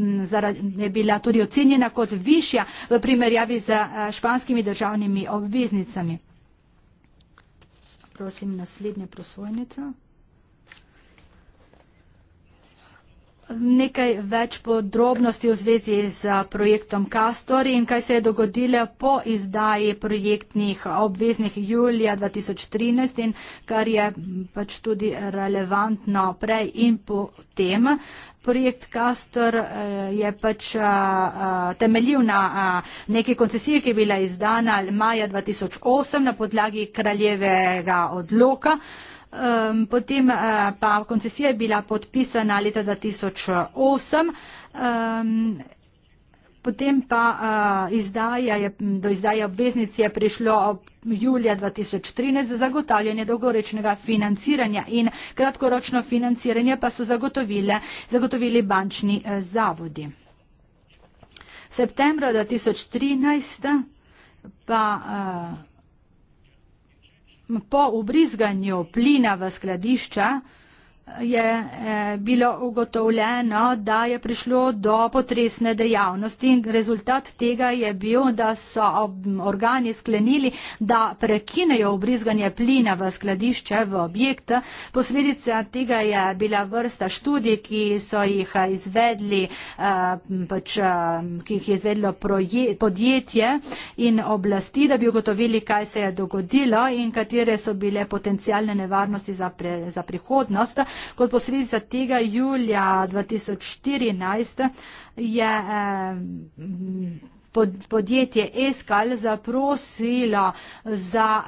je bila tudi ocenjena kot višja v primerjavi z španskimi državnimi obveznicami prosim, naslednja prosojnica. nekaj več podrobnosti v zvezi z projektom Castor in kaj se je dogodilo po izdaji projektnih obveznih julija 2013 in kar je pač tudi relevantno prej in potem. Projekt Castor e, je pač temeljil na neki koncesiji, ki je bila izdana maja 2008 na podlagi kraljevega odloka. Um, potem uh, pa koncesija je bila podpisana leta 2008. Um, potem pa uh, izdaja je, do izdaje obveznic je prišlo ob julija 2013 za zagotavljanje dolgoročnega financiranja in kratkoročno financiranje pa so zagotovili bančni uh, zavodi. Septembra 2013 pa. Uh, Po vbrizganju plina v skladišča je eh, bilo ugotovljeno, da je prišlo do potresne dejavnosti in rezultat tega je bil, da so organi sklenili, da prekinejo obrizganje plina v skladišče, v objekt. Posledica tega je bila vrsta študij, ki so jih izvedli, eh, pač, eh, ki jih je izvedlo proje, podjetje in oblasti, da bi ugotovili, kaj se je dogodilo in katere so bile potencijalne nevarnosti za, pre, za prihodnost. Kot posledica tega julija 2014 je. Eh, pod, podjetje Eskal zaprosila za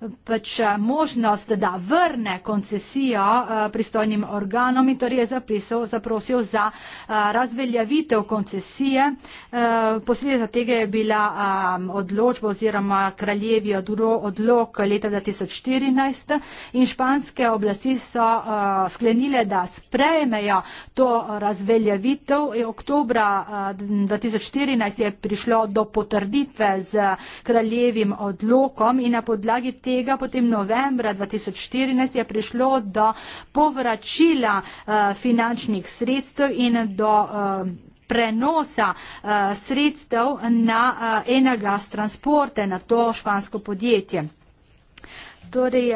uh, pač možnost, da vrne koncesijo uh, pristojnim organom in torej je zapisal, zaprosil za uh, razveljavitev koncesije. Uh, posledica tega je bila um, odločba oziroma kraljevi odlo, odlok leta 2014 in španske oblasti so uh, sklenile, da sprejmejo to razveljavitev. Oktobra uh, 2014 je prišlo do potrditve z kraljevim odlokom in na podlagi tega potem novembra 2014 je prišlo do povračila eh, finančnih sredstev in do eh, prenosa eh, sredstev na enega transporte na to špansko podjetje. Torej,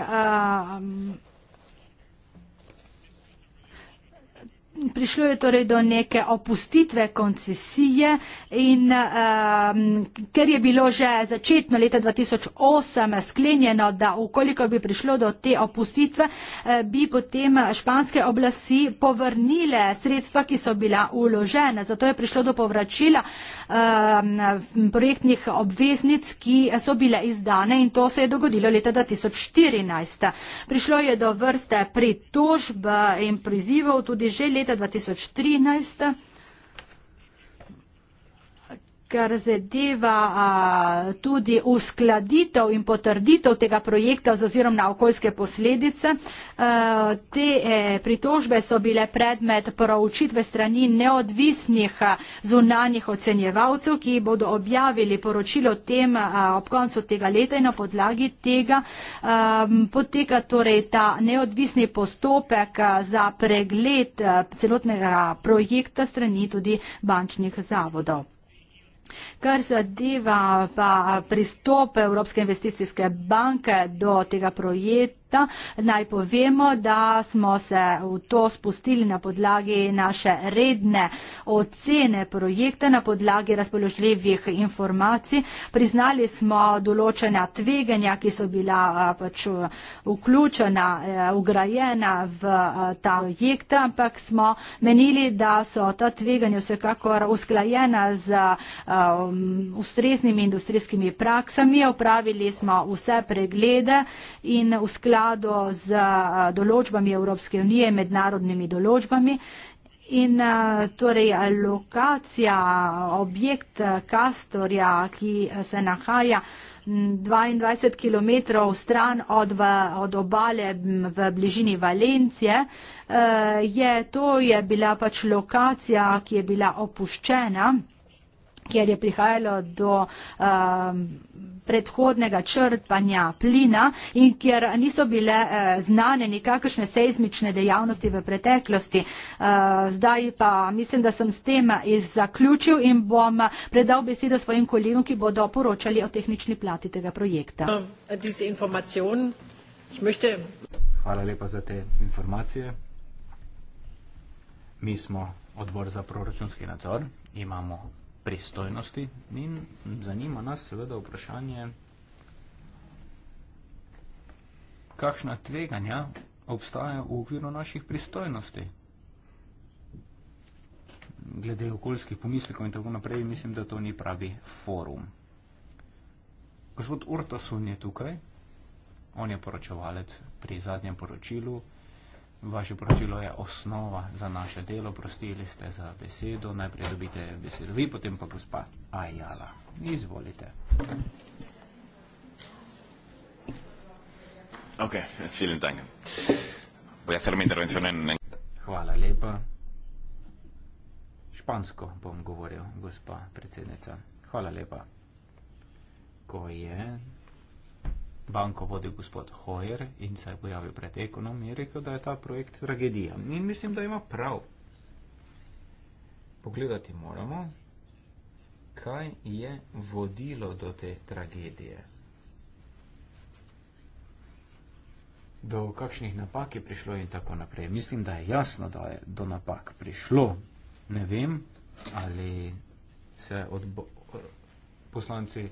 Prišlo je torej do neke opustitve koncesije in uh, ker je bilo že začetno leta 2008 sklenjeno, da ukoliko bi prišlo do te opustitve, uh, bi potem španske oblasti povrnile sredstva, ki so bila uložena. Zato je prišlo do povračila uh, projektnih obveznic, ki so bile izdane in to se je dogodilo leta 2014. Prišlo je do vrste pritožb eh, in prizivov tudi že leta leta 2013 kar zadeva a, tudi uskladitev in potrditev tega projekta z ozirom na okoljske posledice. A, te e, pritožbe so bile predmet poročitve strani neodvisnih zunanjih ocenjevalcev, ki bodo objavili poročilo tem a, ob koncu tega leta in na podlagi tega a, poteka torej ta neodvisni postopek za pregled celotnega projekta strani tudi bančnih zavodov. Kar zadeva pa pristope Evropske investicijske banke do tega projekta, leta. Naj povemo, da smo se v to spustili na podlagi naše redne ocene projekta, na podlagi razpoložljivih informacij. Priznali smo določena tveganja, ki so bila pač vključena, ugrajena e, v ta projekt, ampak smo menili, da so ta tveganja vsekakor usklajena z um, ustreznimi industrijskimi praksami. Opravili smo vse preglede in usklajene skladu z eh, določbami Evropske unije, mednarodnimi določbami. In eh, torej lokacija, objekt Kastorja, eh, ki se nahaja 22 km stran od, v, od obale v bližini Valencije, je, to je bila pač lokacija, ki je bila opuščena, kjer je prihajalo do um, predhodnega črpanja plina in kjer niso bile eh, znane nikakršne seizmične dejavnosti v preteklosti. Eh, zdaj pa mislim, da sem s tem zaključil in bom predal besedo svojim kolegom, ki bodo poročali o tehnični plati tega projekta. Eh, Hvala lepa za te informacije. Mi smo odbor za proračunski nadzor, imamo pristojnosti in zanima nas seveda vprašanje, kakšna tveganja obstaja v okviru naših pristojnosti. Glede okoljskih pomislekov in tako naprej, mislim, da to ni pravi forum. Gospod Urtasun je tukaj, on je poročevalec pri zadnjem poročilu. Vaše poročilo je osnova za naše delo. Prostili ste za besedo. Najprej dobite besedo vi, potem pa gospa Ajala. Izvolite. Ok, vielen Dank. Voy a hacer mi intervención en... Hvala lepa. Špansko bom govoril, gospa predsednica. Hvala lepa. Ko je banko vodil gospod Hoyer in se je pojavil pred ekonom, je rekel, da je ta projekt tragedija. In mislim, da ima prav. Pogledati moramo, kaj je vodilo do te tragedije. Do kakšnih napak je prišlo in tako naprej. Mislim, da je jasno, da je do napak prišlo. Ne vem, ali se poslanci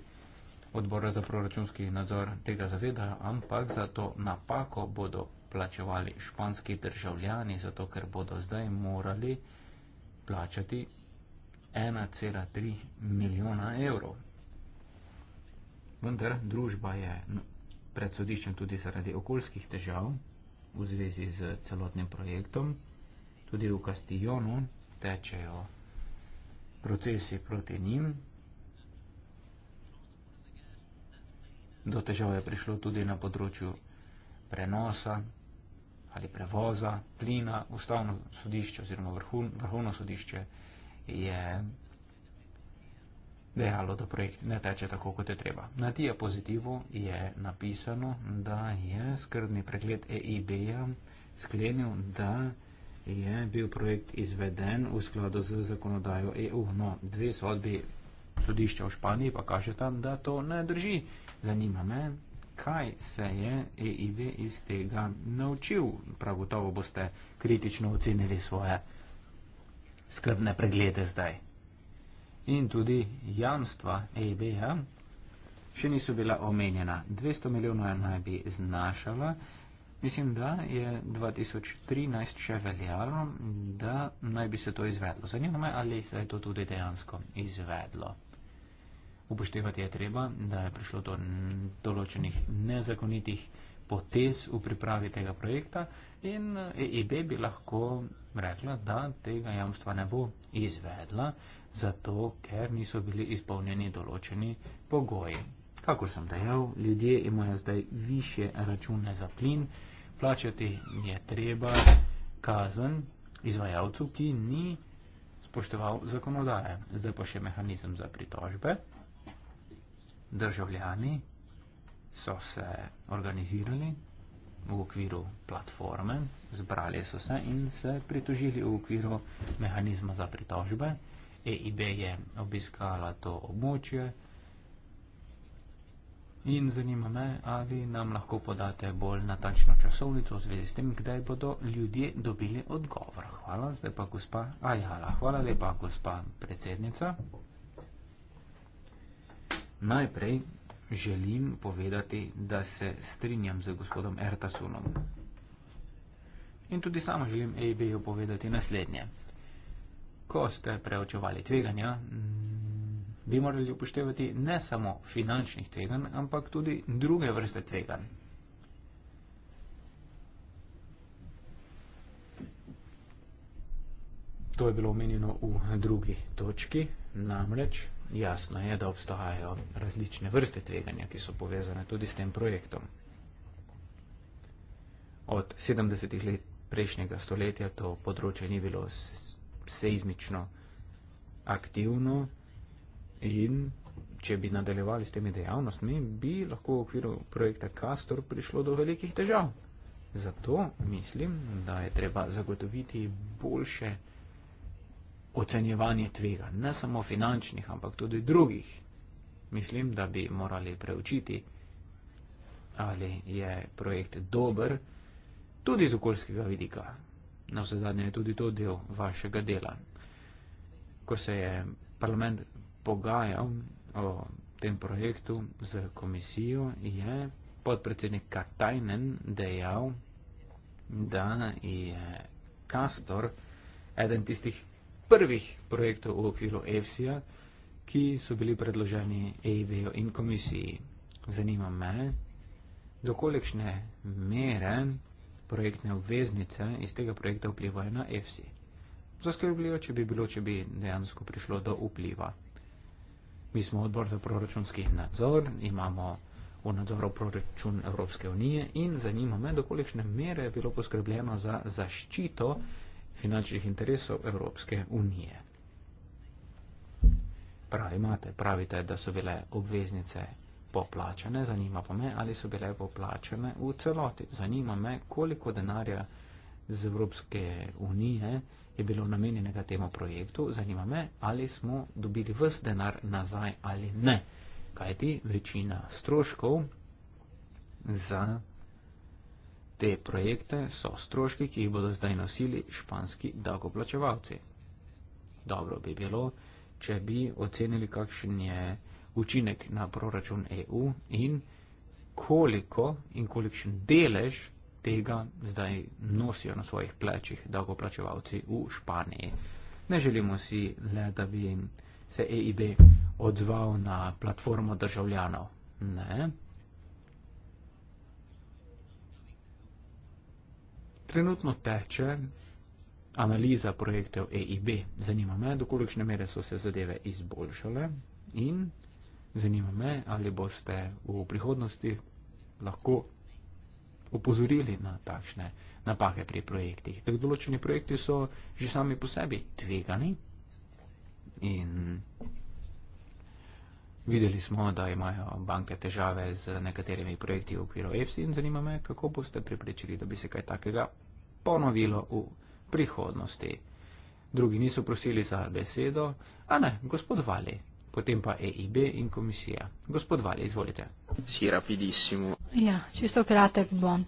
odbora za proračunski nadzor tega zavedajo, ampak za to napako bodo plačevali španski državljani, zato ker bodo zdaj morali plačati 1,3 milijona evrov. Vendar družba je pred sodiščem tudi zaradi okoljskih težav v zvezi z celotnim projektom. Tudi v Kastijonu tečejo procesi proti njim, Do težav je prišlo tudi na področju prenosa ali prevoza plina. Ustavno sodišče oziroma vrhun, vrhovno sodišče je dejalo, da projekt ne teče tako, kot je treba. Na tija pozitivu je napisano, da je skrbni pregled EIB-ja sklenil, da je bil projekt izveden v skladu z zakonodajo EU. No, dve sodbi sodišča v Španiji pa kažeta, da to ne drži zanima me, kaj se je EIV iz tega naučil. Prav gotovo boste kritično ocenili svoje skrbne preglede zdaj. In tudi jamstva EIV-ja še niso bila omenjena. 200 milijonov naj bi znašala. Mislim, da je 2013 še veljalo, da naj bi se to izvedlo. Zanima me, ali se je to tudi dejansko izvedlo upoštevati je treba, da je prišlo do določenih nezakonitih potez v pripravi tega projekta in EIB bi lahko rekla, da tega jamstva ne bo izvedla, zato ker niso bili izpolnjeni določeni pogoji. Kakor sem dejal, ljudje imajo zdaj više račune za plin, plačati je treba kazen izvajalcu, ki ni spoštoval zakonodaje. Zdaj pa še mehanizem za pritožbe državljani so se organizirali v okviru platforme, zbrali so se in se pritožili v okviru mehanizma za pritožbe. EIB je obiskala to območje in zanima me, ali nam lahko podate bolj natančno časovnico v zvezi s tem, kdaj bodo ljudje dobili odgovor. Hvala, zdaj pa gospa Ajala. Hvala lepa, gospa predsednica. Najprej želim povedati, da se strinjam z gospodom Ertasunom. In tudi sama želim AB-ju povedati naslednje. Ko ste preočevali tveganja, mm, bi morali upoštevati ne samo finančnih tveganj, ampak tudi druge vrste tveganj. To je bilo omenjeno v drugi točki, namreč jasno je, da obstajajo različne vrste tveganja, ki so povezane tudi s tem projektom. Od 70-ih let prejšnjega stoletja to področje ni bilo seizmično aktivno in če bi nadaljevali s temi dejavnostmi, bi lahko v okviru projekta Castor prišlo do velikih težav. Zato mislim, da je treba zagotoviti boljše ocenjevanje tvega, ne samo finančnih, ampak tudi drugih. Mislim, da bi morali preučiti, ali je projekt dober, tudi z okoljskega vidika. Na vse zadnje je tudi to del vašega dela. Ko se je parlament pogajal o tem projektu z komisijo, je podpredsednik Katajnen dejal, da je Kastor eden tistih prvih projektov v okviru EFSI-ja, ki so bili predloženi EIV-ju in komisiji. Zanima me, dokolikšne mere projektne obveznice iz tega projekta vplivajo na EFSI. Zaskrbljivo, če bi bilo, če bi dejansko prišlo do vpliva. Mi smo odbor za proračunski nadzor, imamo v nadzoru proračun Evropske unije in zanima me, dokolikšne mere je bilo poskrbljeno za zaščito EFSI, finančnih interesov Evropske unije. Prav imate, pravite, da so bile obveznice poplačane, zanima pa me, ali so bile poplačane v celoti. Zanima me, koliko denarja z Evropske unije je bilo namenjenega temu projektu, zanima me, ali smo dobili vse denar nazaj ali ne. Kajti večina stroškov za Te projekte so stroški, ki jih bodo zdaj nosili španski dagoplačevalci. Dobro bi bilo, če bi ocenili, kakšen je učinek na proračun EU in koliko in kolikšen delež tega zdaj nosijo na svojih plečih dagoplačevalci v Španiji. Ne želimo si le, da bi se EIB odzval na platformo državljanov. Ne. trenutno teče analiza projektov EIB. Zanima me, dokolikšne mere so se zadeve izboljšale in zanima me, ali boste v prihodnosti lahko opozorili na takšne napake pri projektih. Tako določeni projekti so že sami po sebi tvegani in videli smo, da imajo banke težave z nekaterimi projekti v okviru EFSI in zanima me, kako boste pripričili, da bi se kaj takega ponovilo v prihodnosti. Drugi niso prosili za besedo, a ne, gospod Vali, potem pa EIB in komisija. Gospod Vali, izvolite. Si rapidissimo. Ja, čisto kratek bom.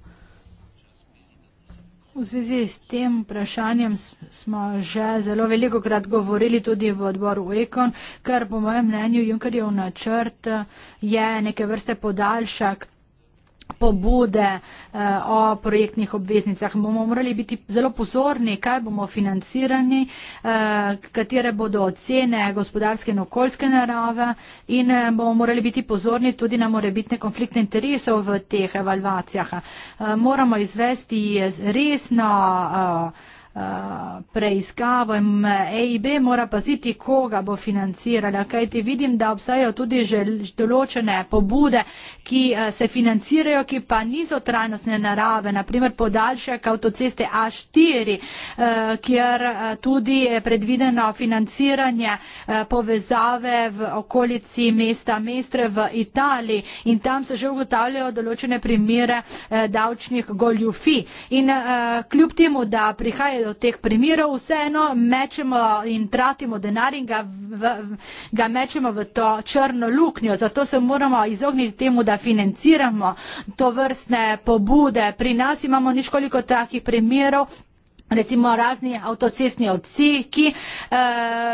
V zvezi s tem vprašanjem smo že zelo veliko krat govorili tudi v odboru Ekon, ker po mojem mnenju Junkerjev načrt je neke vrste podaljšak pobude eh, o projektnih obveznicah. Bomo morali biti zelo pozorni, kaj bomo financirani, eh, katere bodo ocene gospodarske in okoljske narave in eh, bomo morali biti pozorni tudi na morebitne konflikte interesov v teh evalvacijah. Moramo izvesti resno Eh, preiskavo in EIB eh, mora paziti, koga bo financirala, kaj ti vidim, da obstajajo tudi že določene pobude, ki eh, se financirajo, ki pa niso trajnostne narave, naprimer podaljšek avtoceste A4, kjer tudi je predvideno financiranje povezave v okolici mesta Mestre v Italiji in tam se že ugotavljajo določene primere davčnih goljufi. In kljub temu, da prihaja do teh primerov, vseeno mečemo in tratimo denar in ga, v, ga mečemo v to črno luknjo. Zato se moramo izogniti temu, da financiramo to vrstne pobude. Pri nas imamo niškoliko takih primerov, recimo razni avtocestni odseki eh,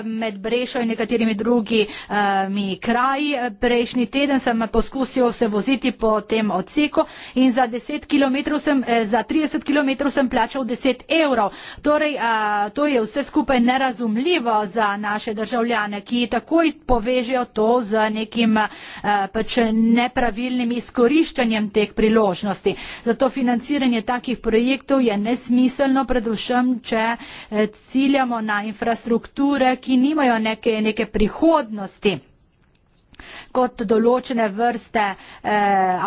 med Brešo in nekaterimi drugimi kraji. Prejšnji teden sem poskusil se voziti po tem odseku in za, km sem, eh, za 30 km sem plačal 10 evrov. Torej, eh, to je vse skupaj nerazumljivo za naše državljane, ki takoj povežejo to z nekim pač nepravilnim izkoriščanjem teh priložnosti. Zato financiranje takih projektov je nesmiselno, predvsem predvsem, če eh, ciljamo na infrastrukture, ki nimajo neke, neke prihodnosti kot določene vrste eh,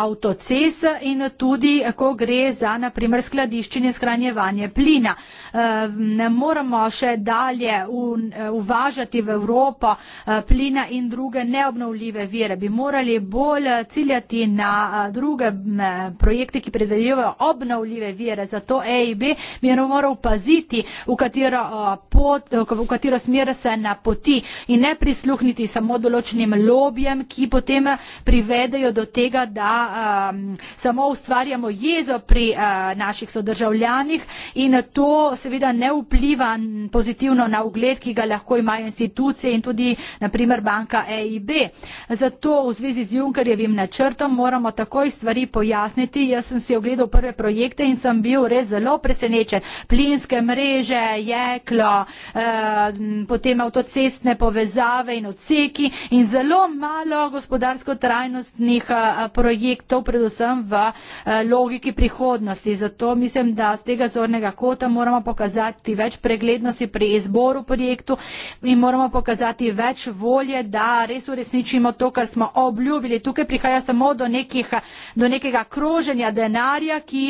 avtoces in tudi, ko gre za, na primer, skladiščenje, skranjevanje plina. Eh, ne eh, moramo še dalje eh, uvažati v Evropo eh, plina in druge neobnovljive vire. Bi morali bolj eh, ciljati na eh, druge mm, eh, projekte, ki predeljujejo obnovljive vire. Zato EIB bi moral paziti, v katero, eh, pot, v katero smer se napoti in ne prisluhniti samo določenim lobijem, nasiljem, ki potem privedejo do tega, da um, samo ustvarjamo jezo pri uh, naših sodržavljanih in to seveda ne vpliva pozitivno na ugled, ki ga lahko imajo institucije in tudi naprimer banka EIB. Zato v zvezi z Junkerjevim načrtom moramo takoj stvari pojasniti. Jaz sem si ogledal prve projekte in sem bil res zelo presenečen. Plinske mreže, jeklo, uh, potem avtocestne povezave in odseki in zelo malo malo gospodarsko trajnostnih projektov, predvsem v logiki prihodnosti. Zato mislim, da z tega zornega kota moramo pokazati več preglednosti pri izboru projektu in moramo pokazati več volje, da res uresničimo to, kar smo obljubili. Tukaj prihaja samo do, nekih, do nekega kroženja denarja, ki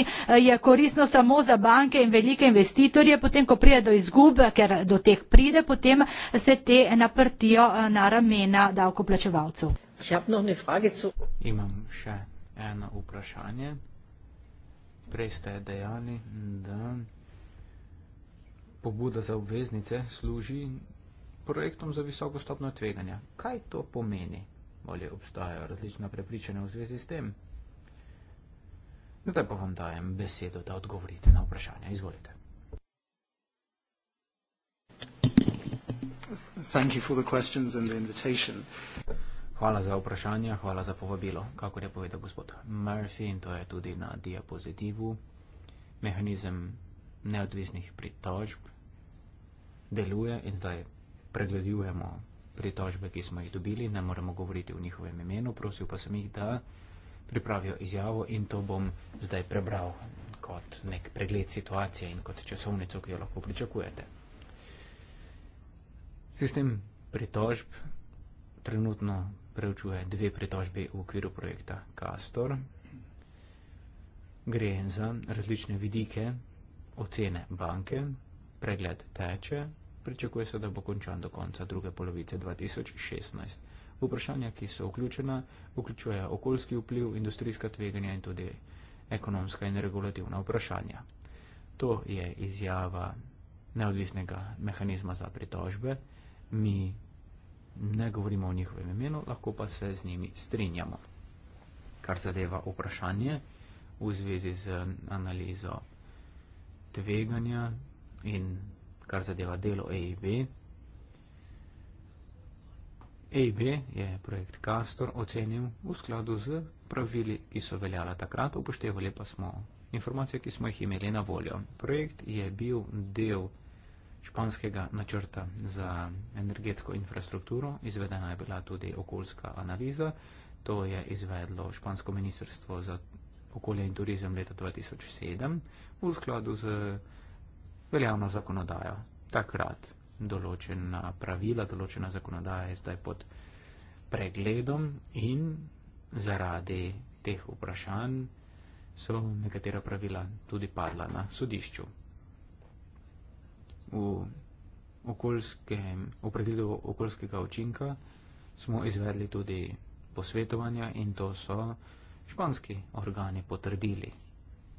je korisno samo za banke in velike investitorje, potem, ko prije do izgube, ker do teh pride, potem se te naprtijo na ramena davkoplačevalcev poslušalcev. Imam še eno vprašanje. Prej ste dejali, da pobuda za obveznice služi projektom za visoko stopno tveganja. Kaj to pomeni? Bolje obstajajo različna prepričanja v zvezi s tem. Zdaj pa vam dajem besedo, da odgovorite na vprašanje. Izvolite. Thank you for the questions and the invitation. Hvala za vprašanje, hvala za povabilo. Kako je povedal gospod Murphy, in to je tudi na diapozitivu, mehanizem neodvisnih pritožb deluje in zdaj pregledujemo pritožbe, ki smo jih dobili, ne moremo govoriti v njihovem imenu, prosil pa sem jih, da pripravijo izjavo in to bom zdaj prebral kot nek pregled situacije in kot časovnico, ki jo lahko pričakujete. Sistem pritožb trenutno preučuje dve pritožbi v okviru projekta Castor. Gre za različne vidike ocene banke, pregled teče, pričakuje se, da bo končan do konca druge polovice 2016. Vprašanja, ki so vključena, vključujejo okoljski vpliv, industrijska tveganja in tudi ekonomska in regulativna vprašanja. To je izjava neodvisnega mehanizma za pritožbe. Mi ne govorimo o njihovem imenu, lahko pa se z njimi strinjamo. Kar zadeva vprašanje v zvezi z analizo tveganja in kar zadeva delo EIB. EIB je projekt Karstor ocenil v skladu z pravili, ki so veljala takrat, upoštevali pa smo informacije, ki smo jih imeli na voljo. Projekt je bil del španskega načrta za energetsko infrastrukturo. Izvedena je bila tudi okoljska analiza. To je izvedlo Špansko ministrstvo za okolje in turizem leta 2007 v skladu z veljavno zakonodajo. Takrat določena pravila, določena zakonodaja je zdaj pod pregledom in zaradi teh vprašanj so nekatera pravila tudi padla na sodišču v okoljskem, opredelitev okoljskega učinka smo izvedli tudi posvetovanja in to so španski organi potrdili.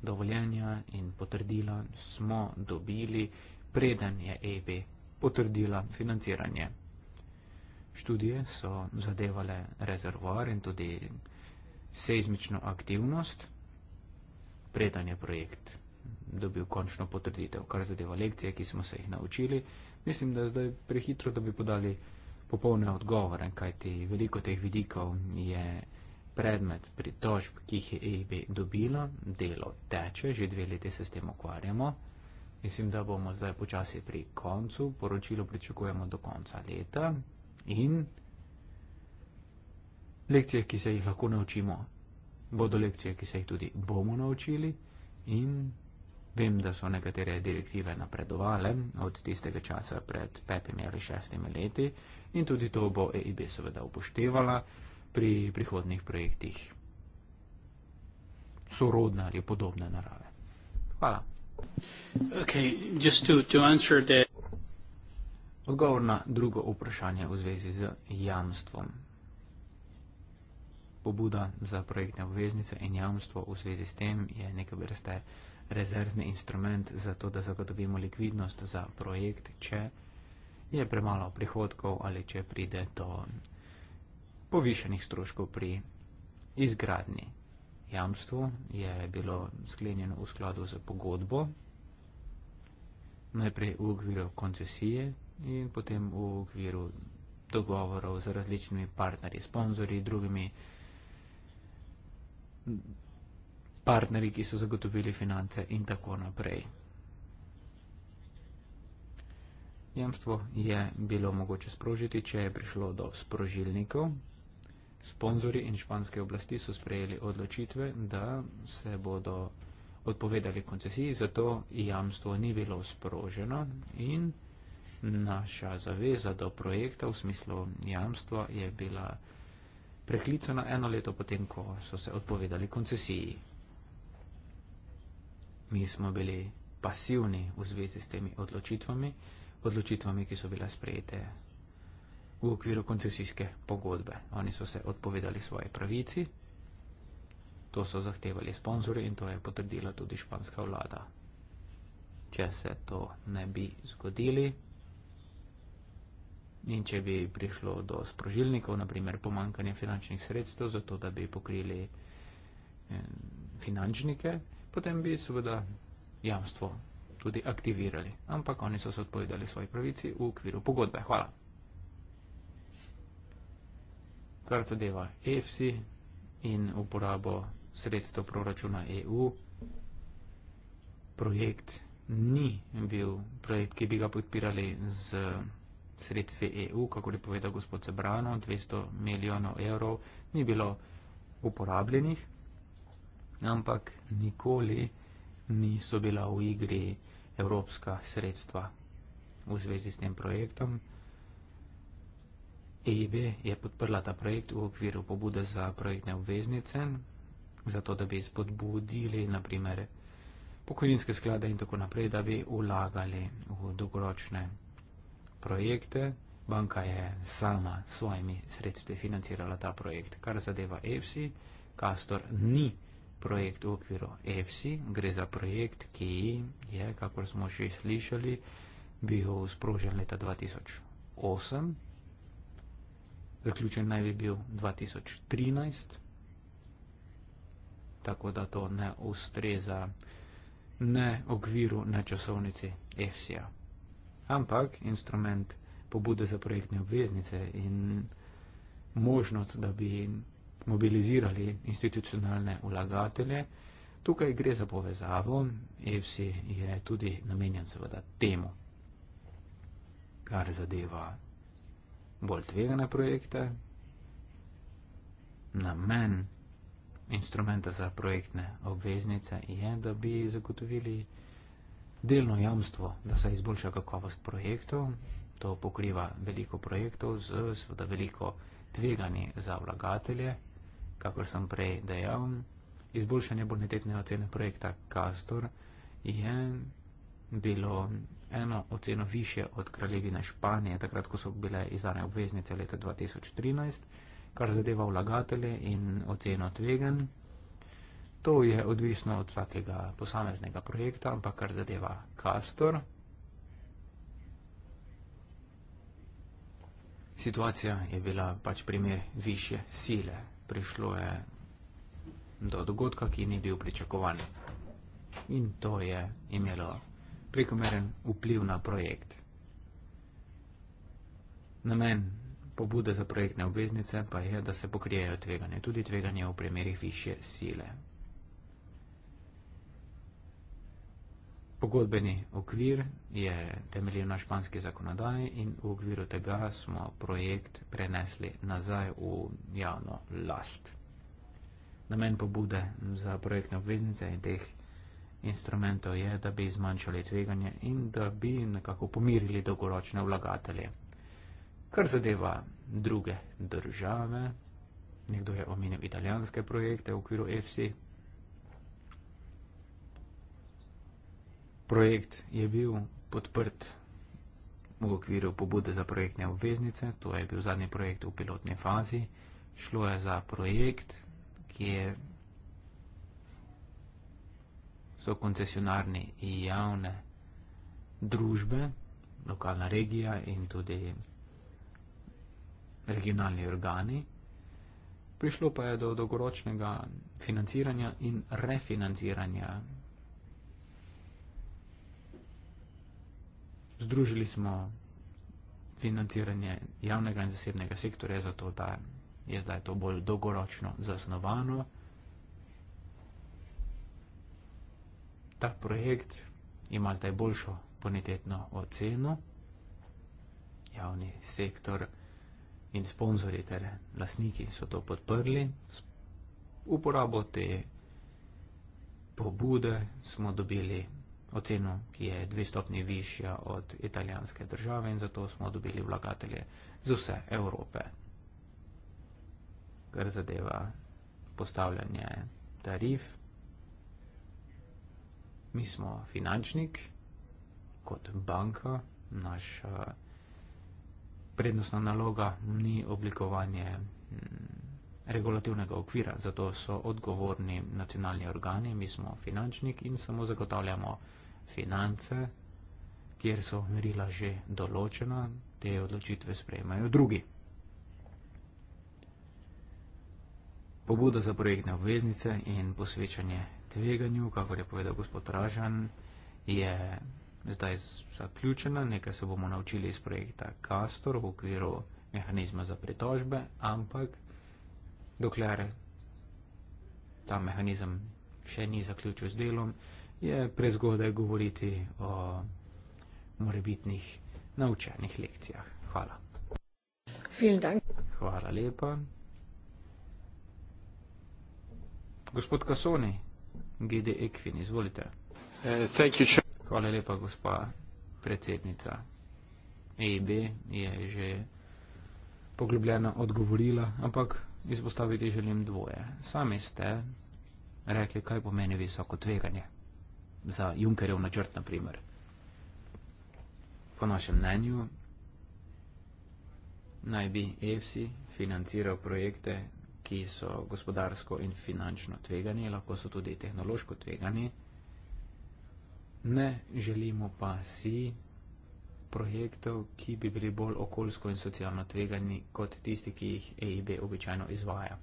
Dovoljenja in potrdila smo dobili, preden je EB potrdila financiranje. Študije so zadevale rezervoar in tudi seizmično aktivnost, preden je projekt dobil končno potrditev, kar zadeva lekcije, ki smo se jih naučili. Mislim, da je zdaj prehitro, da bi podali popolne odgovore, kajti veliko teh vidikov je predmet pritožb, ki jih je EIB dobila, delo teče, že dve leti se s tem ukvarjamo. Mislim, da bomo zdaj počasi pri koncu, poročilo pričakujemo do konca leta in lekcije, ki se jih lahko naučimo, bodo lekcije, ki se jih tudi bomo naučili in Vem, da so nekatere direktive napredovale od tistega časa pred petimi ali šestimi leti in tudi to bo EIB seveda upoštevala pri prihodnih projektih sorodne ali podobne narave. Hvala. Okay, just to, to the... Odgovor na drugo vprašanje v zvezi z jamstvom. Pobuda za projektne obveznice in jamstvo v zvezi s tem je nekaj vrste. Uh, rezervni instrument za to, da zagotovimo likvidnost za projekt, če je premalo prihodkov ali če pride do povišenih stroškov pri izgradni. Jamstvo je bilo sklenjeno v skladu z pogodbo, najprej v okviru koncesije in potem v okviru dogovorov z različnimi partnerji, sponzorji, drugimi partnerji, ki so zagotovili finance in tako naprej. Jamstvo je bilo mogoče sprožiti, če je prišlo do sprožilnikov. Sponzori in španske oblasti so sprejeli odločitve, da se bodo odpovedali koncesiji, zato jamstvo ni bilo sproženo in naša zaveza do projekta v smislu jamstva je bila preklicana eno leto potem, ko so se odpovedali koncesiji mi smo bili pasivni v zvezi s temi odločitvami, odločitvami, ki so bile sprejete v okviru koncesijske pogodbe. Oni so se odpovedali svoje pravici, to so zahtevali sponzori in to je potrdila tudi španska vlada. Če se to ne bi zgodili in če bi prišlo do sprožilnikov, naprimer pomankanje finančnih sredstev, zato da bi pokrili eh, finančnike, potem bi seveda jamstvo tudi aktivirali. Ampak oni so se odpovedali svoji pravici v okviru pogodbe. Hvala. Kar zadeva EFSI in uporabo sredstev proračuna EU, projekt ni bil projekt, ki bi ga podpirali z sredstvi EU, kako je povedal gospod Sebrano, 200 milijonov evrov ni bilo uporabljenih ampak nikoli niso bila v igri evropska sredstva v zvezi s tem projektom. EIB je podprla ta projekt v okviru pobude za projektne obveznice, zato da bi spodbudili naprimer pokojninske sklade in tako naprej, da bi vlagali v dolgoročne projekte. Banka je sama s svojimi sredstvi financirala ta projekt. Kar zadeva EFSI, Kastor ni projekt v okviru EFSI, gre za projekt, ki je, kakor smo še slišali, bil sprožen leta 2008, zaključen naj bi bil 2013, tako da to ne ustreza ne okviru, ne časovnici EFSI-a. Ampak instrument pobude za projektne obveznice in možnost, da bi mobilizirali institucionalne vlagatelje. Tukaj gre za povezavo, EFSI je tudi namenjen seveda temu, kar zadeva bolj tvegane projekte, namen instrumenta za projektne obveznice je, da bi zagotovili delno jamstvo, da se izboljša kakovost projektov, to pokriva veliko projektov z seveda veliko tveganji za vlagatelje, kakor sem prej dejal, izboljšanje bonitetne ocene projekta Castor je bilo eno oceno više od kraljevine Španije, takrat, ko so bile izdane obveznice leta 2013, kar zadeva vlagatelje in oceno tvegan. To je odvisno od vsakega posameznega projekta, ampak kar zadeva Castor. Situacija je bila pač primer više sile prišlo je do dogodka, ki ni bil pričakovan. In to je imelo prekomeren vpliv na projekt. Namen pobude za projektne obveznice pa je, da se pokrijejo tveganje, tudi tveganje v primerih više sile. Pogodbeni okvir je temeljil na španski zakonodaji in v okviru tega smo projekt prenesli nazaj v javno last. Namen pobude za projektne obveznice in teh instrumentov je, da bi zmanjšali tveganje in da bi nekako pomirili dolgoročne vlagatelje. Kar zadeva druge države, nekdo je omenil italijanske projekte v okviru EFSI, projekt je bil podprt v okviru pobude za projektne obveznice, to je bil zadnji projekt v pilotni fazi. Šlo je za projekt, kjer so koncesionarni in javne družbe, lokalna regija in tudi regionalni organi. Prišlo pa je do dolgoročnega financiranja in refinanciranja združili smo financiranje javnega in zasebnega sektorja, zato da je zdaj to bolj dolgoročno zasnovano. Ta projekt ima zdaj boljšo bonitetno oceno. Javni sektor in sponzori ter lasniki so to podprli. Uporabo te pobude smo dobili oceno, ki je dve stopni višja od italijanske države in zato smo dobili vlagatelje z vse Evrope. Kar zadeva postavljanje tarif, mi smo finančnik kot banka, naša prednostna naloga ni oblikovanje mm, regulativnega okvira, zato so odgovorni nacionalni organi, mi smo finančnik in samo zagotavljamo finance, kjer so merila že določena, te odločitve sprejemajo drugi. Pobuda za projektne obveznice in posvečanje tveganju, kako je povedal gospod Ražan, je zdaj zaključena, nekaj se bomo naučili iz projekta Castor v okviru mehanizma za pritožbe, ampak dokler ta mehanizem še ni zaključil z delom, je prezgodaj govoriti o morebitnih naučenih lekcijah. Hvala. Hvala lepa. Gospod Kasoni, GD Ekvin, izvolite. Eh, Hvala lepa, gospa predsednica. EIB je že poglobljeno odgovorila, ampak izpostaviti želim dvoje. Sami ste rekli, kaj pomeni visoko tveganje za Junkerjev načrt, naprimer. Po našem mnenju naj bi EFSI financiral projekte, ki so gospodarsko in finančno tvegani, lahko so tudi tehnološko tvegani. Ne želimo pa si projektov, ki bi bili bolj okoljsko in socialno tvegani kot tisti, ki jih EIB običajno izvaja.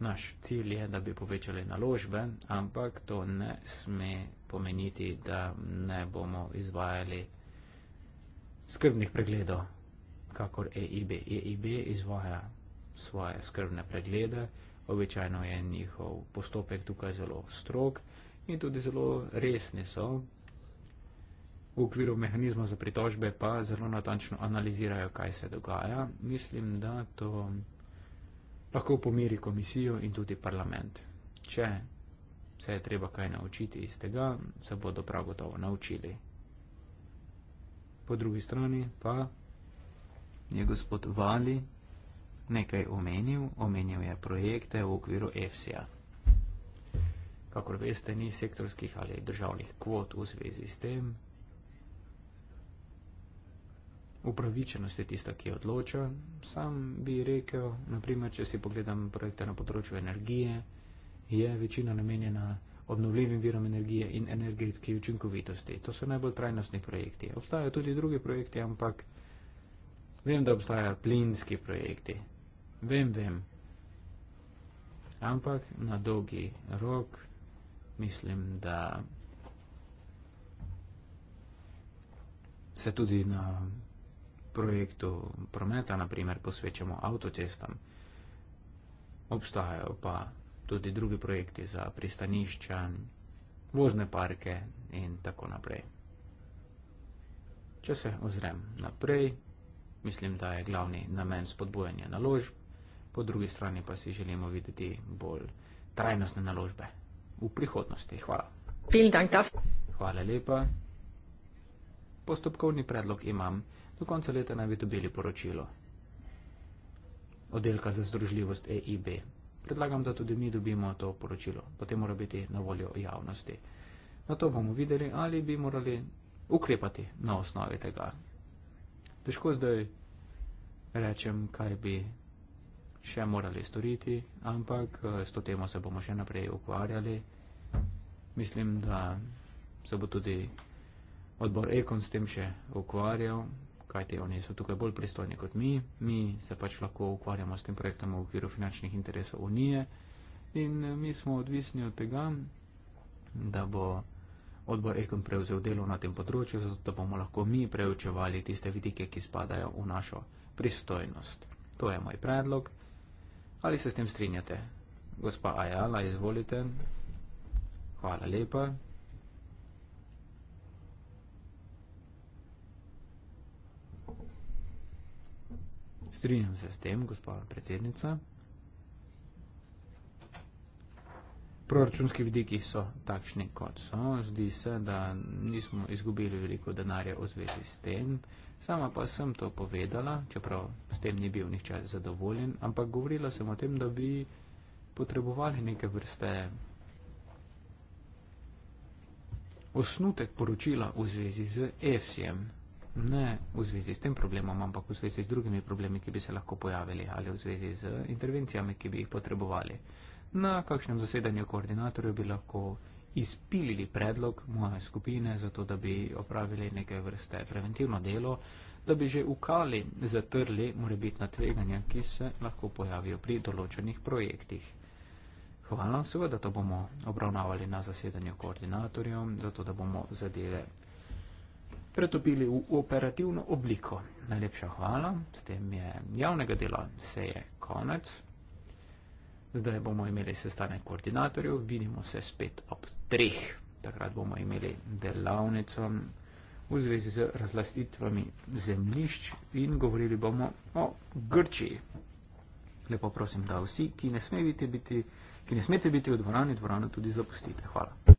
Naš cilj je, da bi povečali naložbe, ampak to ne sme pomeniti, da ne bomo izvajali skrbnih pregledov, kakor EIB. EIB izvaja svoje skrbne preglede, običajno je njihov postopek tukaj zelo strog in tudi zelo resni so. V okviru mehanizma za pritožbe pa zelo natančno analizirajo, kaj se dogaja. Mislim, da to lahko pomiri komisijo in tudi parlament. Če se je treba kaj naučiti iz tega, se bodo prav gotovo naučili. Po drugi strani pa je gospod Vali nekaj omenil, omenil je projekte v okviru EFSA. Kakor veste, ni sektorskih ali državnih kvot v zvezi s tem, upravičenost je tista, ki odloča. Sam bi rekel, naprimer, če si pogledam projekte na področju energije, je večina namenjena obnovljivim virom energije in energetski učinkovitosti. To so najbolj trajnostni projekti. Obstajajo tudi drugi projekti, ampak vem, da obstajajo plinski projekti. Vem, vem. Ampak na dolgi rok mislim, da se tudi na projektu prometa, naprimer, posvečamo avtocestam. Obstajajo pa tudi drugi projekti za pristanišča, vozne parke in tako naprej. Če se ozrem naprej, mislim, da je glavni namen spodbujanja naložb, po drugi strani pa si želimo videti bolj trajnostne naložbe v prihodnosti. Hvala. Hvala lepa. Postopkovni predlog imam. Do konca leta naj bi dobili poročilo. Oddelka za združljivost EIB. Predlagam, da tudi mi dobimo to poročilo. Potem mora biti na voljo javnosti. Na to bomo videli, ali bi morali ukrepati na osnovi tega. Težko zdaj rečem, kaj bi še morali storiti, ampak eh, s to temo se bomo še naprej ukvarjali. Mislim, da se bo tudi odbor Ekon s tem še ukvarjal kajte oni so tukaj bolj pristojni kot mi, mi se pač lahko ukvarjamo s tem projektom v okviru finančnih interesov Unije in eh, mi smo odvisni od tega, da bo odbor EKM prevzel delo na tem področju, zato da bomo lahko mi preučevali tiste vidike, ki spadajo v našo pristojnost. To je moj predlog. Ali se s tem strinjate? Gospa Ajala, izvolite. Hvala lepa. Strinjam se s tem, gospod predsednica. Proračunski vidiki so takšni, kot so. Zdi se, da nismo izgubili veliko denarja v zvezi s tem. Sama pa sem to povedala, čeprav s tem ni bil nihče zadovoljen, ampak govorila sem o tem, da bi potrebovali neke vrste osnutek poročila v zvezi z EFSI-jem ne v zvezi s tem problemom, ampak v zvezi z drugimi problemi, ki bi se lahko pojavili ali v zvezi z intervencijami, ki bi jih potrebovali. Na kakšnem zasedanju koordinatorjev bi lahko izpilili predlog moje skupine, zato da bi opravili neke vrste preventivno delo, da bi že ukali, zatrli morebitna tveganja, ki se lahko pojavijo pri določenih projektih. Hvala, seveda to bomo obravnavali na zasedanju koordinatorjev, zato da bomo zadeve pretopili v operativno obliko. Najlepša hvala, s tem je javnega dela seje konec. Zdaj bomo imeli sestanek koordinatorjev, vidimo se spet ob treh. Takrat bomo imeli delavnico v zvezi z razlastitvami zemlišč in govorili bomo o Grčiji. Lepo prosim, da vsi, ki ne, biti, ki ne smete biti v dvorani, dvorano tudi zapustite. Hvala.